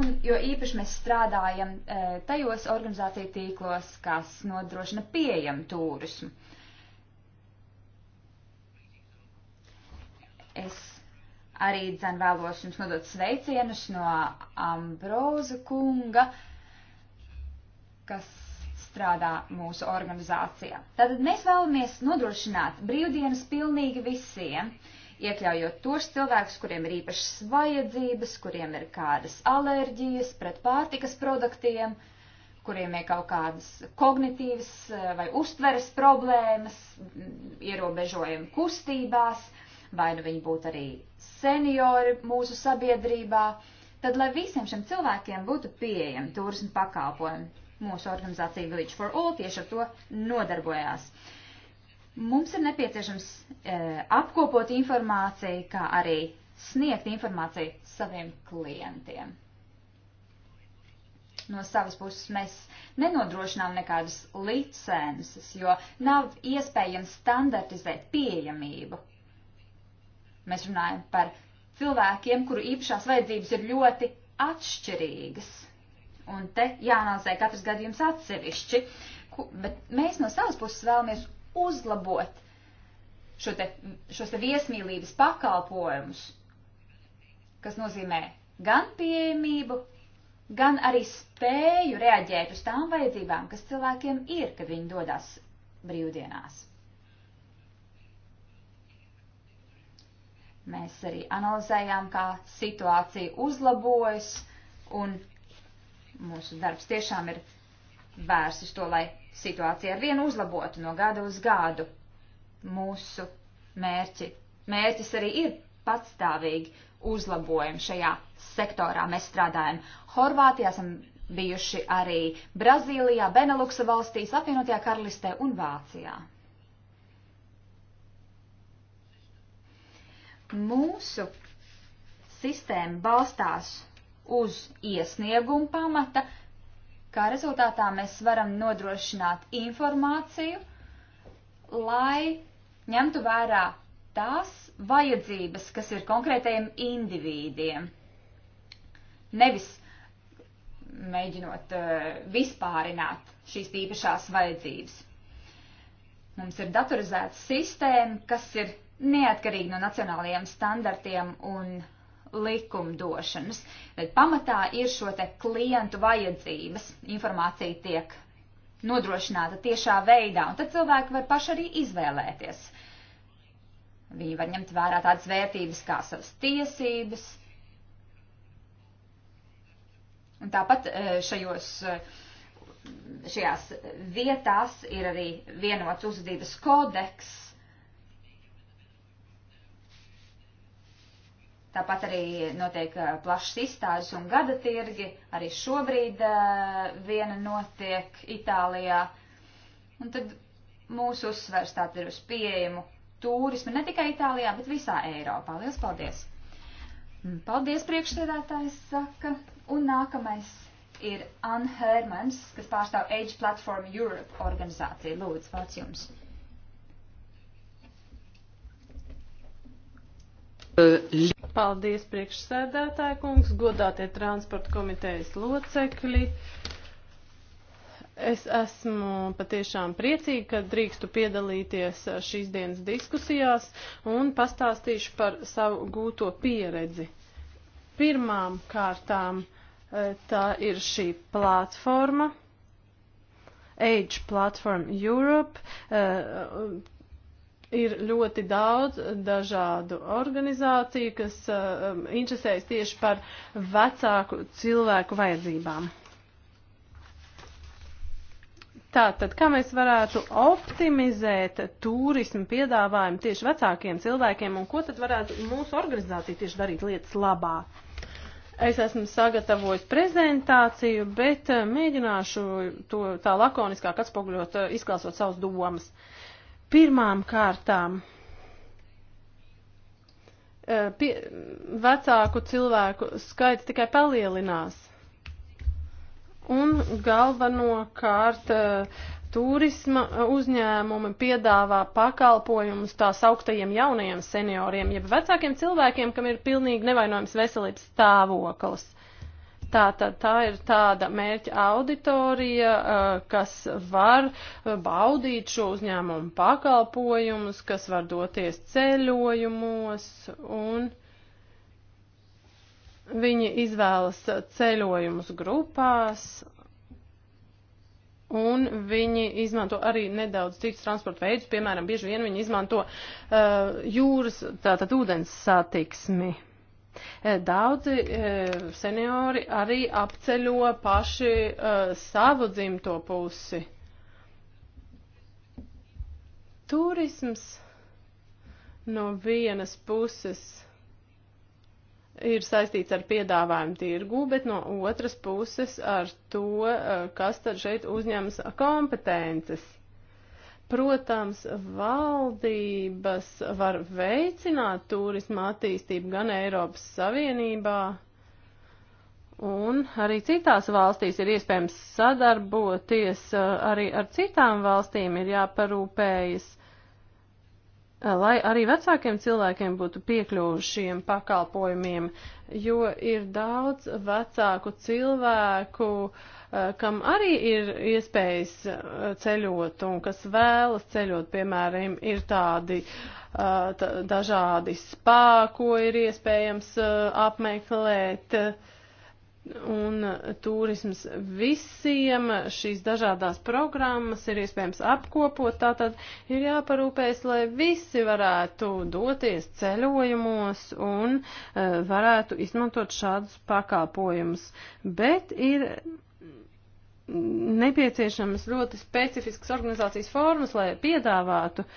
un jo īpaši mēs strādājam eh, tajos organizāciju tīklos, kas nodrošina pieejamu turismu. Es arī dzen vēlos jums nodot sveicienus no Ambroza kunga, kas strādā mūsu organizācijā. Tātad mēs vēlamies nodrošināt brīvdienas pilnīgi visiem, iekļaujot tos cilvēkus, kuriem ir īpašas vajadzības, kuriem ir kādas alerģijas pret pārtikas produktiem, kuriem ir kaut kādas kognitīvas eh, vai uztveres problēmas, mm, ierobežojumi kustībās, vai nu viņi būtu arī seniori mūsu sabiedrībā, tad lai visiem šiem cilvēkiem būtu pieejami turismu pakalpojumi mūsu organizācija Village for All tieši ar to nodarbojās. Mums ir nepieciešams e, apkopot informāciju, kā arī sniegt informāciju saviem klientiem. No savas puses mēs nenodrošinām nekādas licences, jo nav iespējams standartizēt pieejamību. Mēs runājam par cilvēkiem, kuru īpašās vajadzības ir ļoti atšķirīgas. Un te jāanalizē katrs gadījums atsevišķi, bet mēs no savas puses vēlamies uzlabot šo te, šos te viesmīlības pakalpojumus, kas nozīmē gan pieejamību, gan arī spēju reaģēt uz tām vajadzībām, kas cilvēkiem ir, kad viņi dodas brīvdienās. Mēs arī analizējām, kā situācija uzlabojas un Mūsu darbs tiešām ir vērsts uz to, lai situācija ar vienu uzlabotu no gada uz gadu. Mūsu mērķi, mērķis arī ir patstāvīgi uzlabojumi šajā sektorā. Mēs strādājam Horvātijā, esam bijuši arī Brazīlijā, Beneluksa valstīs, apvienotajā karalistē un Vācijā. Mūsu sistēma balstās uz iesniegumu pamata, kā rezultātā mēs varam nodrošināt informāciju, lai ņemtu vērā tās vajadzības, kas ir konkrētajiem individiem. Nevis mēģinot uh, vispārināt šīs īpašās vajadzības. Mums ir datorizēta sistēma, kas ir neatkarīga no nacionālajiem standartiem un likumdošanas. Bet pamatā ir šo te klientu vajadzības. Informācija tiek nodrošināta tiešā veidā, un tad cilvēki var paši arī izvēlēties. Viņi var ņemt vērā tādas vērtības kā savas tiesības. Un tāpat eh, šajos, eh, šajās vietās ir arī vienots uzvedības kodeks, Tāpat arī notiek plašas izstādes un gada tirgi. Arī šobrīd viena notiek Itālijā. Un tad mūsu uzsvers tātad ir uz pieejamu turismu ne tikai Itālijā, bet visā Eiropā. Lielas paldies! Mm, paldies, priekšsēdētājs saka. Un nākamais ir Ann Hermans, kas pārstāv Age Platform Europe organizāciju. Lūdzu, vārds jums! Paldies, priekšsēdētāja kungs, godātie transporta komitejas locekļi. Es esmu patiešām priecīga, ka drīkstu piedalīties šīs dienas diskusijās un pastāstīšu par savu gūto pieredzi. Pirmām kārtām e, tā ir šī platforma, Age Platform Europe, e, ir ļoti daudz dažādu organizāciju, kas uh, interesējas tieši par vecāku cilvēku vajadzībām. Tātad, kā mēs varētu optimizēt turismu piedāvājumu tieši vecākiem cilvēkiem un ko tad varētu mūsu organizācija tieši darīt lietas labā? Es esmu sagatavojis prezentāciju, bet uh, mēģināšu to tā lakoniskāk atspoguļot, uh, izklāsot savas domas. Uh, Pirmām kārtām eh, pie, vecāku cilvēku skaits tikai palielinās. Un galvenokārt eh, turisma uzņēmumi piedāvā pakalpojumus tās augtajiem jaunajiem senioriem, jeb vecākiem cilvēkiem, kam ir pilnīgi nevainojams veselības stāvoklis. Uh, Tā, tā, tā ir tāda mērķa auditorija, eh, kas var eh, baudīt šo uzņēmumu pakalpojumus, kas var doties ceļojumos un viņi izvēlas ceļojumus grupās un viņi izmanto arī nedaudz citus transporta veidus, piemēram, bieži vien viņi izmanto uh, jūras, tātad ūdens satiksmi. Uh, E, daudzi e, seniori arī apceļo paši e, savu dzimto pusi. Turisms no vienas puses ir saistīts ar piedāvājumu tirgu, bet no otras puses ar to, kas tad šeit uzņems kompetences. Protams, valdības var veicināt turisma attīstību gan Eiropas Savienībā, Un arī citās valstīs ir iespējams sadarboties, arī ar citām valstīm ir jāparūpējas, lai arī vecākiem cilvēkiem būtu piekļuvušiem pakalpojumiem jo ir daudz vecāku cilvēku, eh, kam arī ir iespējas eh, ceļot un kas vēlas ceļot, piemēram, ir tādi eh, dažādi spā, ko ir iespējams apmeklēt un turisms visiem šīs dažādās programmas ir iespējams apkopot, tātad ir jāparūpēs, lai visi varētu doties ceļojumos un uh, varētu izmantot šādus pakalpojumus. Bet ir nepieciešamas ļoti specifiskas organizācijas formas, lai piedāvātu uh,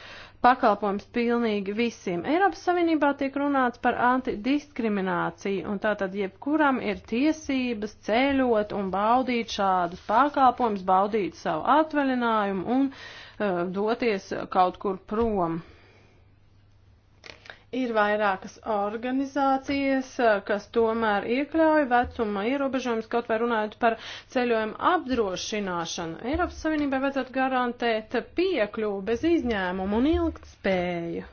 pakalpojums pilnīgi visiem. Eiropas Savienībā tiek runāts par antidiskrimināciju, un tātad jebkuram ir tiesības ceļot un baudīt šādus pakalpojumus, baudīt savu atvaļinājumu un uh, doties kaut kur prom. Ir vairākas organizācijas, eh, kas tomēr iekļauj vecuma ierobežojumus, kaut vai runājot par ceļojumu apdrošināšanu. Eiropas Savienībai vajadzētu garantēt piekļuvu bez izņēmumu un ilgtspēju.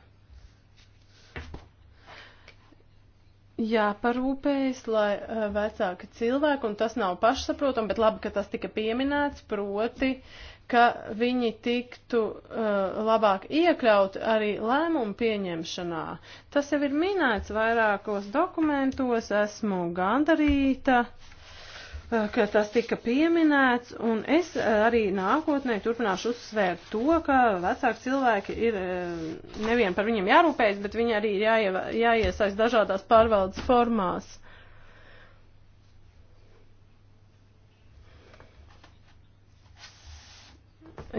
Jāparūpējas, lai eh, vecāki cilvēki, un tas nav pašsaprotam, bet labi, ka tas tika pieminēts, proti uh, ka viņi tiktu uh, labāk iekļaut arī lēmumu pieņemšanā. Tas jau ir minēts vairākos dokumentos, esmu gandarīta, uh, ka tas tika pieminēts, un es uh, arī nākotnē turpināšu uzsvērt to, ka vecāki cilvēki ir uh, nevien par viņiem jārūpējas, bet viņi arī ir jāie, jāiesaist dažādās pārvaldes formās.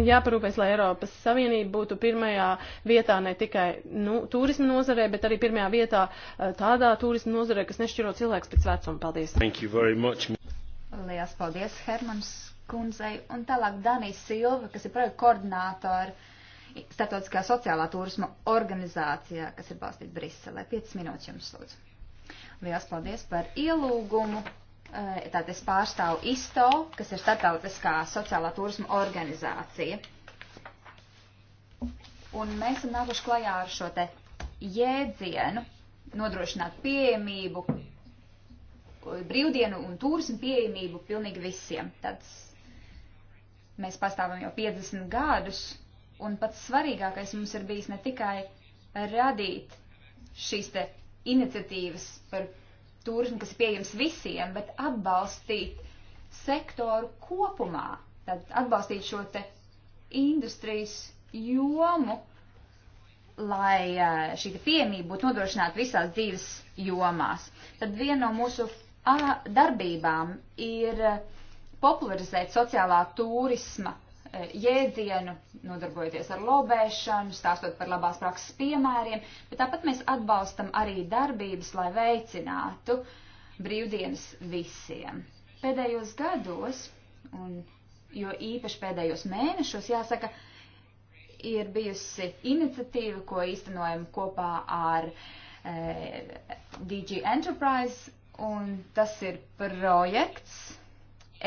jāparūpēs, lai Eiropas Savienība būtu pirmajā vietā ne tikai nu, turisma nozarē, bet arī pirmajā vietā eh, tādā turisma nozarē, kas nešķiro cilvēks pēc vecuma. Paldies! Lielas paldies Hermans kundzei un tālāk Danija Silva, kas ir projekta koordinātori Startautiskā sociālā turisma organizācijā, kas ir balstīta Briselē. 5 minūtes jums lūdzu. Lielas paldies par ielūgumu! Eh, Tātad es pārstāvu ISTO, kas ir starptautiskā sociālā turisma organizācija. Un mēs esam nākuši klajā ar šo te jēdzienu, nodrošināt pieejamību, brīvdienu un turismu pieejamību pilnīgi visiem. Tāds mēs pastāvam jau 50 gadus, un pats svarīgākais mums ir bijis ne tikai radīt šīs te iniciatīvas par turismu, kas ir pieejams visiem, bet atbalstīt sektoru kopumā, tad atbalstīt šo te industrijas jomu, lai eh, šī piemība būtu nodrošināta visās dzīves jomās. Tad viena no mūsu darbībām ir eh, popularizēt sociālā turisma E, jēdzienu, nodarbojoties ar lobēšanu, stāstot par labās prakses piemēriem, bet tāpat mēs atbalstam arī darbības, lai veicinātu brīvdienas visiem. Pēdējos gados, un jo īpaši pēdējos mēnešos, jāsaka, ir bijusi iniciatīva, ko īstenojam kopā ar e, DG Enterprise, un tas ir projekts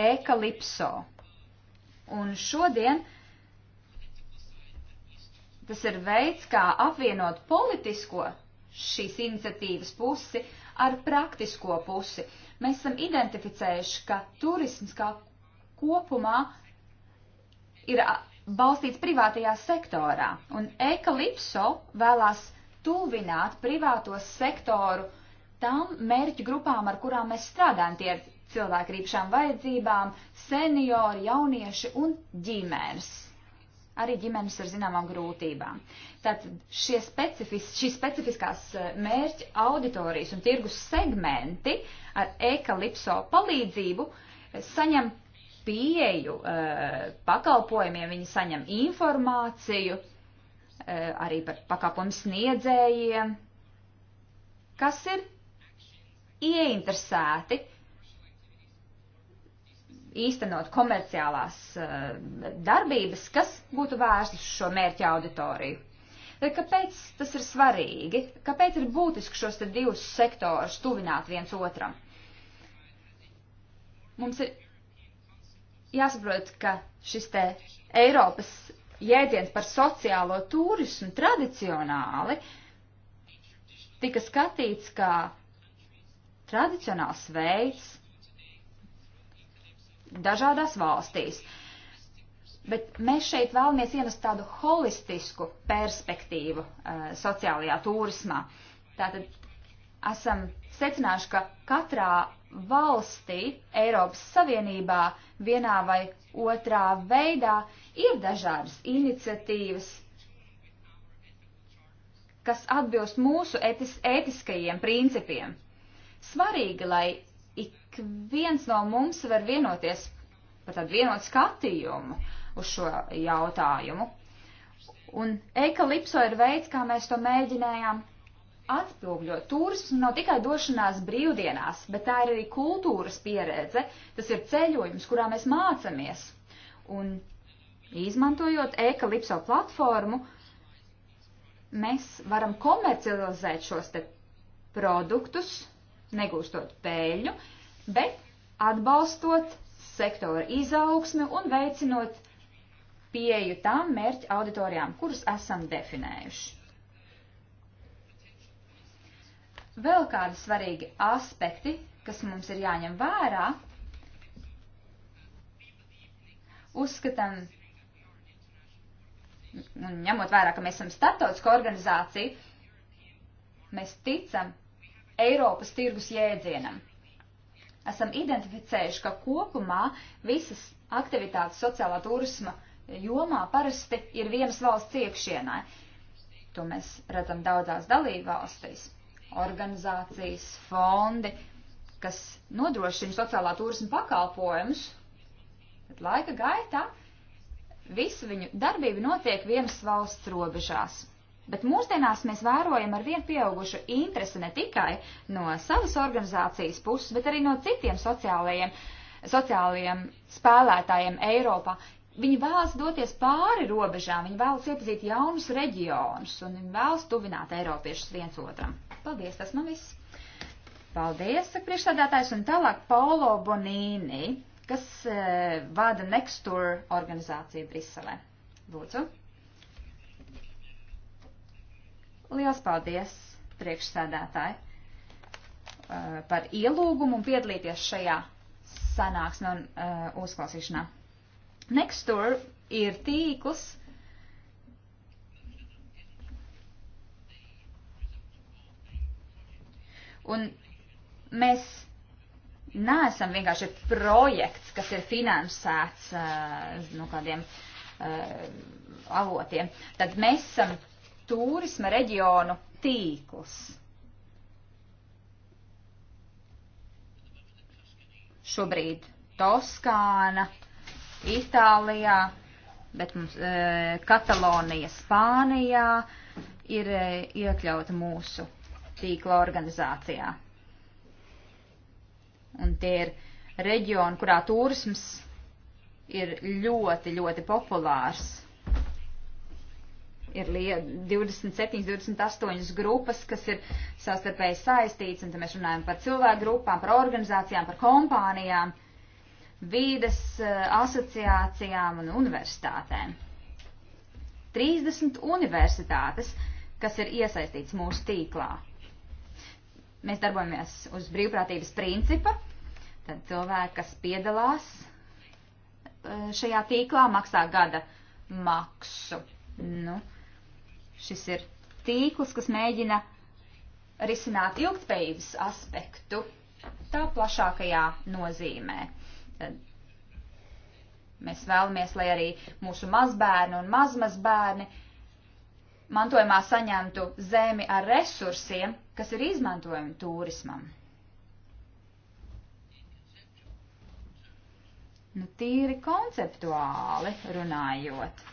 Ekalipso Un šodien tas ir veids, kā apvienot politisko šīs iniciatīvas pusi ar praktisko pusi. Mēs esam identificējuši, ka turisms kā kopumā ir balstīts privātajā sektorā, un Ekalipso vēlās tuvināt privāto sektoru tam mērķu grupām, ar kurām mēs strādājam, tie ir cilvēki ar īpašām vajadzībām, seniori, jaunieši un ģimenes. Arī ģimenes ar zināmām grūtībām. Tātad specifis, šīs specifiskās eh, mērķa auditorijas un tirgus segmenti ar ekalipso palīdzību eh, saņem pieeju uh, eh, pakalpojumiem, viņi saņem informāciju uh, arī par pakalpojumu sniedzējiem, kas ir ieinteresēti uh, īstenot komerciālās eh, darbības, kas būtu vērstas uz šo mērķa auditoriju. Kāpēc tas ir svarīgi? Kāpēc ir būtiski šos divus sektorus tuvināt viens otram? Mums ir jāsaprot, ka šis te Eiropas jēdziens par sociālo turismu tradicionāli tika skatīts kā tradicionāls veids, dažādās valstīs. Bet mēs šeit vēlamies ienest tādu holistisku perspektīvu uh, sociālajā turismā. Tātad esam secinājuši, ka katrā valstī Eiropas Savienībā vienā vai otrā veidā ir dažādas iniciatīvas, kas atbilst mūsu etis, etiskajiem principiem. Svarīgi, lai ik viens no mums var vienoties par tādu vienotu skatījumu uz šo jautājumu. Un ekalipso ir veids, kā mēs to mēģinājām atspūgļot. Turisms nav tikai došanās brīvdienās, bet tā ir arī kultūras pieredze, tas ir ceļojums, kurā mēs mācamies. Un izmantojot ekalipso platformu, mēs varam komercializēt šos te produktus, negūstot pēļņu, bet atbalstot sektora izaugsmi un veicinot pieeju tām mērķa auditorijām, kuras esam definējuši. Vēl kādi svarīgi aspekti, kas mums ir jāņem vērā, uzskatām, un nu, ņemot vērā, ka mēs esam starptautiska organizācija, mēs ticam, Eiropas tirgus jēdzienam. Esam identificējuši, ka kopumā visas aktivitātes sociālā turisma jomā parasti ir vienas valsts iekšienē. To mēs redzam daudzās dalībvalstīs. Organizācijas, fondi, kas nodrošina sociālā turisma pakalpojumus, bet laika gaitā visu viņu darbību notiek vienas valsts robežās bet mūsdienās mēs vērojam ar vien pieaugušu interesi ne tikai no savas organizācijas puses, bet arī no citiem sociālajiem, sociālajiem spēlētājiem Eiropā. Viņi vēlas doties pāri robežām, viņi vēlas iepazīt jaunus reģionus un viņi vēlas tuvināt Eiropiešus viens otram. Paldies, tas man nu viss. Paldies, saka priekšsādātājs, un tālāk Paolo Bonīni, kas uh, vada Nextur organizāciju Briselē. Lūdzu. Liels paldies, priekšsēdētāji, eh, par ielūgumu un piedalīties šajā sanāksmē un uh, uzklausīšanā. Nextdoor ir tīkls, un mēs neesam vienkārši projekts, kas ir finansēts uh, nu, kādiem uh, avotiem. Tad mēs esam turisma reģionu tīkls. Šobrīd Toskāna, Itālijā, bet mums e, Katalonija, Spānijā ir e, iekļauta mūsu tīkla organizācijā. Un tie ir reģioni, kurā turisms ir ļoti, ļoti populārs ir 27, 28 grupas, kas ir savstarpēji saistīts, un te mēs runājam par cilvēku grupām, par organizācijām, par kompānijām, vīdes eh, asociācijām un universitātēm. 30 universitātes, kas ir iesaistīts mūsu tīklā. Mēs darbojamies uz brīvprātības principa, tad cilvēki, kas piedalās eh, šajā tīklā, maksā gada maksu. Nu, uh, Šis ir tīkls, kas mēģina risināt ilgtspējības aspektu tā plašākajā nozīmē. Tad mēs vēlamies, lai arī mūsu mazbērni un mazmazbērni mantojumā saņemtu zemi ar resursiem, kas ir izmantojami turismam. Nu, tīri konceptuāli runājot.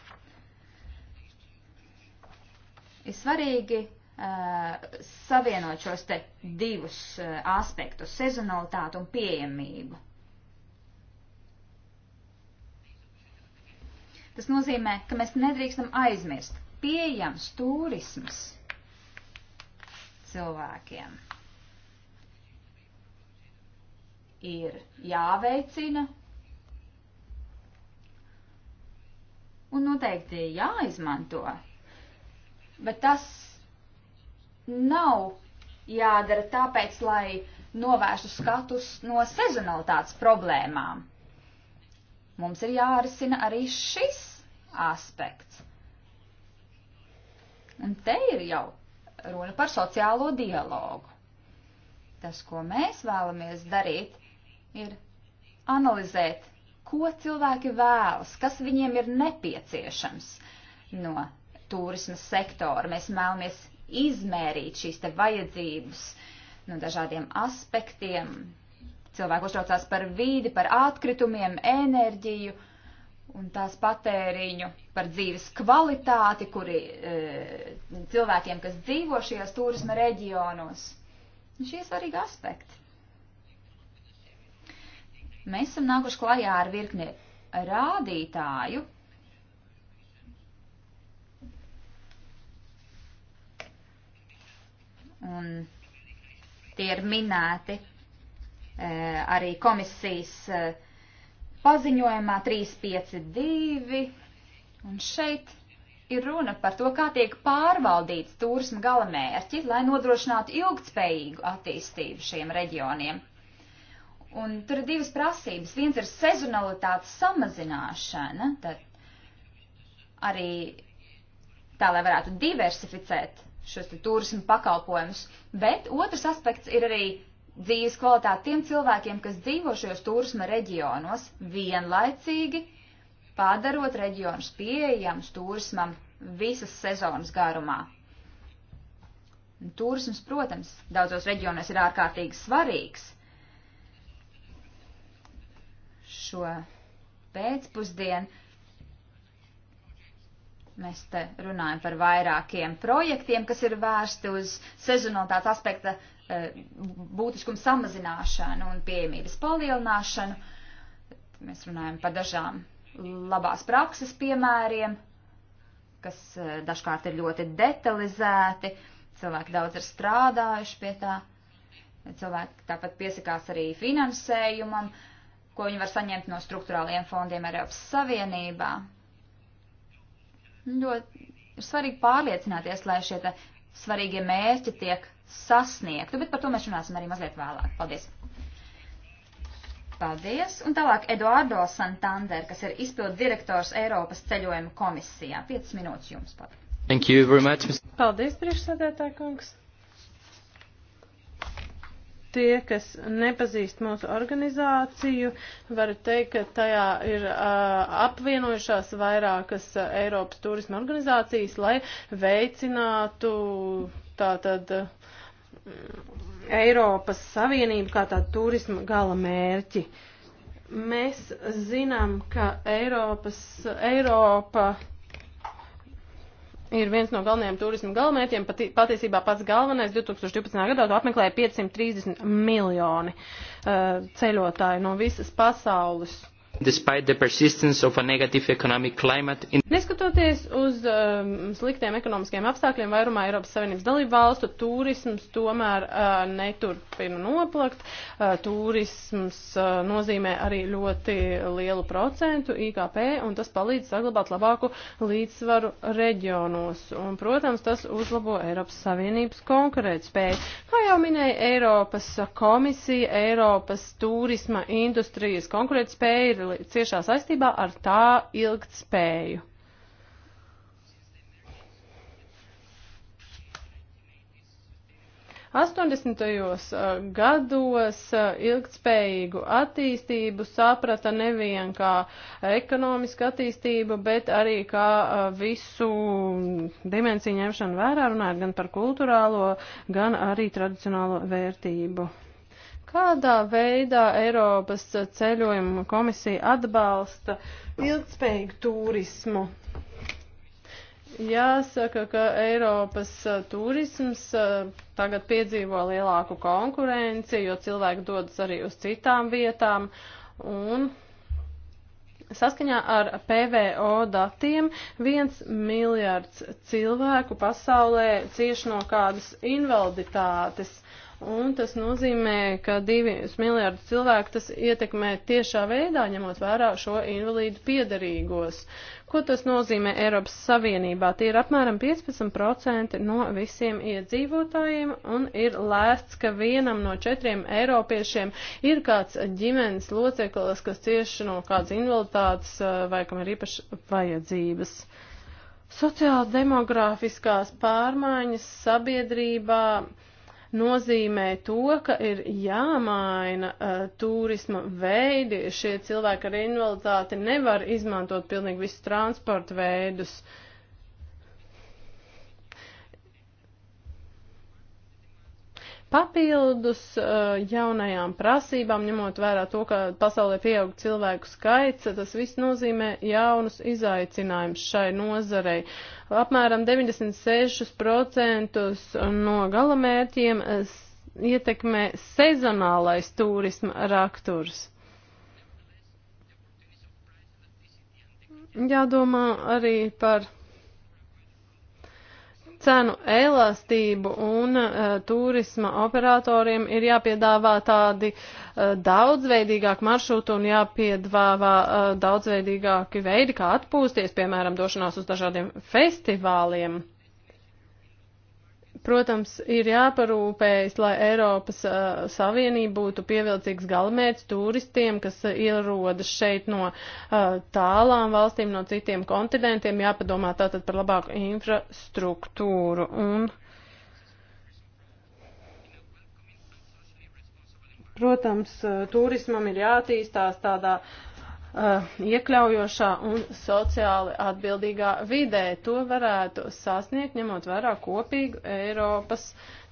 Ir svarīgi uh, savienot šos te divus uh, aspektus - sezonalitātu un pieejamību. Tas nozīmē, ka mēs nedrīkstam aizmirst pieejams turisms cilvēkiem. Ir jāveicina un noteikti jāizmanto Bet tas nav jādara tāpēc, lai novērstu skatus no sezonalitātes problēmām. Mums ir jārisina arī šis aspekts. Un te ir jau runa par sociālo dialogu. Tas, ko mēs vēlamies darīt, ir analizēt, ko cilvēki vēlas, kas viņiem ir nepieciešams no turisma sektoru. Mēs vēlamies izmērīt šīs te vajadzības no dažādiem aspektiem. Cilvēki uztraucās par vīdi, par atkritumiem, enerģiju un tās patēriņu, par dzīves kvalitāti, kuri e, cilvēkiem, kas dzīvo šajos turisma reģionos. Un šie svarīgi aspekti. Mēs esam nākuši klajā ar virkni rādītāju, un tie ir minēti e, arī komisijas e, paziņojumā 352, un šeit ir runa par to, kā tiek pārvaldīts turisma galamērķi, lai nodrošinātu ilgtspējīgu attīstību šiem reģioniem. Un tur ir divas prasības. Viens ir sezonalitātes samazināšana, tad arī tā, lai varētu diversificēt šos turismu pakalpojumus. Bet otrs aspekts ir arī dzīves kvalitāte tiem cilvēkiem, kas dzīvo šajos turisma reģionos, vienlaicīgi padarot reģionus pieejams turismam visas sezonas garumā. Turisms, protams, daudzos reģionos ir ārkārtīgi svarīgs. Šo pēcpusdienu Mēs te runājam par vairākiem projektiem, kas ir vērsti uz sezonalitātes aspekta eh, būtiskumu samazināšanu un pieejamības palielināšanu. Mēs runājam par dažām labās prakses piemēriem, kas eh, dažkārt ir ļoti detalizēti. Cilvēki daudz ir strādājuši pie tā. Cilvēki tāpat piesakās arī finansējumam, ko viņi var saņemt no struktūrāliem fondiem Eiropas Savienībā ļoti ir svarīgi pārliecināties, lai šie svarīgie mērķi tiek sasniegti, bet par to mēs runāsim arī mazliet vēlāk. Paldies! Paldies! Un tālāk Eduardo Santander, kas ir izpildu direktors Eiropas ceļojuma komisijā. 5 minūtes jums pat. Thank you very much. Paldies, priekšsēdētāj kungs! Tie, kas nepazīst mūsu organizāciju, var teikt, ka tajā ir uh, apvienojušās vairākas Eiropas turisma organizācijas, lai veicinātu tātad Eiropas Savienību kā tādu turismu gala mērķi. Mēs zinām, ka Eiropas, Eiropa ir viens no galvenajiem turismu galvenajiem, pat, patiesībā pats galvenais 2012. gadā to apmeklēja 530 miljoni uh, ceļotāju no visas pasaules despite the persistence of a negative economic climate. In... Neskatoties uz um, sliktiem ekonomiskiem apstākļiem vairumā Eiropas Savienības dalību valstu, turisms tomēr uh, neturpina noplakt. Uh, turisms uh, nozīmē arī ļoti lielu procentu IKP, un tas palīdz saglabāt labāku līdzsvaru reģionos. Un, protams, tas uzlabo Eiropas Savienības konkurētspēju. Kā jau minēja Eiropas komisija, Eiropas turisma industrijas konkurētspēja ir ir ciešā saistībā ar tā ilgtspēju. Astoņdesmitajos uh, gados uh, ilgtspējīgu attīstību saprata nevien kā ekonomiska attīstība, bet arī kā uh, visu dimensiju ņemšanu vērā, runājot gan par kulturālo, gan arī tradicionālo vērtību. Kādā veidā Eiropas ceļojuma komisija atbalsta ilgspējīgu turismu? Jāsaka, ka Eiropas turisms eh, tagad piedzīvo lielāku konkurenci, jo cilvēki dodas arī uz citām vietām. Un saskaņā ar PVO datiem viens miljards cilvēku pasaulē cieš no kādas invaliditātes. Un tas nozīmē, ka divus miljārdus cilvēku tas ietekmē tiešā veidā, ņemot vērā šo invalīdu piedarīgos. Ko tas nozīmē Eiropas Savienībā? Tie ir apmēram 15% no visiem iedzīvotājiem un ir lēsts, ka vienam no četriem eiropiešiem ir kāds ģimenes loceklis, kas cieši no kādas invaliditātes eh, vai kam ir īpaši vajadzības. Sociāla demogrāfiskās pārmaiņas sabiedrībā nozīmē to, ka ir jāmaina uh, turisma veidi. Šie cilvēki ar invaliditāti nevar izmantot pilnīgi visus transporta veidus. Uh, Papildus eh, jaunajām prasībām, ņemot vērā to, ka pasaulē pieaug cilvēku skaits, tas viss nozīmē jaunus izaicinājumus šai nozarei. Apmēram 96% no galamērķiem eh, ietekmē sezonālais turisma rakturs. Jādomā arī par cenu elastību un uh, turisma operatoriem ir jāpiedāvā tādi uh, daudzveidīgāki maršruti un jāpiedāvā uh, daudzveidīgāki veidi, kā atpūsties, piemēram, došanās uz dažādiem festivāliem. Protams, ir jāparūpējas, lai Eiropas uh, Savienība būtu pievilcīgs galamērķis turistiem, kas uh, ierodas šeit no uh, tālām valstīm, no citiem kontinentiem, jāpadomā tātad par labāku infrastruktūru. Un, protams, turismam ir jātīstās tādā uh, Eh, iekļaujošā un sociāli atbildīgā vidē. To varētu sasniegt, ņemot vērā kopīgu Eiropas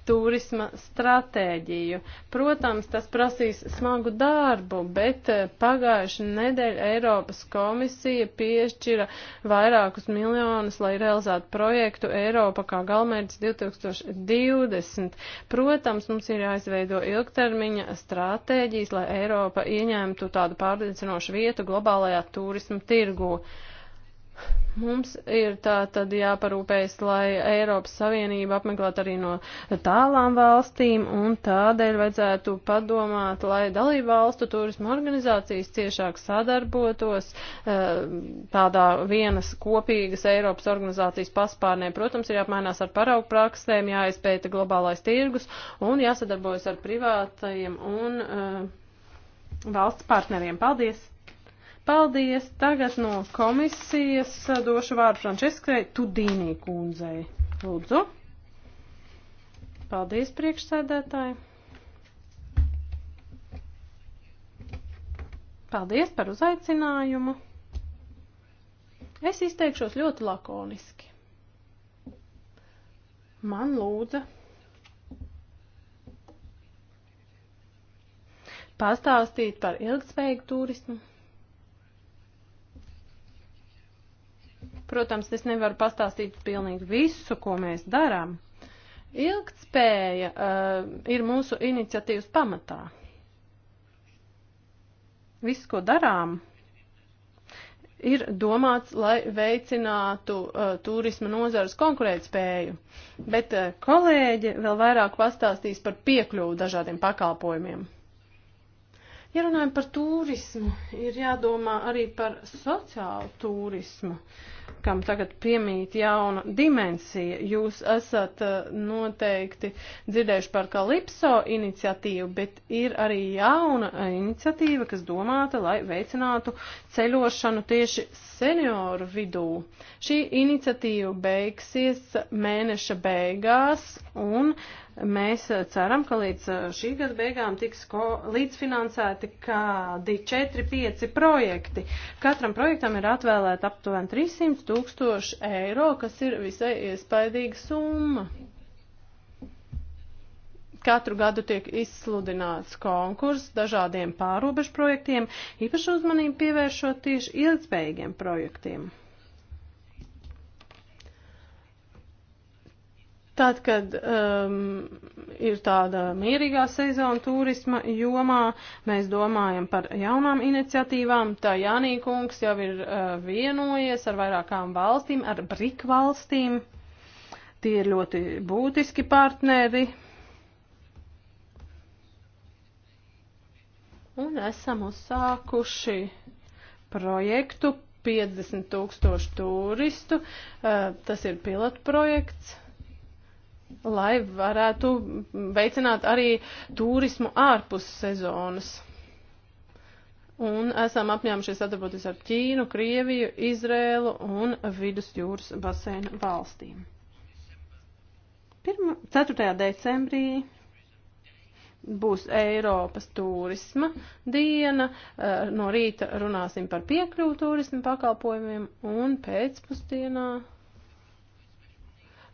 turisma stratēģiju. Protams, tas prasīs smagu darbu, bet eh, pagājuši nedēļ Eiropas komisija piešķira vairākus miljonus, lai realizētu projektu Eiropa kā galmērķis 2020. Protams, mums ir jāizveido ilgtermiņa stratēģijas, lai Eiropa ieņemtu tādu pārliecinošu vietu globālajā turisma tirgū. Mums ir tā tad jāparūpējas, lai Eiropas Savienība apmeklētu arī no tālām valstīm, un tādēļ vajadzētu padomāt, lai dalību valstu turismu organizācijas ciešāk sadarbotos eh, tādā vienas kopīgas Eiropas organizācijas paspārnē. Protams, ir jāapmainās ar paraugu praksēm, jāizpēta globālais tirgus un jāsadarbojas ar privātajiem un eh, valsts partneriem. Paldies! Paldies! Tagad no komisijas došu vārdu Frančiskai Tudīnī kundzei. Lūdzu! Paldies, priekšsēdētāji! Paldies par uzaicinājumu! Es izteikšos ļoti lakoniski. Man lūdza pastāstīt par ilgspējīgu turismu. Protams, es nevaru pastāstīt pilnīgi visu, ko mēs darām. Ilgtspēja uh, ir mūsu iniciatīvas pamatā. Viss, ko darām, ir domāts, lai veicinātu uh, turisma nozares konkurētspēju. Bet uh, kolēģi vēl vairāk pastāstīs par piekļuvu dažādiem pakalpojumiem. Ja runājam par turismu, ir jādomā arī par sociālu turismu. Uh, kam tagad piemīt jauna dimensija. Jūs esat eh, noteikti dzirdējuši par Kalipso iniciatīvu, bet ir arī jauna eh, iniciatīva, kas domāta, lai veicinātu ceļošanu tieši senioru vidū. Šī iniciatīva beigsies mēneša beigās un mēs eh, ceram, ka līdz šī gada beigām tiks līdzfinansēti kādi 4-5 projekti. Katram projektam ir atvēlēta aptuveni 300 100 tūkstoši eiro, kas ir visai iespaidīga summa. Katru gadu tiek izsludināts konkurss dažādiem pārobežu projektiem, īpaši uzmanību pievēršot tieši ilgspējīgiem projektiem. Tad, kad um, ir tāda mierīgā sezona turisma jomā, mēs domājam par jaunām iniciatīvām. Tā Jānīkungs jau ir uh, vienojies ar vairākām valstīm, ar BRIK valstīm. Tie ir ļoti būtiski partneri. Un esam uzsākuši projektu 50 tūkstošu turistu. Uh, tas ir pilotprojekts lai varētu veicināt arī turismu ārpus sezonas. Un esam apņēmušies sadarboties ar Ķīnu, Krieviju, Izrēlu un Vidusjūras basēnu valstīm. 1. 4. decembrī būs Eiropas turisma diena. Eh, no rīta runāsim par piekļuvu turismu pakalpojumiem un pēcpusdienā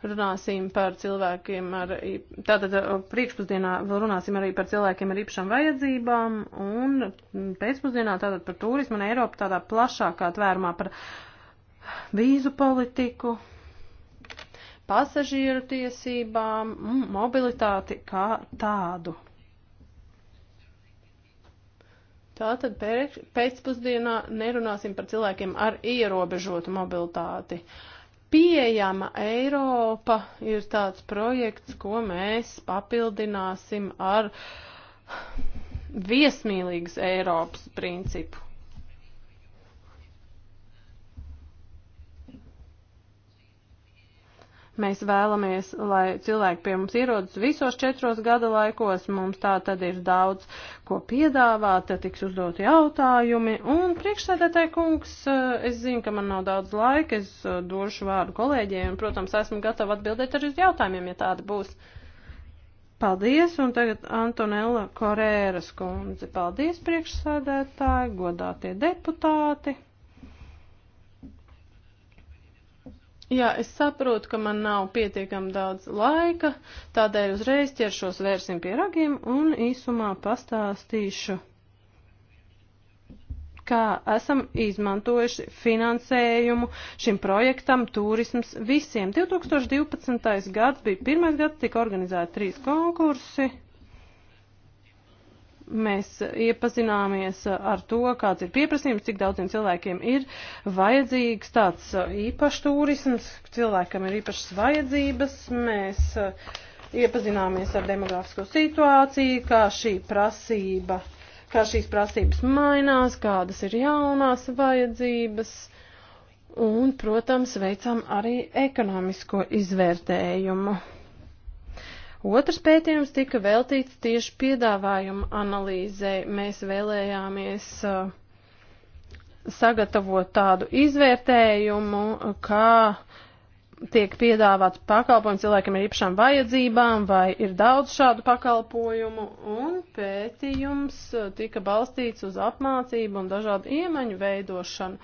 runāsim par cilvēkiem ar, tātad priekšpusdienā vēl runāsim arī par cilvēkiem ar īpašām vajadzībām un pēcpusdienā tātad par turismu un Eiropu tādā plašākā tvērumā par vīzu politiku, pasažieru tiesībām un mobilitāti kā tādu. Tātad pēcpusdienā nerunāsim par cilvēkiem ar ierobežotu mobilitāti. Uh, Pieejama Eiropa ir tāds projekts, ko mēs papildināsim ar viesmīlīgas Eiropas principu. Mēs vēlamies, lai cilvēki pie mums ierodas visos četros gada laikos, mums tā tad ir daudz, ko piedāvāt, tad tiks uzdot jautājumi, un priekšsēdētāji kungs, eh, es zinu, ka man nav daudz laika, es eh, došu vārdu kolēģiem, un, protams, esmu gatava atbildēt arī uz jautājumiem, ja tāda būs. Paldies, un tagad Antonella Korēras kundze. Paldies, priekšsēdētāji, godātie deputāti. Jā, es saprotu, ka man nav pietiekami daudz laika, tādēļ uzreiz ķeršos vērsim pie ragiem un īsumā pastāstīšu, kā esam izmantojuši finansējumu šim projektam Tūrisms visiem. 2012. gads bija pirmais gads, tika organizēti trīs konkursi mēs iepazināmies ar to, kāds ir pieprasījums, cik daudziem cilvēkiem ir vajadzīgs tāds īpašs turisms, cilvēkam ir īpašas vajadzības, mēs eh, iepazināmies ar demografisko situāciju, kā šī prasība, kā šīs prasības mainās, kādas ir jaunās vajadzības. Un, protams, veicam arī ekonomisko izvērtējumu. Otrs pētījums tika veltīts tieši piedāvājuma analīzē. Mēs vēlējāmies uh, sagatavot tādu izvērtējumu, kā tiek piedāvāts pakalpojums cilvēkiem ar īpašām vajadzībām, vai ir daudz šādu pakalpojumu, un pētījums uh, tika balstīts uz apmācību un dažādu iemaņu veidošanu.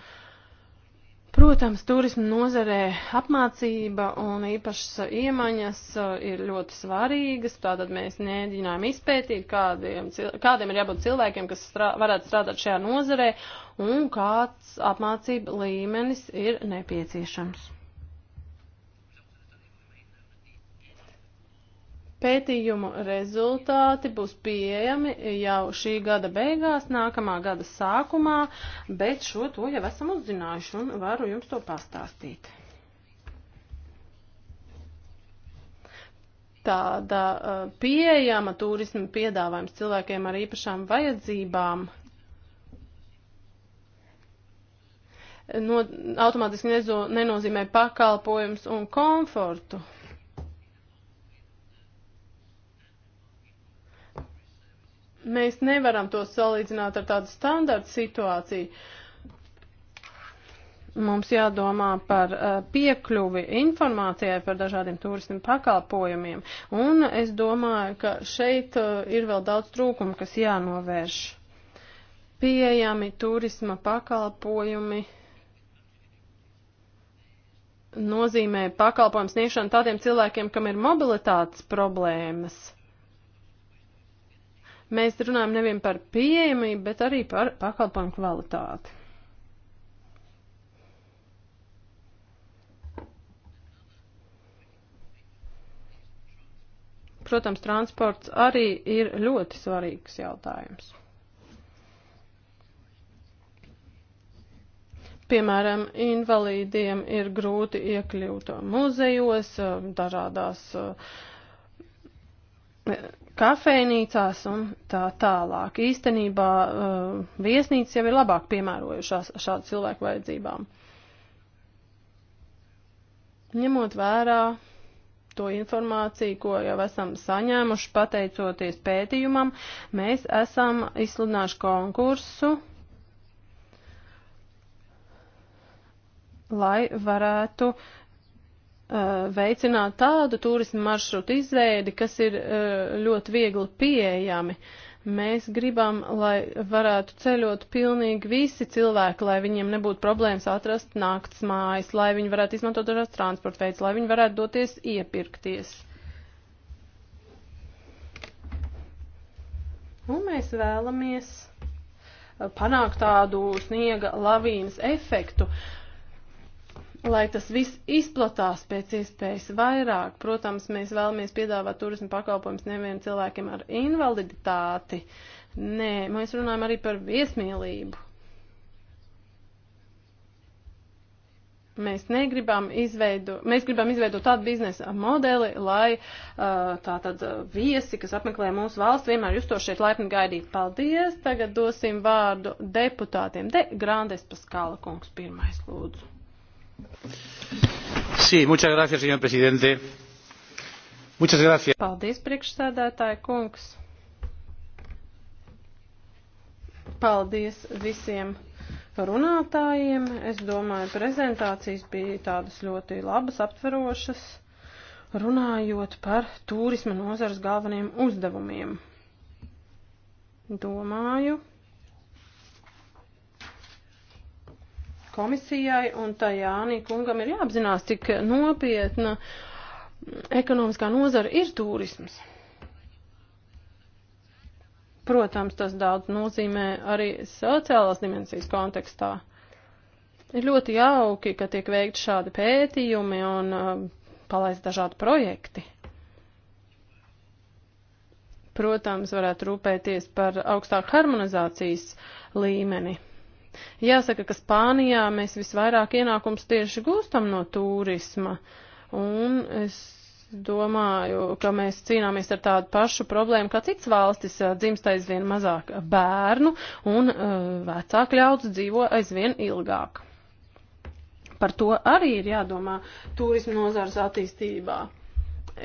Protams, turismu nozarē apmācība un īpašas iemaņas uh, ir ļoti svarīgas, tātad mēs mēģinājām izpētīt, kādiem, kādiem ir jābūt cilvēkiem, kas strā, varētu strādāt šajā nozarē un kāds apmācība līmenis ir nepieciešams. Pētījumu rezultāti būs pieejami jau šī gada beigās, nākamā gada sākumā, bet šo to jau esam uzzinājuši un varu jums to pastāstīt. Tāda pieejama turisma piedāvājums cilvēkiem ar īpašām vajadzībām no, automātiski nezo, nenozīmē pakalpojums un komfortu. Mēs nevaram to salīdzināt ar tādu standartu situāciju. Mums jādomā par uh, piekļuvi informācijai par dažādiem turismu pakalpojumiem, un es domāju, ka šeit uh, ir vēl daudz trūkumu, kas jānovērš. Pieejami turisma pakalpojumi nozīmē pakalpojumu sniegšanu tādiem cilvēkiem, kam ir mobilitātes problēmas. Mēs runājam nevien par pieejamību, bet arī par pakalpojumu kvalitāti. Protams, transports arī ir ļoti svarīgs jautājums. Piemēram, invalīdiem ir grūti iekļūt muzejos, dažādās kafejnīcās un tā tālāk. Īstenībā uh, viesnīcas jau ir labāk piemērojušās šādu cilvēku vajadzībām. Ņemot vērā to informāciju, ko jau esam saņēmuši pateicoties pētījumam, mēs esam izsludinājuši konkursu, lai varētu uh, Uh, veicināt tādu turismu maršrutu izveidi, kas ir uh, ļoti viegli pieejami. Mēs gribam, lai varētu ceļot pilnīgi visi cilvēki, lai viņiem nebūtu problēmas atrast nakts mājas, lai viņi varētu izmantot dažādas transporta veids, lai viņi varētu doties iepirkties. Un mēs vēlamies uh, panākt tādu sniega lavīnas efektu. Uh, lai tas viss izplatās pēc iespējas vairāk. Protams, mēs vēlamies piedāvāt turismu pakalpojumus nevienam cilvēkiem ar invaliditāti. Nē, mēs runājam arī par viesmīlību. Mēs negribam izveidot, mēs gribam izveidot tādu biznesa modeli, lai uh, tā tad uh, viesi, kas apmeklē mūsu valsts, vienmēr jūs to šeit laipni gaidīt. Paldies! Tagad dosim vārdu deputātiem. De Grandes Paskala kungs pirmais lūdzu. Sí, muchas gracias, señor presidente. Muchas gracias. Paldies, priekšsēdētāji kungs. Paldies visiem runātājiem. Es domāju, prezentācijas bija tādas ļoti labas, aptverošas, runājot par turisma nozars galveniem uzdevumiem. Domāju, komisijai un tā Jānī kungam ir jāapzinās, cik nopietna ekonomiskā nozara ir turisms. Protams, tas daudz nozīmē arī sociālās dimensijas kontekstā. Ir ļoti jauki, ka tiek veikti šādi pētījumi un uh, palaist dažādi projekti protams, varētu rūpēties par augstāku harmonizācijas līmeni. Jāsaka, ka Spānijā mēs visvairāk ienākums tieši gūstam no turisma, un es domāju, ka mēs cīnāmies ar tādu pašu problēmu, kā cits valstis dzimst aizvien mazāk bērnu, un vecāk ļauts dzīvo aizvien ilgāk. Par to arī ir jādomā turismu nozars attīstībā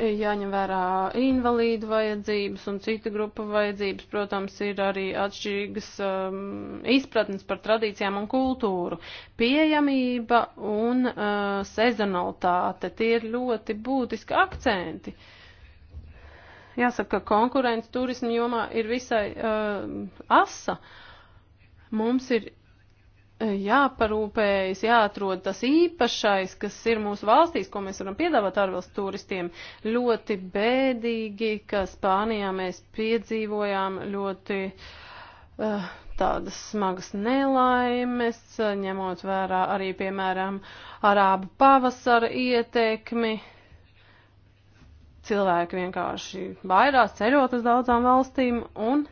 jāņem vērā invalīdu vajadzības un citu grupu vajadzības. Protams, ir arī atšķirīgas um, izpratnes par tradīcijām un kultūru. Pieejamība un uh, sezonalitāte tie ir ļoti būtiski akcenti. Jāsaka, ka konkurence turismu jomā ir visai uh, asa. Mums ir jāparūpējas, jāatrod tas īpašais, kas ir mūsu valstīs, ko mēs varam piedāvāt ārvalstu turistiem. Ļoti bēdīgi, ka Spānijā mēs piedzīvojām ļoti uh, tādas smagas nelaimes, ņemot vērā arī, piemēram, arābu pavasara ietekmi. Cilvēki vienkārši vairās ceļot uz daudzām valstīm un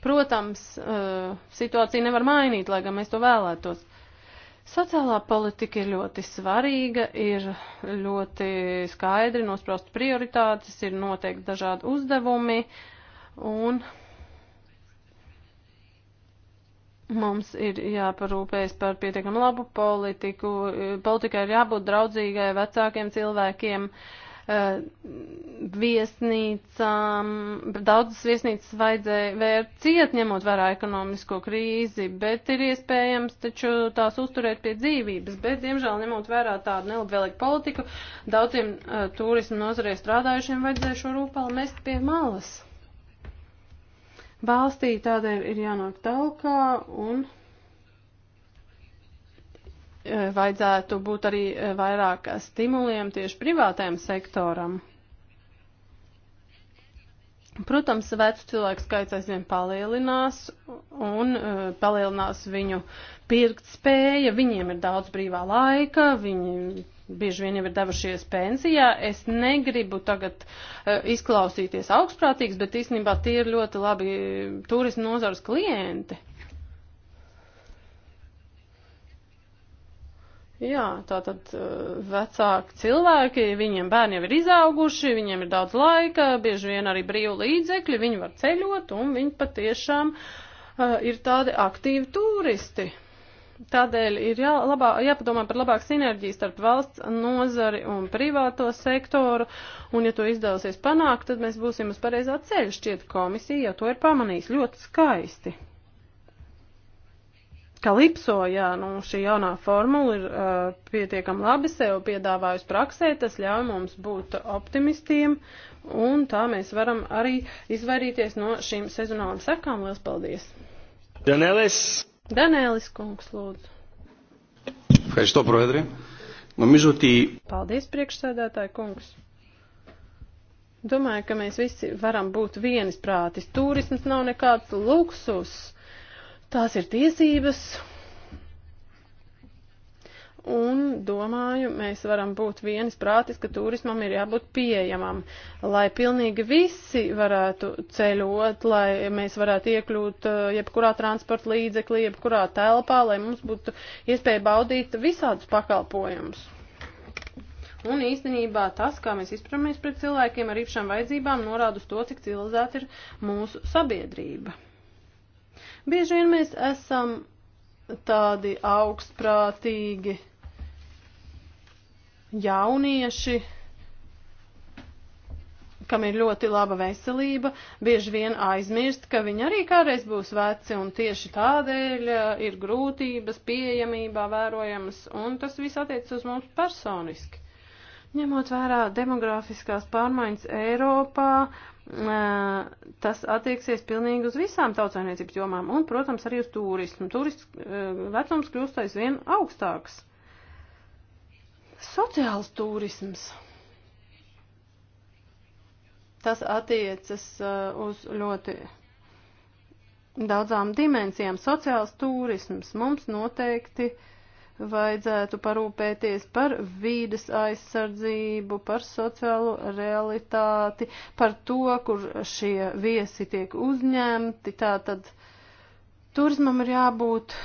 Protams, eh, situācija nevar mainīt, lai gan mēs to vēlētos. Sociālā politika ir ļoti svarīga, ir ļoti skaidri nospraust prioritātes, ir noteikti dažādi uzdevumi un mums ir jāparūpējas par pietiekam labu politiku. Eh, politikai ir jābūt draudzīgai vecākiem cilvēkiem. Uh, Eh, viesnīcām, daudzas viesnīcas vajadzēja vērt ciet, ņemot vērā ekonomisko krīzi, bet ir iespējams taču tās uzturēt pie dzīvības, bet, diemžēl, ņemot vērā tādu nelabvēlīgu politiku, daudziem uh, turismu nozarē strādājušiem vajadzēja šo rūpalu mest pie malas. Valstī tādēļ ir jānāk talkā un Eh, vajadzētu būt arī eh, vairāk stimuliem tieši privātajam sektoram. Protams, vecu cilvēku skaits aizvien palielinās un uh, palielinās viņu pirkt spēja. Viņiem ir daudz brīvā laika, viņi bieži vien jau ir devušies pensijā. Es negribu tagad uh, izklausīties augstprātīgs, bet īstenībā tie ir ļoti labi turismu nozars klienti. Jā, tātad eh, vecāki cilvēki, viņiem bērni jau ir izauguši, viņiem ir daudz laika, bieži vien arī brīvu līdzekļi, viņi var ceļot un viņi patiešām uh, ir tādi aktīvi turisti. Tādēļ ir jā, labā, jāpadomā par labāku sinerģiju starp valsts nozari un privāto sektoru, un ja to izdosies panākt, tad mēs būsim uz pareizā ceļa. Šķiet, komisija jau to ir pamanījis ļoti skaisti. Kalipso, jā, nu, šī jaunā formula ir uh, pietiekam labi sev piedāvājusi praksē, tas ļauj mums būt optimistiem, un tā mēs varam arī izvairīties no šīm sezonālām sekām. Lielas paldies! Danēlis! Danēlis kungs, lūdzu! Ευχαριστώ, Πρόεδρε. Νομίζω ότι... Paldies, priekšsēdētāji kungs. Domāju, ka mēs visi varam būt vienisprātis. Turisms nav nekāds luksus Tās ir tiesības, un domāju, mēs varam būt vienas prātis, ka turismam ir jābūt pieejamam, lai pilnīgi visi varētu ceļot, lai mēs varētu iekļūt eh, jebkurā transporta līdzeklī, jebkurā telpā, lai mums būtu iespēja baudīt visādus pakalpojumus. Un īstenībā tas, kā mēs izpratmies pret cilvēkiem ar īpašām vajadzībām, norāda uz to, cik civilizēta ir mūsu sabiedrība. Bieži vien mēs esam tādi augstprātīgi jaunieši, kam ir ļoti laba veselība, bieži vien aizmirst, ka viņi arī kādreiz būs veci, un tieši tādēļ eh, ir grūtības pieejamībā vērojamas, un tas viss attiecas uz mums personiski. Ņemot vērā demografiskās pārmaiņas Eiropā, tas attieksies pilnīgi uz visām tautsainiecības jomām un, protams, arī uz turismu. Turists vecums kļūst aizvien augstāks. Sociāls turisms. Tas attiecas uz ļoti daudzām dimensijām. Sociāls turisms mums noteikti uh, vajadzētu parūpēties par vīdes aizsardzību, par sociālo realitāti, par to, kur šie viesi tiek uzņemti. Tātad turismam ir jābūt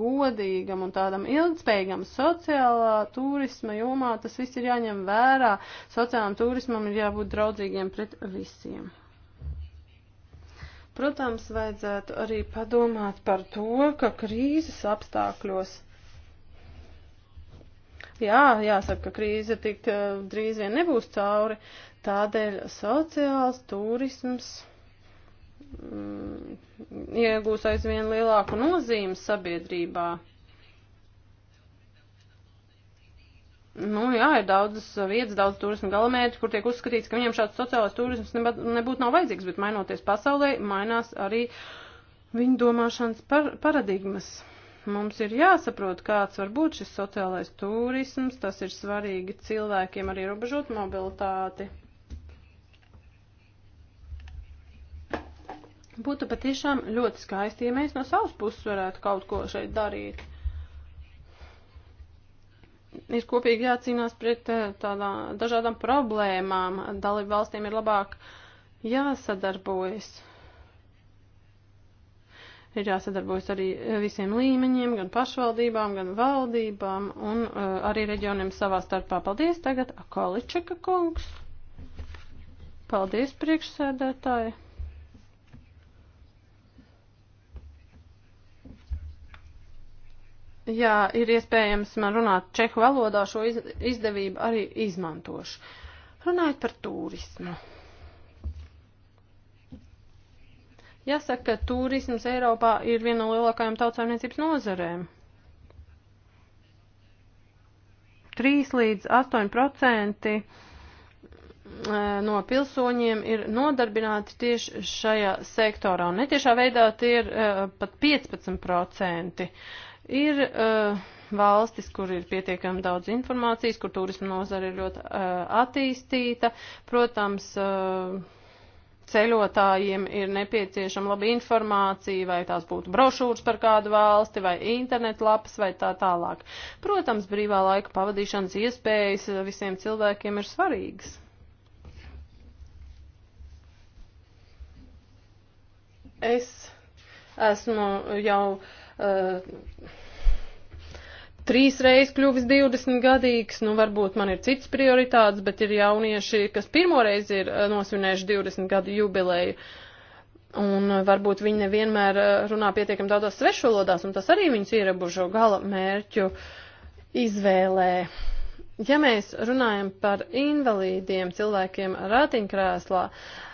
godīgam un tādam ilgspējīgam sociālā turisma jomā, tas viss ir jāņem vērā. Sociālam turismam ir jābūt draudzīgiem pret visiem. Protams, vajadzētu arī padomāt par to, ka krīzes apstākļos Jā, jāsaka, ka krīze tik eh, drīz vien nebūs cauri, tādēļ sociāls turisms mm, iegūs aizvien lielāku nozīmi sabiedrībā. Nu, jā, ir daudzas vietas, daudz turismu galamērķi, kur tiek uzskatīts, ka viņiem šāds sociālais turisms nebūtu nav vajadzīgs, bet mainoties pasaulē, mainās arī viņu domāšanas par paradigmas. Mums ir jāsaprot, kāds var būt šis sociālais turisms, tas ir svarīgi cilvēkiem arī robežot mobilitāti. Būtu patiešām ļoti skaisti, ja mēs no savas puses varētu kaut ko šeit darīt. Ir kopīgi jācīnās pret eh, tādā, dažādām problēmām. Dalību valstīm ir labāk jāsadarbojas ir jāsadarbojas arī e, visiem līmeņiem, gan pašvaldībām, gan valdībām un uh, arī reģioniem savā starpā. Paldies tagad, Akoličeka kungs. Paldies, priekšsēdētāji. Jā, ir iespējams man runāt čehu valodā, šo izdevību arī izmantošu. Runājot par turismu. Nu. Jāsaka, ka turisms Eiropā ir viena no lielākajām tautsājumniecības nozarēm. 3 līdz 8 procenti e, no pilsoņiem ir nodarbināti tieši šajā sektorā, un netiešā veidā tie ir uh, pat 15 procenti. Ir uh, valstis, kur ir pietiekami daudz informācijas, kur turisma nozara ir ļoti uh, attīstīta. Protams, uh, ceļotājiem ir nepieciešama laba informācija, vai tās būtu brošūras par kādu valsti, vai internetlapas, vai tā tālāk. Protams, brīvā laika pavadīšanas iespējas visiem cilvēkiem ir svarīgas. Es esmu jau. Uh, trīs reizes kļuvis 20 gadīgs, nu varbūt man ir cits prioritātes, bet ir jaunieši, kas pirmoreiz ir eh, nosvinējuši 20 gadu jubileju. Un eh, varbūt viņi nevienmēr eh, runā pietiekam daudzās svešvalodās, un tas arī viņus ierobežo gala mērķu izvēlē. Ja mēs runājam par invalīdiem cilvēkiem ratiņkrēslā, uh,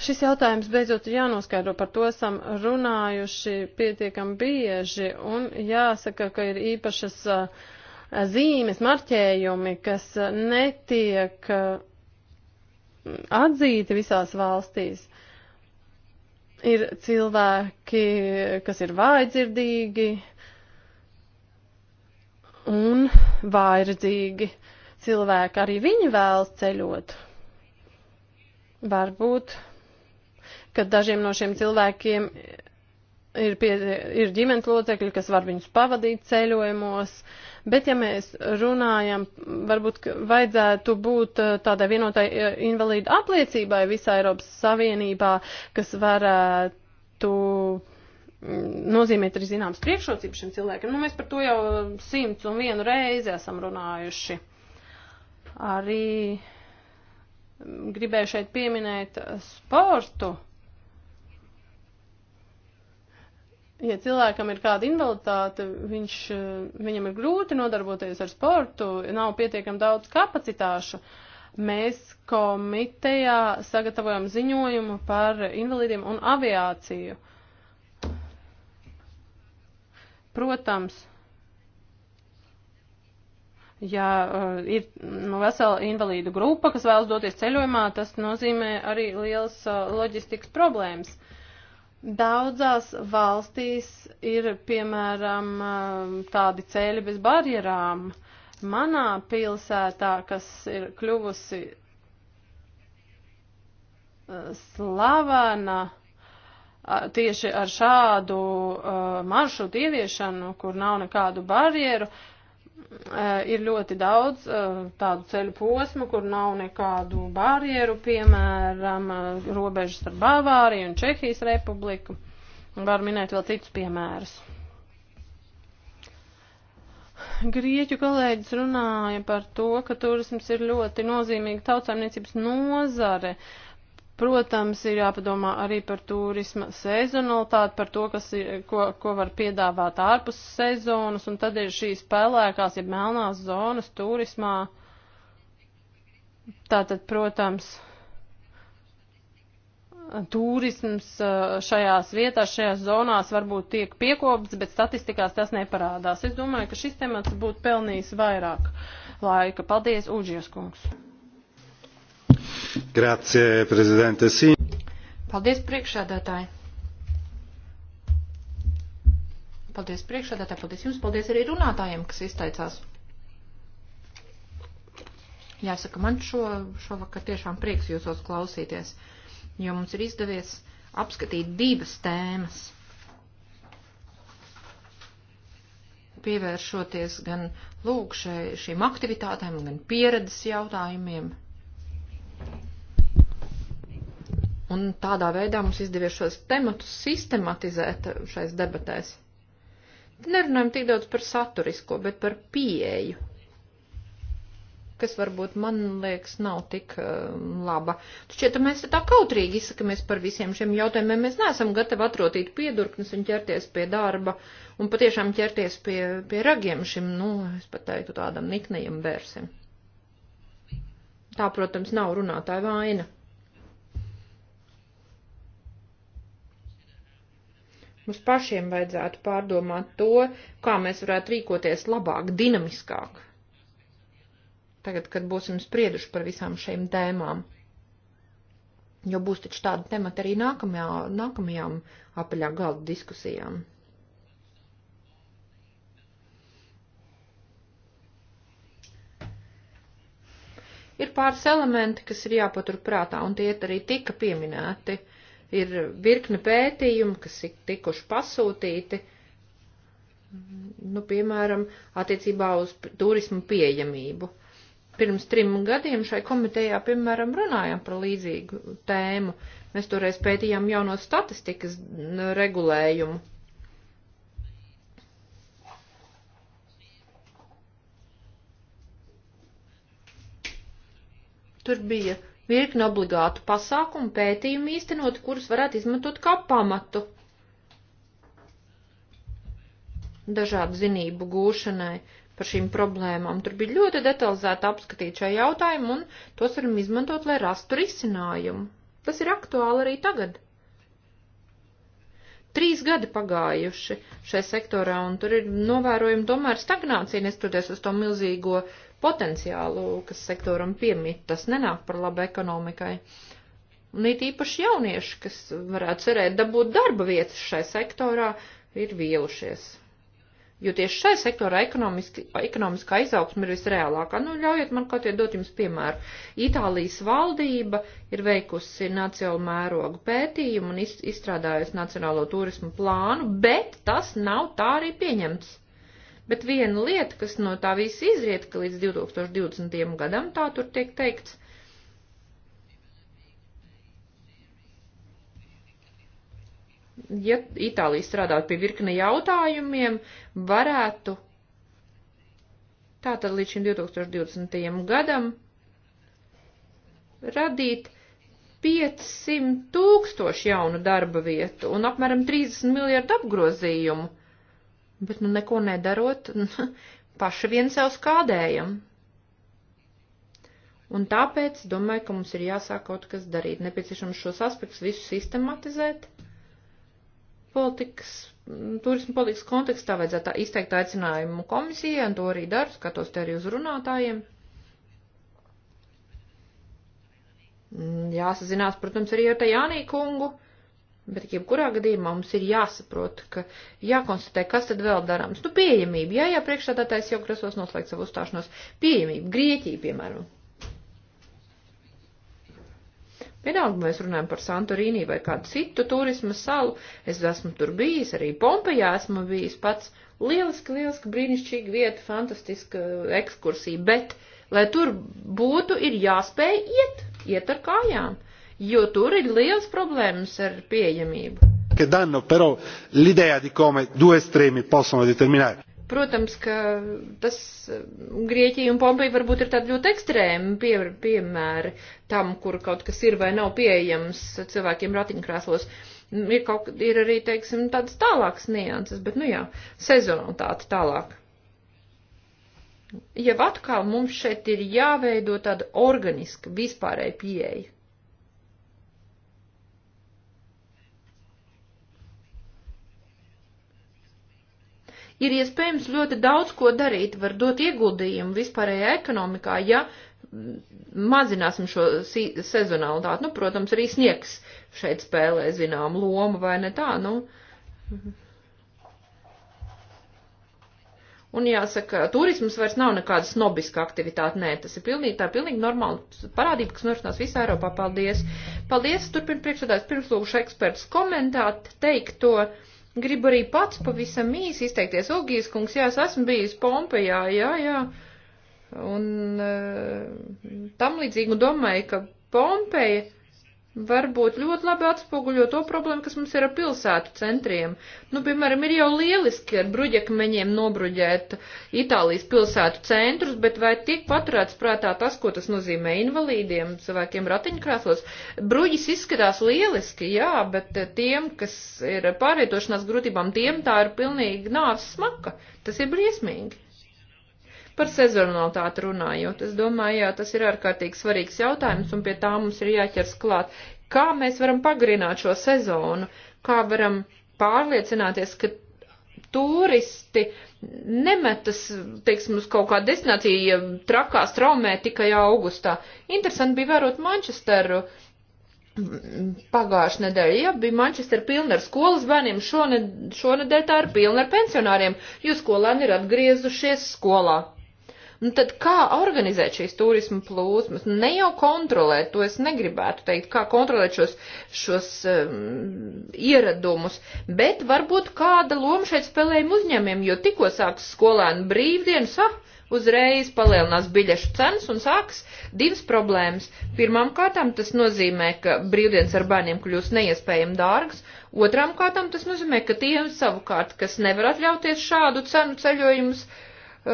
Šis jautājums beidzot ir jānoskaidro, par to esam runājuši pietiekami bieži, un jāsaka, ka ir īpašas eh, zīmes, marķējumi, kas eh, netiek eh, atzīti visās valstīs. Ir cilvēki, kas ir vājdzirdīgi un vājdzīgi cilvēki, arī viņi vēlas ceļot. Varbūt ka dažiem no šiem cilvēkiem ir, pie, ir ģimenes locekļi, kas var viņus pavadīt ceļojumos, bet ja mēs runājam, varbūt vajadzētu būt eh, tādai vienotai eh, invalīdu apliecībai visā Eiropas Savienībā, kas varētu mm, nozīmēt arī zināmas priekšrocības šiem cilvēkiem. Nu, mēs par to jau simts un vienu reizi esam runājuši. Arī mm, gribēju šeit pieminēt sportu. ja cilvēkam ir kāda invaliditāte, viņš, eh, viņam ir grūti nodarboties ar sportu, nav pietiekam daudz kapacitāšu. Mēs komitejā sagatavojam ziņojumu par invalīdiem un aviāciju. Protams, ja uh, ir nu, vesela invalīdu grupa, kas vēlas doties ceļojumā, tas nozīmē arī liels uh, loģistikas problēmas. Uh, Daudzās valstīs ir, piemēram, tādi ceļi bez barjerām. Manā pilsētā, kas ir kļuvusi eh, slavena, tieši ar šādu uh, maršrutu ieviešanu, kur nav nekādu barjeru, Eh, ir ļoti daudz eh, tādu ceļu posmu, kur nav nekādu barjeru, piemēram, eh, robežas ar Bavāriju un Čehijas republiku. Var minēt vēl citus piemērus. Grieķu kolēģis runāja par to, ka turisms ir ļoti nozīmīga tautsēmniecības nozare. Uh, Protams, ir jāpadomā arī par turisma sezonalitāti, par to, kas ir, ko, ko var piedāvāt ārpus sezonas, un tad ir šīs pelēkās, ja melnās zonas turismā. Tātad, protams, turisms šajās vietās, šajās zonās varbūt tiek piekopts, bet statistikās tas neparādās. Es domāju, ka šis temats būtu pelnījis vairāk laika. Paldies, Uģies kungs! Grazie, prezidente Sī. Paldies, priekšādātāji. Paldies, priekšādātāji. Paldies jums. Paldies arī runātājiem, kas izteicās. Jāsaka, man šo, šovakar tiešām prieks jūsos klausīties, jo mums ir izdevies apskatīt divas tēmas. Pievēršoties gan lūk šai, šīm aktivitātēm, gan pieredzes jautājumiem. Un tādā veidā mums izdevies šos tematus sistematizēt šais debatēs. Te nerunājam tik daudz par saturisko, bet par pieeju, kas varbūt man liekas nav tik uh, laba. Šķiet, mēs tā kautrīgi izsakamies par visiem šiem jautājumiem. Mēs neesam gatavi atrotīt piedurknes un ķerties pie darba un patiešām ķerties pie, pie ragiem šim, nu, es pat teiktu tādam niknajam bērsim. Tā, protams, nav runātāja vaina. Mums pašiem vajadzētu pārdomāt to, kā mēs varētu rīkoties labāk, dinamiskāk. Tagad, kad būsim sprieduši par visām šīm tēmām. Jo būs taču tāda temata arī nākamajā, nākamajām apaļā galda diskusijām. ir pāris elementi, kas ir jāpatur prātā, un tie arī tika pieminēti ir virkne pētījumu, kas ir tikuši pasūtīti, nu, piemēram, attiecībā uz turismu pieejamību. Pirms trim gadiem šai komitejā, piemēram, runājām par līdzīgu tēmu. Mēs toreiz pētījām jauno statistikas regulējumu. Tur bija virkni obligātu pasākumu pētījumu īstenot, kurus varētu izmantot kā pamatu dažādu zinību gūšanai par šīm problēmām. Tur bija ļoti detalizēti apskatīt šā jautājumu un tos varam izmantot, lai rastu risinājumu. Tas ir aktuāli arī tagad. Trīs gadi pagājuši šai sektorā, un tur ir novērojama tomēr stagnācija, neskatoties uz to milzīgo uh, potenciālu, kas sektoram piemīt, tas nenāk par labu ekonomikai. Un it īpaši jaunieši, kas varētu cerēt dabūt darba vietas šai sektorā, ir vīlušies. Jo tieši šai sektorā ekonomiskā izaugsme ir visreālākā. Nu, ļaujiet man kaut iedot jums piemēru. Itālijas valdība ir veikusi nacionālu mērogu pētījumu un izstrādājusi nacionālo turismu plānu, bet tas nav tā arī pieņemts. Bet viena lieta, kas no tā visa izriet, ka līdz 2020. gadam tā tur tiek teikts, ja Itālija strādātu pie virkne jautājumiem, varētu tātad līdz šim 2020. gadam radīt 500 tūkstoši jaunu darba vietu un apmēram 30 miljardu apgrozījumu. Bet, nu, neko nedarot, nu, paši vien sev skādējam. Un tāpēc, domāju, ka mums ir jāsāk kaut kas darīt. Nepieciešams šos aspektus visu sistematizēt. Politikas, mm, turismu politikas kontekstā vajadzētu izteikt aicinājumu komisijai, un to arī daru, skatos te arī uz runātājiem. Mm, jāsazinās, protams, arī ar Tajānī kungu Bet, jebkurā gadījumā mums ir jāsaprot, ka jākonstatē, kas tad vēl darāms. Nu, pieejamība, jā, jā, priekšādātājs jau grasos noslēgt savu uzstāšanos. Pieejamība, Grieķija, piemēram. Vienalga, mēs runājam par Santorīnī vai kādu citu turisma salu, es esmu tur bijis, arī Pompejā esmu bijis pats. Lieliski, lieliski, brīnišķīgi vieta, fantastiska ekskursija, bet, lai tur būtu, ir jāspēj iet, iet ar kājām. Uh, jo tur ir liels problēmas ar pieejamību. Danno, però, di come due estremi possono determinare. Protams, ka tas eh, Grieķija un Pompeja varbūt ir tādi ļoti ekstrēmi pie, piemēri tam, kur kaut kas ir vai nav pieejams cilvēkiem ratiņkrēslos. Mm, ir, kaut, ir arī, teiksim, tādas tālākas nianses, bet, nu jā, sezonalitāte tālāk. Jau atkal mums šeit ir jāveido tāda organiska vispārēja pieeja. Ir iespējams ļoti daudz ko darīt, var dot ieguldījumu vispārējā ekonomikā, ja mazināsim šo sezonalitāti. Nu, protams, arī sniegs šeit spēlē zinām lomu, vai ne tā, nu. Un jāsaka, turisms vairs nav nekāda snobiska aktivitāte, nē, tas ir pilnīgi, tā ir pilnīgi normāla parādība, kas norisinās visā Eiropā. Paldies! Paldies! Turpin priekšsēdājs pirms lūgušu eksperts komentēt, teikt to. Uh, Gribu arī pats pavisam īsi izteikties. Ogijas kungs, jā, es esmu bijis Pompejā, jā, jā. Un uh, tam līdzīgi domāju, ka Pompeja varbūt ļoti labi atspoguļo to problēmu, kas mums ir ar pilsētu centriem. Nu, piemēram, ir jau lieliski ar bruģekmeņiem nobruģēt Itālijas pilsētu centrus, bet vai tiek paturēts prātā tas, ko tas nozīmē invalīdiem, cilvēkiem ratiņkrēslos? Bruģis izskatās lieliski, jā, bet tiem, kas ir pārvietošanās grūtībām, tiem tā ir pilnīgi nāves smaka. Tas ir briesmīgi. Par sezonalitāti runājot, es domāju, jā, tas ir ārkārtīgi svarīgs jautājums, un pie tā mums ir jāķers klāt. Kā mēs varam pagarināt šo sezonu? Kā varam pārliecināties, ka turisti nemetas, teiksim, uz kaut kādu destināciju trakās traumē tikai augustā. Interesanti bija vērot Manchesteru pagājušajā nedēļā. Jā, bija Manchester pilna ar skolas bērniem, šonedēļ tā ir pilna ar pensionāriem, jo skolēni ir atgriezušies skolā. Nu tad kā organizēt šīs turismu plūsmas? Ne jau kontrolēt, to es negribētu teikt, kā kontrolēt šos, šos um, ieradumus, bet varbūt kāda loma šeit spēlējam uzņēmiem, jo tikko sāks skolēnu brīvdienas, ah, uzreiz palielinās biļešu cenas un sāks divas problēmas. Pirmām kārtām tas nozīmē, ka brīvdienas ar bērniem kļūs neiespējami dārgas, otrām kārtām tas nozīmē, ka tie savukārt, kas nevar atļauties šādu cenu ceļojumus, uh,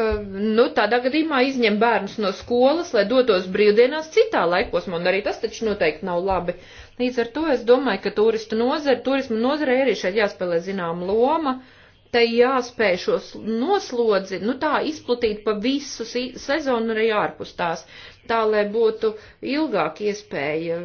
Ehm, nu, tādā gadījumā izņem bērnus no skolas, lai dotos brīvdienās citā laikosmā, un arī tas taču noteikti nav labi. Līdz ar to es domāju, ka turistu nozare, turismu nozarei arī šeit jāspēlē zināma loma. Uh, te jāspēj šos noslodzi, nu tā izplatīt pa visu sezonu arī ārpus tās, tā lai būtu ilgāk iespēja,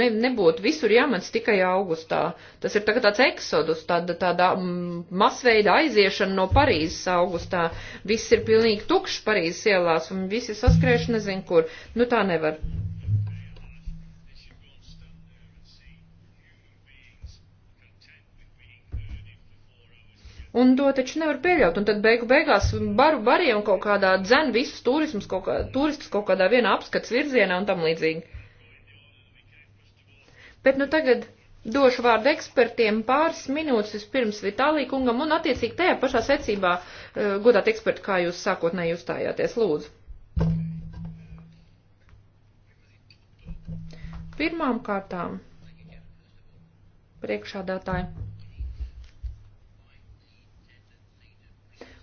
ne, nebūtu visur jāmats tikai augustā. Tas ir tā tāds eksodus, tāda, tāda mm, masveida aiziešana no Parīzes augustā. Viss ir pilnīgi tukšs Parīzes ielās un visi saskrieši nezin kur. Nu tā nevar Un to taču nevar pieļaut. Un tad beigu beigās baru bariem kaut kādā dzen visus turismus, kaut kā, turistus kaut kādā vienā apskats virzienā un tam līdzīgi. Bet nu tagad došu vārdu ekspertiem pāris minūtes pirms Vitālija kungam un attiecīgi tajā pašā secībā uh, godāt ekspertu, kā jūs sākotnēji uzstājāties. Lūdzu. Pirmām kārtām priekšādātāji.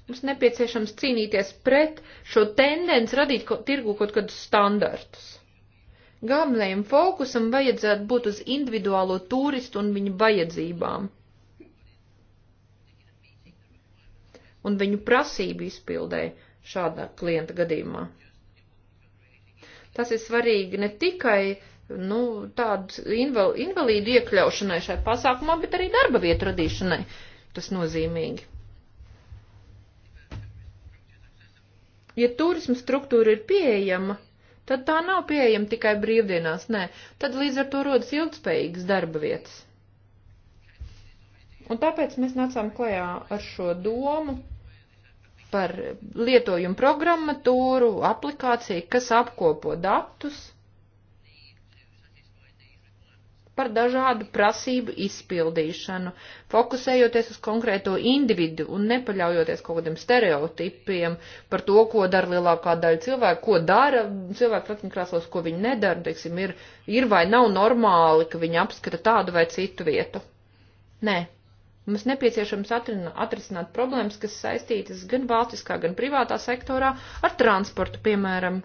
Mums nepieciešams cīnīties pret šo tendenci radīt ko, tirgu kaut kādus standartus. Galvenajam fokusam vajadzētu būt uz individuālo turistu un viņu vajadzībām un viņu prasību izpildē šādā klienta gadījumā. Tas ir svarīgi ne tikai nu, tādu inval, invalīdu iekļaušanai šai pasākumā, bet arī darba vietu radīšanai. Tas nozīmīgi. Ja turisma struktūra ir pieejama, tad tā nav pieejama tikai brīvdienās, nē, tad līdz ar to rodas ilgspējīgas darba vietas. Un tāpēc mēs nācām klajā ar šo domu par lietojumu programmatūru, aplikāciju, kas apkopo datus par dažādu prasību izpildīšanu, fokusējoties uz konkrēto individu un nepaļaujoties kaut kādiem stereotipiem par to, ko dara lielākā daļa cilvēku, ko dara cilvēki platņkrāslos, ko viņi nedara, teiksim, ir, ir vai nav normāli, ka viņi apskata tādu vai citu vietu. Nē. Mums nepieciešams atrisināt problēmas, kas saistītas gan valstiskā, gan privātā sektorā ar transportu, piemēram.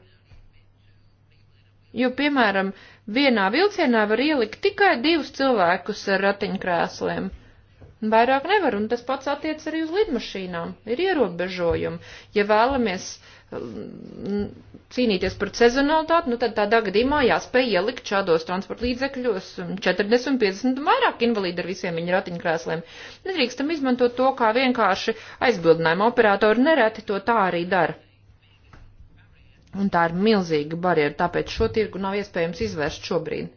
Jo, piemēram, vienā vilcienā var ielikt tikai divus cilvēkus ar ratiņkrēsliem. Vairāk nevar, un tas pats attiec arī uz lidmašīnām. Ir ierobežojumi. Ja vēlamies um, cīnīties par sezonalitāti, nu tad tādā gadījumā jāspēj ielikt šādos transporta līdzekļos 40, 50 un vairāk invalīdi ar visiem viņa ratiņkrēsliem. Nedrīkstam izmantot to kā vienkārši aizbildinājumu. Operatori nereti to tā arī dara. Un tā ir milzīga barjera, tāpēc šo tirgu nav iespējams izvērst šobrīd.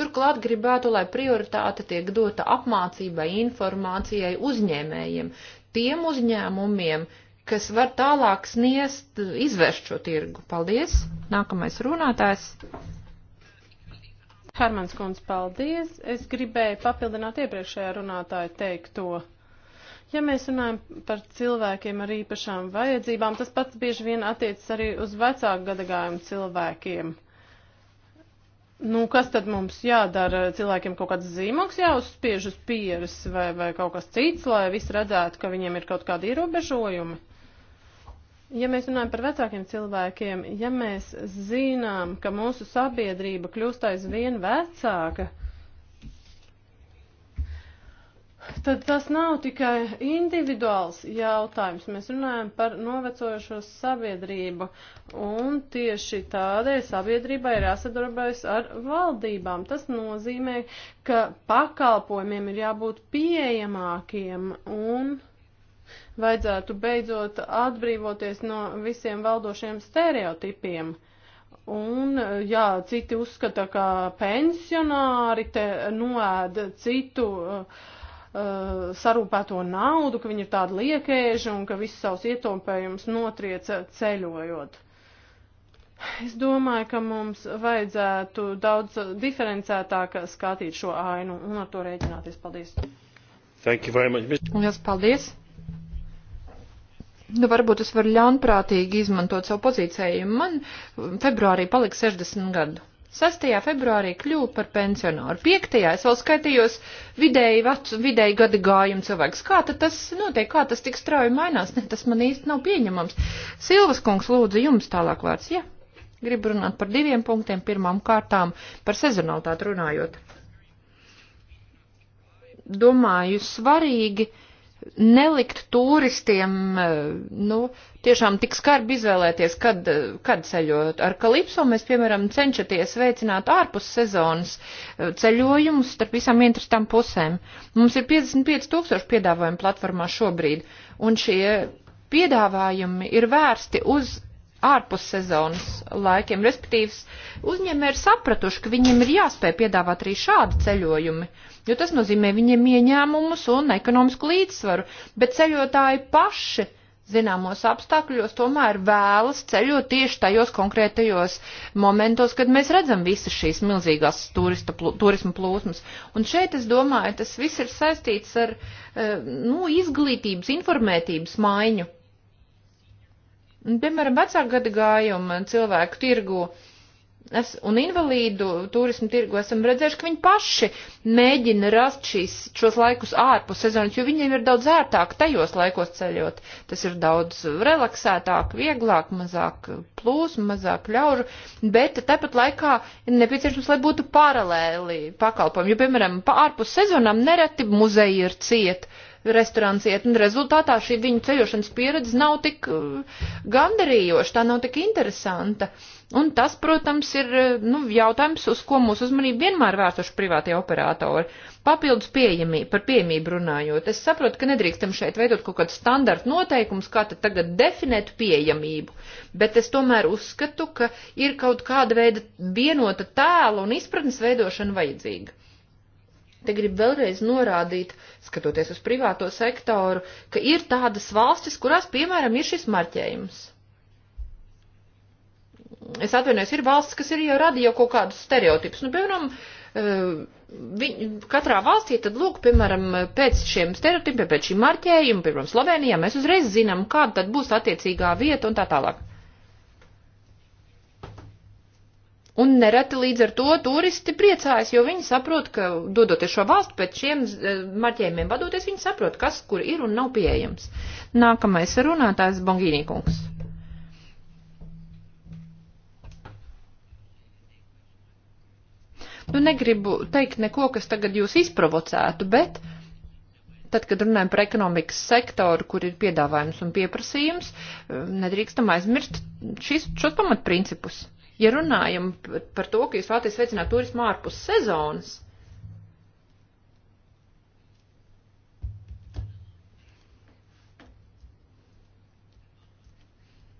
Turklāt gribētu, lai prioritāte tiek dota apmācībai, informācijai uzņēmējiem, tiem uzņēmumiem, kas var tālāk sniest, izvērst šo tirgu. Paldies! Nākamais runātājs. Hermans Kunds, paldies! Es gribēju papildināt iepriekšējā runātāja teikto. Ja mēs runājam par cilvēkiem ar īpašām vajadzībām, tas pats bieži vien attiecas arī uz vecāku gadagājumu cilvēkiem. Nu, kas tad mums jādara? Cilvēkiem kaut kāds zīmoks jāuzspiež uz pieres vai, vai kaut kas cits, lai visi redzētu, ka viņiem ir kaut kādi ierobežojumi? Ja mēs runājam par vecākiem cilvēkiem, ja mēs zinām, ka mūsu sabiedrība kļūst aizvien vecāka, tad tas nav tikai individuāls jautājums. Mēs runājam par novecojošo sabiedrību, un tieši tādēļ sabiedrībai ir jāsadarbojas ar valdībām. Tas nozīmē, ka pakalpojumiem ir jābūt pieejamākiem un vajadzētu beidzot atbrīvoties no visiem valdošiem stereotipiem. Un, jā, citi uzskata, ka pensionāri te noēda citu uh, uh, sarūpēto naudu, ka viņi ir tādi liekēži un ka visus savus ietaupējumus notrieca ceļojot. Es domāju, ka mums vajadzētu daudz diferencētāk skatīt šo ainu un ar to rēķināties. Paldies! Thank you very much. Lielas paldies! Nu, varbūt es varu ļaunprātīgi izmantot savu pozīciju. Man februārī palika 60 gadu. 6. februārī kļuvu par pensionāru. 5. es vēl skaitījos vidēji, vecu, vidēji gada gājumu cilvēks. Kā tad tas notiek, kā tas tik strauji mainās? Ne, tas man īsti nav pieņemams. Silvas kungs, lūdzu, jums tālāk vārds. Ja? Gribu runāt par diviem punktiem. Pirmām kārtām par sezonalitāti runājot. Domāju, svarīgi nelikt turistiem, eh, nu, tiešām tik skarbi izvēlēties, kad, eh, kad ceļot. Ar Kalipso mēs, piemēram, cenšaties veicināt ārpus sezonas eh, ceļojumus starp visām interesantām pusēm. Mums ir 55 tūkstoši piedāvājumu platformā šobrīd, un šie piedāvājumi ir vērsti uz ārpus sezonas laikiem. Respektīvs, uzņēmēji ir sapratuši, ka viņiem ir jāspēj piedāvāt arī šādi ceļojumi, jo tas nozīmē viņiem ieņēmumus un ekonomisku līdzsvaru, bet ceļotāji paši zināmos apstākļos tomēr vēlas ceļot tieši tajos konkrētajos momentos, kad mēs redzam visas šīs milzīgās turista, turisma plūsmas. Un šeit es domāju, tas viss ir saistīts ar eh, nu, izglītības, informētības maiņu. Piemēram, vecāku gadu gājumu cilvēku tirgu es, un invalīdu turismu tirgu esam redzējuši, ka viņi paši mēģina rast šīs, šos laikus ārpus sezonas, jo viņiem ir daudz ērtāk tajos laikos ceļot. Tas ir daudz relaksētāk, vieglāk, mazāk plūsmu, mazāk ļaužu, bet tāpat laikā ir nepieciešams, lai būtu paralēli pakalpojumi, jo, piemēram, pa ārpus sezonām nereti muzeji ir cieti restorāns iet, un rezultātā šī viņu ceļošanas pieredze nav tik uh, gandarījoša, tā nav tik interesanta. Un tas, protams, ir uh, nu, jautājums, uz ko mūsu uzmanību vienmēr vērsuši privātie operatori. Papildus pieejamību, par pieejamību runājot, es saprotu, ka nedrīkstam šeit veidot kaut kādu standartu noteikumus, kā tad tagad definēt pieejamību, bet es tomēr uzskatu, ka ir kaut kāda veida vienota tēla un izpratnes veidošana vajadzīga. Te gribu vēlreiz norādīt, skatoties uz privāto sektoru, ka ir tādas valstis, kurās, piemēram, ir šis marķējums. Es atvainojos, ir valsts, kas ir jau radīja kaut kādus stereotipus. Nu, piemēram, eh, viņ, katrā valstī, tad lūk, piemēram, pēc šiem stereotipiem, pēc šī marķējuma, piemēram, Slovenijā, mēs uzreiz zinām, kāda tad būs attiecīgā vieta un tā tālāk. Un nereti līdz ar to turisti priecājas, jo viņi saprot, ka dodoties šo valstu pēc šiem eh, marķējumiem vadoties, viņi saprot, kas kur ir un nav pieejams. Nākamais runātājs Bongīnī kungs. Nu, negribu teikt neko, kas tagad jūs izprovocētu, bet tad, kad runājam par ekonomikas sektoru, kur ir piedāvājums un pieprasījums, eh, nedrīkstam aizmirst šis, šos pamatprincipus Ja runājam par to, ka jūs vēlaties veicināt turismu ārpus sezonas,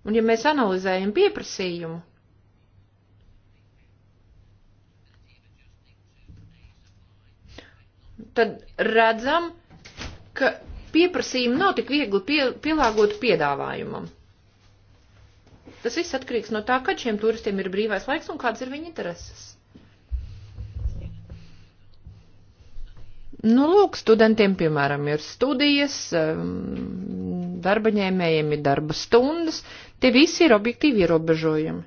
Un ja mēs analizējam pieprasījumu, tad redzam, ka pieprasījumu nav tik viegli pie, pielāgot piedāvājumam. Tas viss atkarīgs no tā, kad šiem turistiem ir brīvais laiks un kādas ir viņa intereses. Nu, lūk, studentiem, piemēram, ir studijas, um, darbaņēmējiem ir darba stundas, tie visi ir objektīvi ierobežojumi.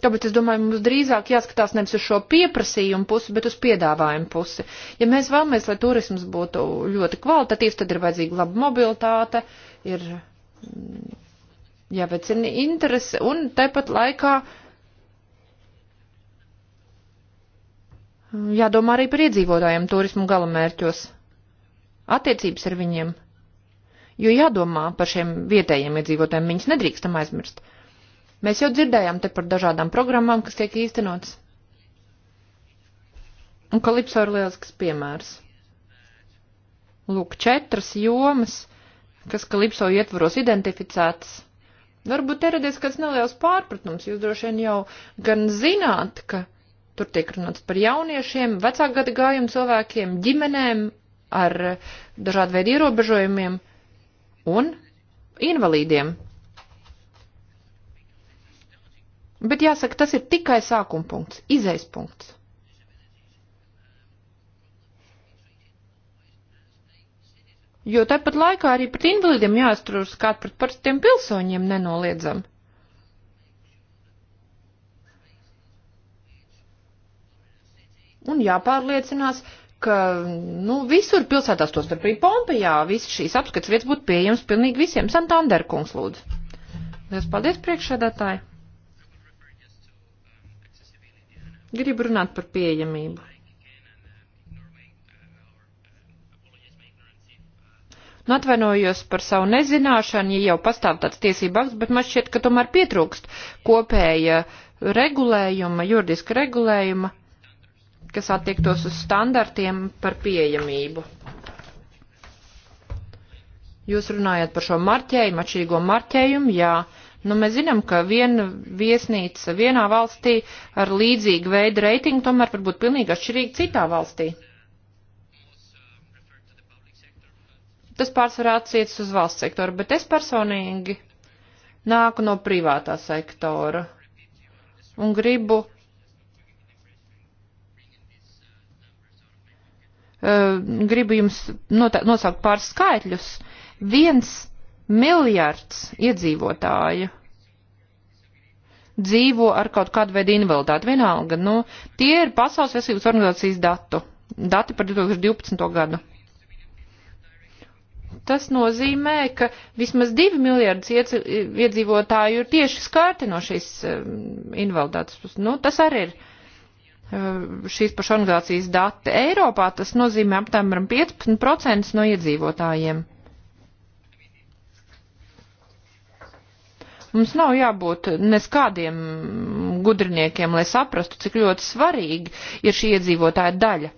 Tāpēc es domāju, mums drīzāk jāskatās nevis uz šo pieprasījumu pusi, bet uz piedāvājumu pusi. Ja mēs vēlamies, lai turisms būtu ļoti kvalitatīvs, tad ir vajadzīga laba mobilitāte, ir mm, jāveicina interese un tepat laikā mm, jādomā arī par iedzīvotājiem turismu galamērķos. Attiecības ar viņiem. Jo jādomā par šiem vietējiem iedzīvotājiem, viņus nedrīkstam aizmirst. Mēs jau dzirdējām te par dažādām programmām, kas tiek īstenotas. Un kalipso ir lielisks piemērs. Lūk, četras jomas, kas kalipso ietvaros identificētas. Varbūt eradies kāds neliels pārpratums, jūs droši vien jau gan zināt, ka tur tiek runāts par jauniešiem, vecāku gadu gājumu cilvēkiem, ģimenēm ar dažādu veidu ierobežojumiem un invalīdiem. Bet jāsaka, tas ir tikai sākuma punkts, izejas punkts. Jo tāpat laikā arī pret invalīdiem jāizturas kā pret parastiem pilsoņiem nenoliedzami. Un jāpārliecinās, ka, nu, visur pilsētās, tos arī Pompejā, visas šīs apskats vietas būtu pieejams pilnīgi visiem. Santander kungs lūdzu. Lielas paldies priekšsēdētāji! Gribu runāt par pieejamību. Nu, atvainojos par savu nezināšanu, ja jau pastāv tāds tiesība akts, bet man šķiet, ka tomēr pietrūkst kopēja regulējuma, juridiska regulējuma, kas attiektos uz standartiem par pieejamību. Jūs runājat par šo marķējumu, atšķirīgo marķējumu, jā. Uh, Nu, mēs zinām, ka viena viesnīca vienā valstī ar līdzīgu veidu reitingu tomēr var būt pilnīgi atšķirīga citā valstī. Tas pārsvarā atsiec uz valsts sektoru, bet es personīgi nāku no privātā sektora un gribu eh, gribu jums nosaukt pāris skaitļus. Viens miljards iedzīvotāju dzīvo ar kaut kādu veidu invaliditāti. Vienalga, nu, tie ir Pasaules veselības organizācijas datu, dati par 2012. gadu. Tas nozīmē, ka vismaz divi miljardus iedzīvotāju ir tieši skārti no šīs um, invaliditātes. Nu, tas arī ir uh, šīs pašorganizācijas dati. Eiropā tas nozīmē aptēmēram 15% no iedzīvotājiem. Mums nav jābūt neskādiem gudriniekiem, lai saprastu, cik ļoti svarīgi ir šī iedzīvotāja daļa,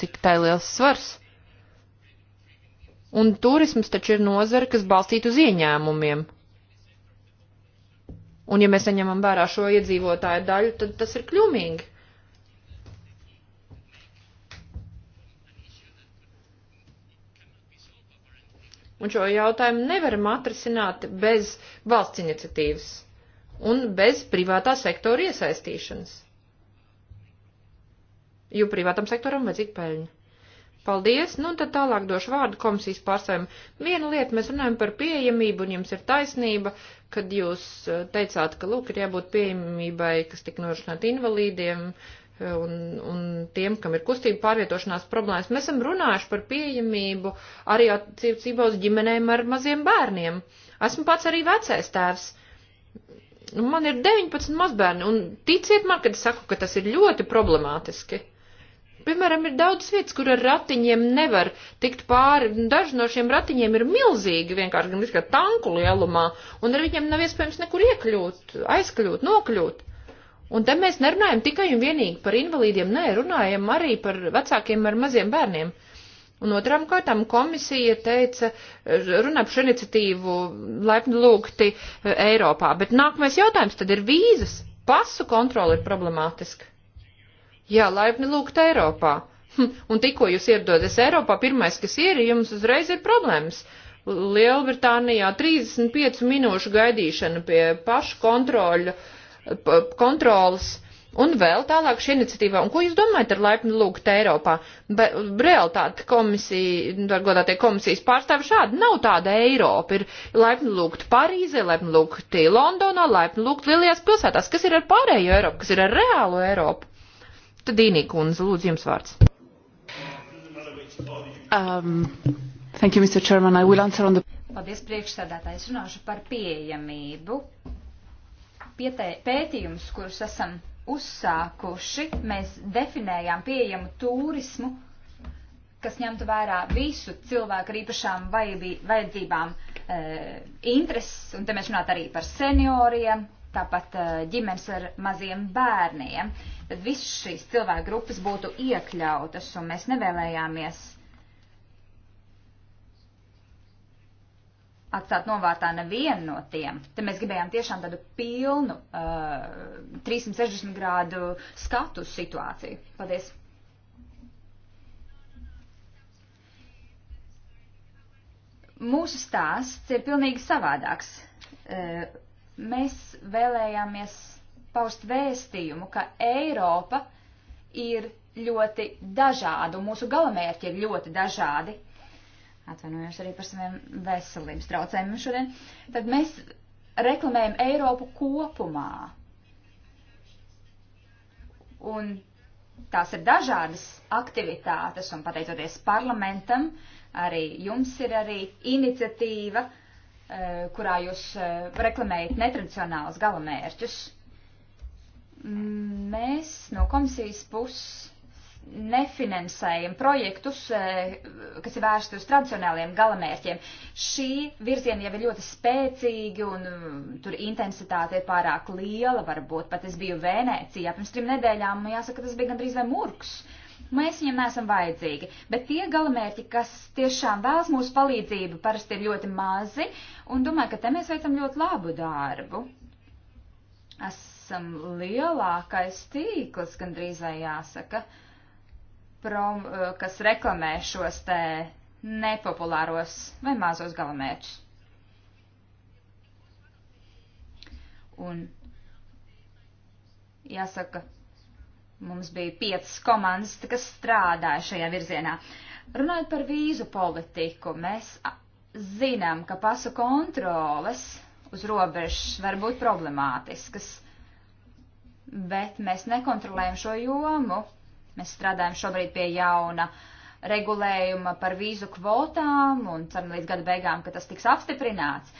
cik tai liels svars. Un turisms taču ir nozara, kas balstīta uz ieņēmumiem. Un ja mēs saņemam vērā šo iedzīvotāju daļu, tad tas ir kļumīgi. Un šo jautājumu nevaram atrisināt bez valsts iniciatīvas un bez privātā sektora iesaistīšanas. Jo privātam sektoram vajadzīga peļņa. Paldies, nu tad tālāk došu vārdu komisijas pārstāvjiem. Viena lieta, mēs runājam par pieejamību, un jums ir taisnība, kad jūs eh, teicāt, ka, lūk, ir jābūt pieejamībai, kas tik norošināta invalīdiem, uh, un, un tiem, kam ir kustība pārvietošanās problēmas. Mēs esam runājuši par pieejamību arī attiecībā uz ģimenēm ar maziem bērniem. Esmu pats arī vecais tēvs. Nu, man ir 19 mazbērni, un ticiet man, kad saku, ka tas ir ļoti problemātiski. Piemēram, ir daudz vietas, kur ar ratiņiem nevar tikt pāri. Daži no šiem ratiņiem ir milzīgi, vienkārši gan kā tanku lielumā, un ar viņiem nav iespējams nekur iekļūt, aizkļūt, nokļūt. Un te mēs nerunājam tikai un vienīgi par invalīdiem, nē, runājam arī par vecākiem ar maziem bērniem. Un otrām kārtām komisija teica, runā par šo iniciatīvu laipni lūgti eh, Eiropā, bet nākamais jautājums tad ir vīzas. Pasu kontroli ir problemātiska. Jā, laipni lūgt Eiropā. Hm, un tikko jūs ierodaties Eiropā, pirmais, kas ir, jums uzreiz ir problēmas. Lielbritānijā 35 minūšu gaidīšana pie pašu kontroļu uh, kontrolas. Un vēl tālāk šī iniciatīva, un ko jūs domājat ar laipni lūgt Eiropā? Be, realitāte komisija, varbūt tie komisijas pārstāvi šādi, nav tāda Eiropa, ir laipni lūgt Parīzē, laipni lūgt Londonā, laipni lūgt lielajās pilsētās, kas ir ar pārējo Eiropu, kas ir ar reālo Eiropu. Tad Dīnī kundze, lūdzu jums vārds. Um, thank you, Mr. Chairman. I will answer on the. Paldies priekšsēdētājs. Runāšu par pieejamību pietē, pētījumus, kurus esam uzsākuši, mēs definējām pieejamu turismu, kas ņemtu vērā visu cilvēku ar īpašām vajadzībām, e, intereses, un te mēs runātu arī par senioriem, tāpat e, ģimenes ar maziem bērniem. Tad visas šīs cilvēku grupas būtu iekļautas, un mēs nevēlējāmies atstāt novārtā nevienu no tiem. Te mēs gribējām tiešām tādu pilnu uh, 360 grādu skatu situāciju. Paldies! Mūsu stāsts ir pilnīgi savādāks. Uh, mēs vēlējāmies paust vēstījumu, ka Eiropa ir ļoti dažāda un mūsu galamērķi ir ļoti dažādi. Uh, atvainojos arī par saviem veselības traucējumiem šodien, tad mēs reklamējam Eiropu kopumā. Un tās ir dažādas aktivitātes, un pateicoties parlamentam, arī jums ir arī iniciatīva, eh, kurā jūs eh, reklamējat netradicionālus galamērķus. Mēs no komisijas puses nefinansējam projektus, eh, kas ir vērsti uz tradicionāliem galamērķiem. Šī virziena jau ir ļoti spēcīga un mm, tur intensitāte ir pārāk liela, varbūt pat es biju Vēnēcijā pirms trim nedēļām, un jāsaka, tas bija gandrīz vai murgs. Mēs viņiem neesam vajadzīgi, bet tie galamērķi, kas tiešām vēlas mūsu palīdzību, parasti ir ļoti mazi, un domāju, ka te mēs veicam ļoti labu darbu. Esam lielākais tīkls, gandrīz vai jāsaka. Uh, prom, eh, kas reklamē šos te nepopulāros vai mazos galamērķus. Un jāsaka, mums bija piecas komandas, kas strādāja šajā virzienā. Runājot par vīzu politiku, mēs zinām, ka pasu kontroles uz robežas var būt problemātiskas, bet mēs nekontrolējam šo jomu, Mēs strādājam šobrīd pie jauna regulējuma par vīzu kvotām un ceram līdz gada beigām, ka tas tiks apstiprināts.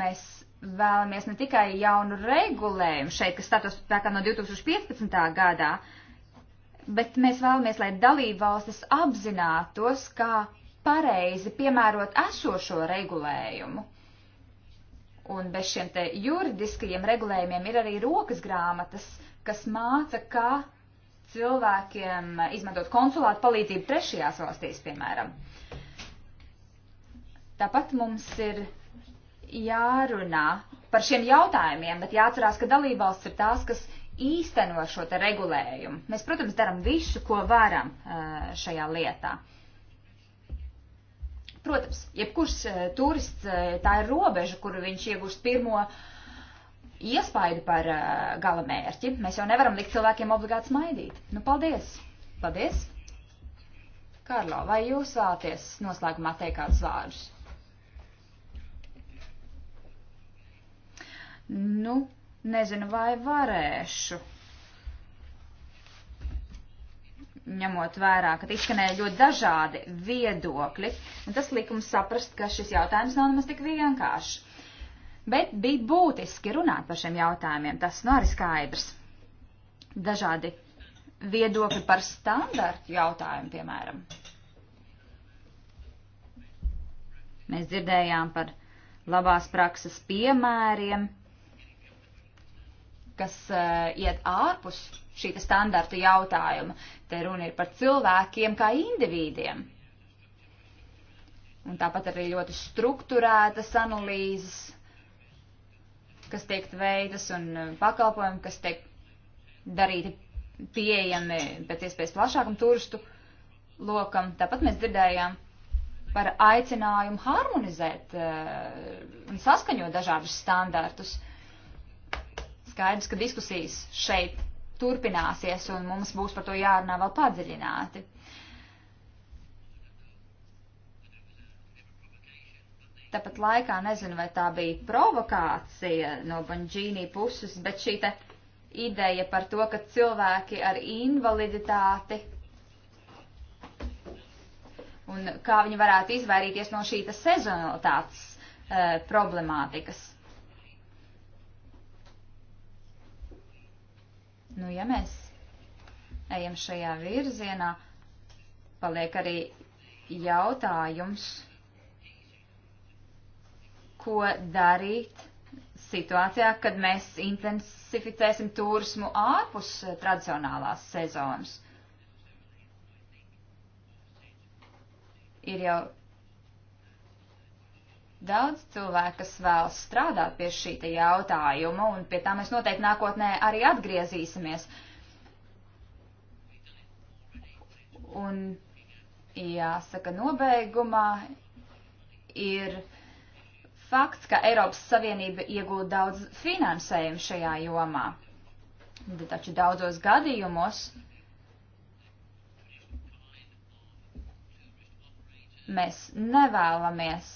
Mēs vēlamies ne tikai jaunu regulējumu šeit, kas status spēkā no 2015. gadā, bet mēs vēlamies, lai dalībvalstis apzinātos, kā pareizi piemērot esošo regulējumu. Un bez šiem te juridiskajiem regulējumiem ir arī rokas grāmatas, kas māca, kā cilvēkiem izmantot konsulātu palīdzību trešajās valstīs, piemēram. Tāpat mums ir jārunā par šiem jautājumiem, bet jāatcerās, ka dalībvalsts ir tās, kas īsteno šo te regulējumu. Mēs, protams, daram visu, ko varam šajā lietā. Protams, jebkurš turists, tā ir robeža, kuru viņš iegūst pirmo uh, iespaidu par uh, gala mērķi. Mēs jau nevaram likt cilvēkiem obligāti smaidīt. Nu, paldies! Paldies! Karlo, vai jūs vēlaties noslēgumā teikt kādus vārdus? Nu, nezinu, vai varēšu. ņemot vērā, ka izskanēja ļoti dažādi viedokļi, un tas likums saprast, ka šis jautājums nav nemaz tik vienkāršs bet bija būtiski runāt par šiem jautājumiem, tas nu arī skaidrs. Dažādi viedokļi par standartu jautājumu, piemēram. Mēs dzirdējām par labās prakses piemēriem, kas uh, iet ārpus šīta standarta jautājuma. Te runa ir par cilvēkiem kā individiem. Un tāpat arī ļoti struktūrētas analīzes kas tiek veidas un uh, pakalpojumi, kas tiek darīti pieejami pēc iespējas plašākam turistu lokam. Tāpat mēs dzirdējām par aicinājumu harmonizēt uh, un saskaņot dažādus standartus. Skaidrs, ka diskusijas šeit turpināsies un mums būs par to jārunā vēl padziļināti. Tāpat laikā nezinu, vai tā bija provokācija no Banģīnī puses, bet šī te ideja par to, ka cilvēki ar invaliditāti un kā viņi varētu izvairīties no šīta sezonalitātes e, problemātikas. Nu, ja mēs ejam šajā virzienā, paliek arī jautājums ko darīt situācijā, kad mēs intensificēsim turismu ārpus eh, tradicionālās sezonas. Ir jau daudz cilvēku, kas vēlas strādāt pie šī jautājuma, un pie tā mēs noteikti nākotnē arī atgriezīsimies. Un jāsaka, nobeigumā ir fakts, ka Eiropas Savienība iegūda daudz finansējumu šajā jomā. Taču daudzos gadījumos mēs nevēlamies,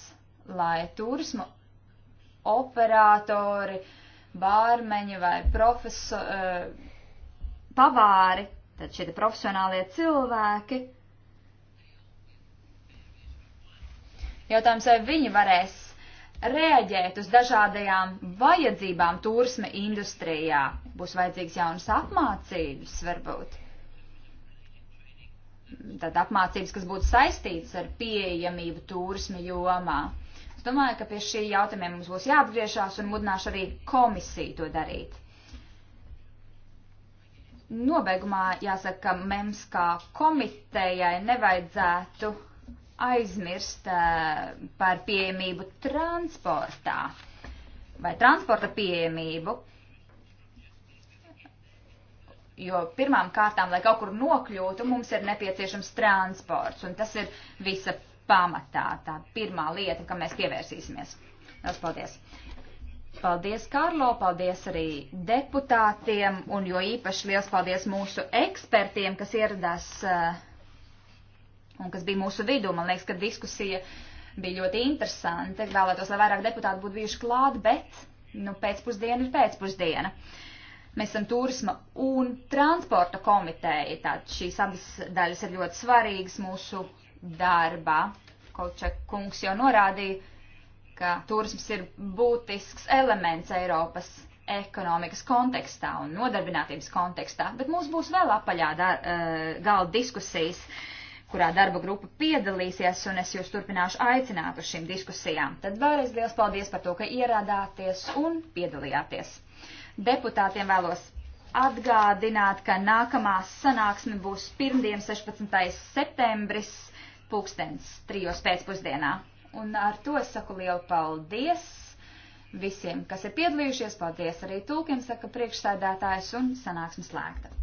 lai turismu operatori, bārmeņi vai profesori, eh, pavāri, tad šie profesionālie cilvēki. Jautājums, vai viņi varēs rēģēt uz dažādajām vajadzībām turisma industrijā. Būs vajadzīgs jaunas apmācības, varbūt. Tad apmācības, kas būtu saistītas ar pieejamību turisma jomā. Es domāju, ka pie šī jautājumiem mums būs jāatgriežās un mudināšu arī komisiju to darīt. Nobeigumā jāsaka, ka mums kā komitejai nevajadzētu aizmirst eh, par pieejamību transportā vai transporta pieejamību. Jo pirmām kārtām, lai kaut kur nokļūtu, mums ir nepieciešams transports, un tas ir visa pamatā tā pirmā lieta, kam mēs pievērsīsimies. Lielas paldies! Paldies, Karlo, paldies arī deputātiem, un jo īpaši liels paldies mūsu ekspertiem, kas ieradās uh, un kas bija mūsu vidū. Man liekas, ka diskusija bija ļoti interesanta. Es vēlētos, lai vairāk deputāti būtu bijuši klāt, bet nu, pēcpusdiena ir pēcpusdiena. Mēs esam turisma un transporta komiteja, tātad šīs abas daļas ir ļoti svarīgas mūsu darbā. Kolčak kungs jau norādīja, ka turisms ir būtisks elements Eiropas ekonomikas kontekstā un nodarbinātības kontekstā, bet mums būs vēl apaļā da, uh, galda diskusijas. Uh, kurā darba grupa piedalīsies, un es jūs turpināšu aicināt uz šīm diskusijām. Tad vēlreiz liels paldies par to, ka ierādāties un piedalījāties. Deputātiem vēlos atgādināt, ka nākamā sanāksme būs pirmdien 16. septembris pulkstens trijos pēcpusdienā. Un ar to es saku lielu paldies visiem, kas ir piedalījušies. Paldies arī tūkiem, saka priekšsēdētājs, un sanāksme slēgta.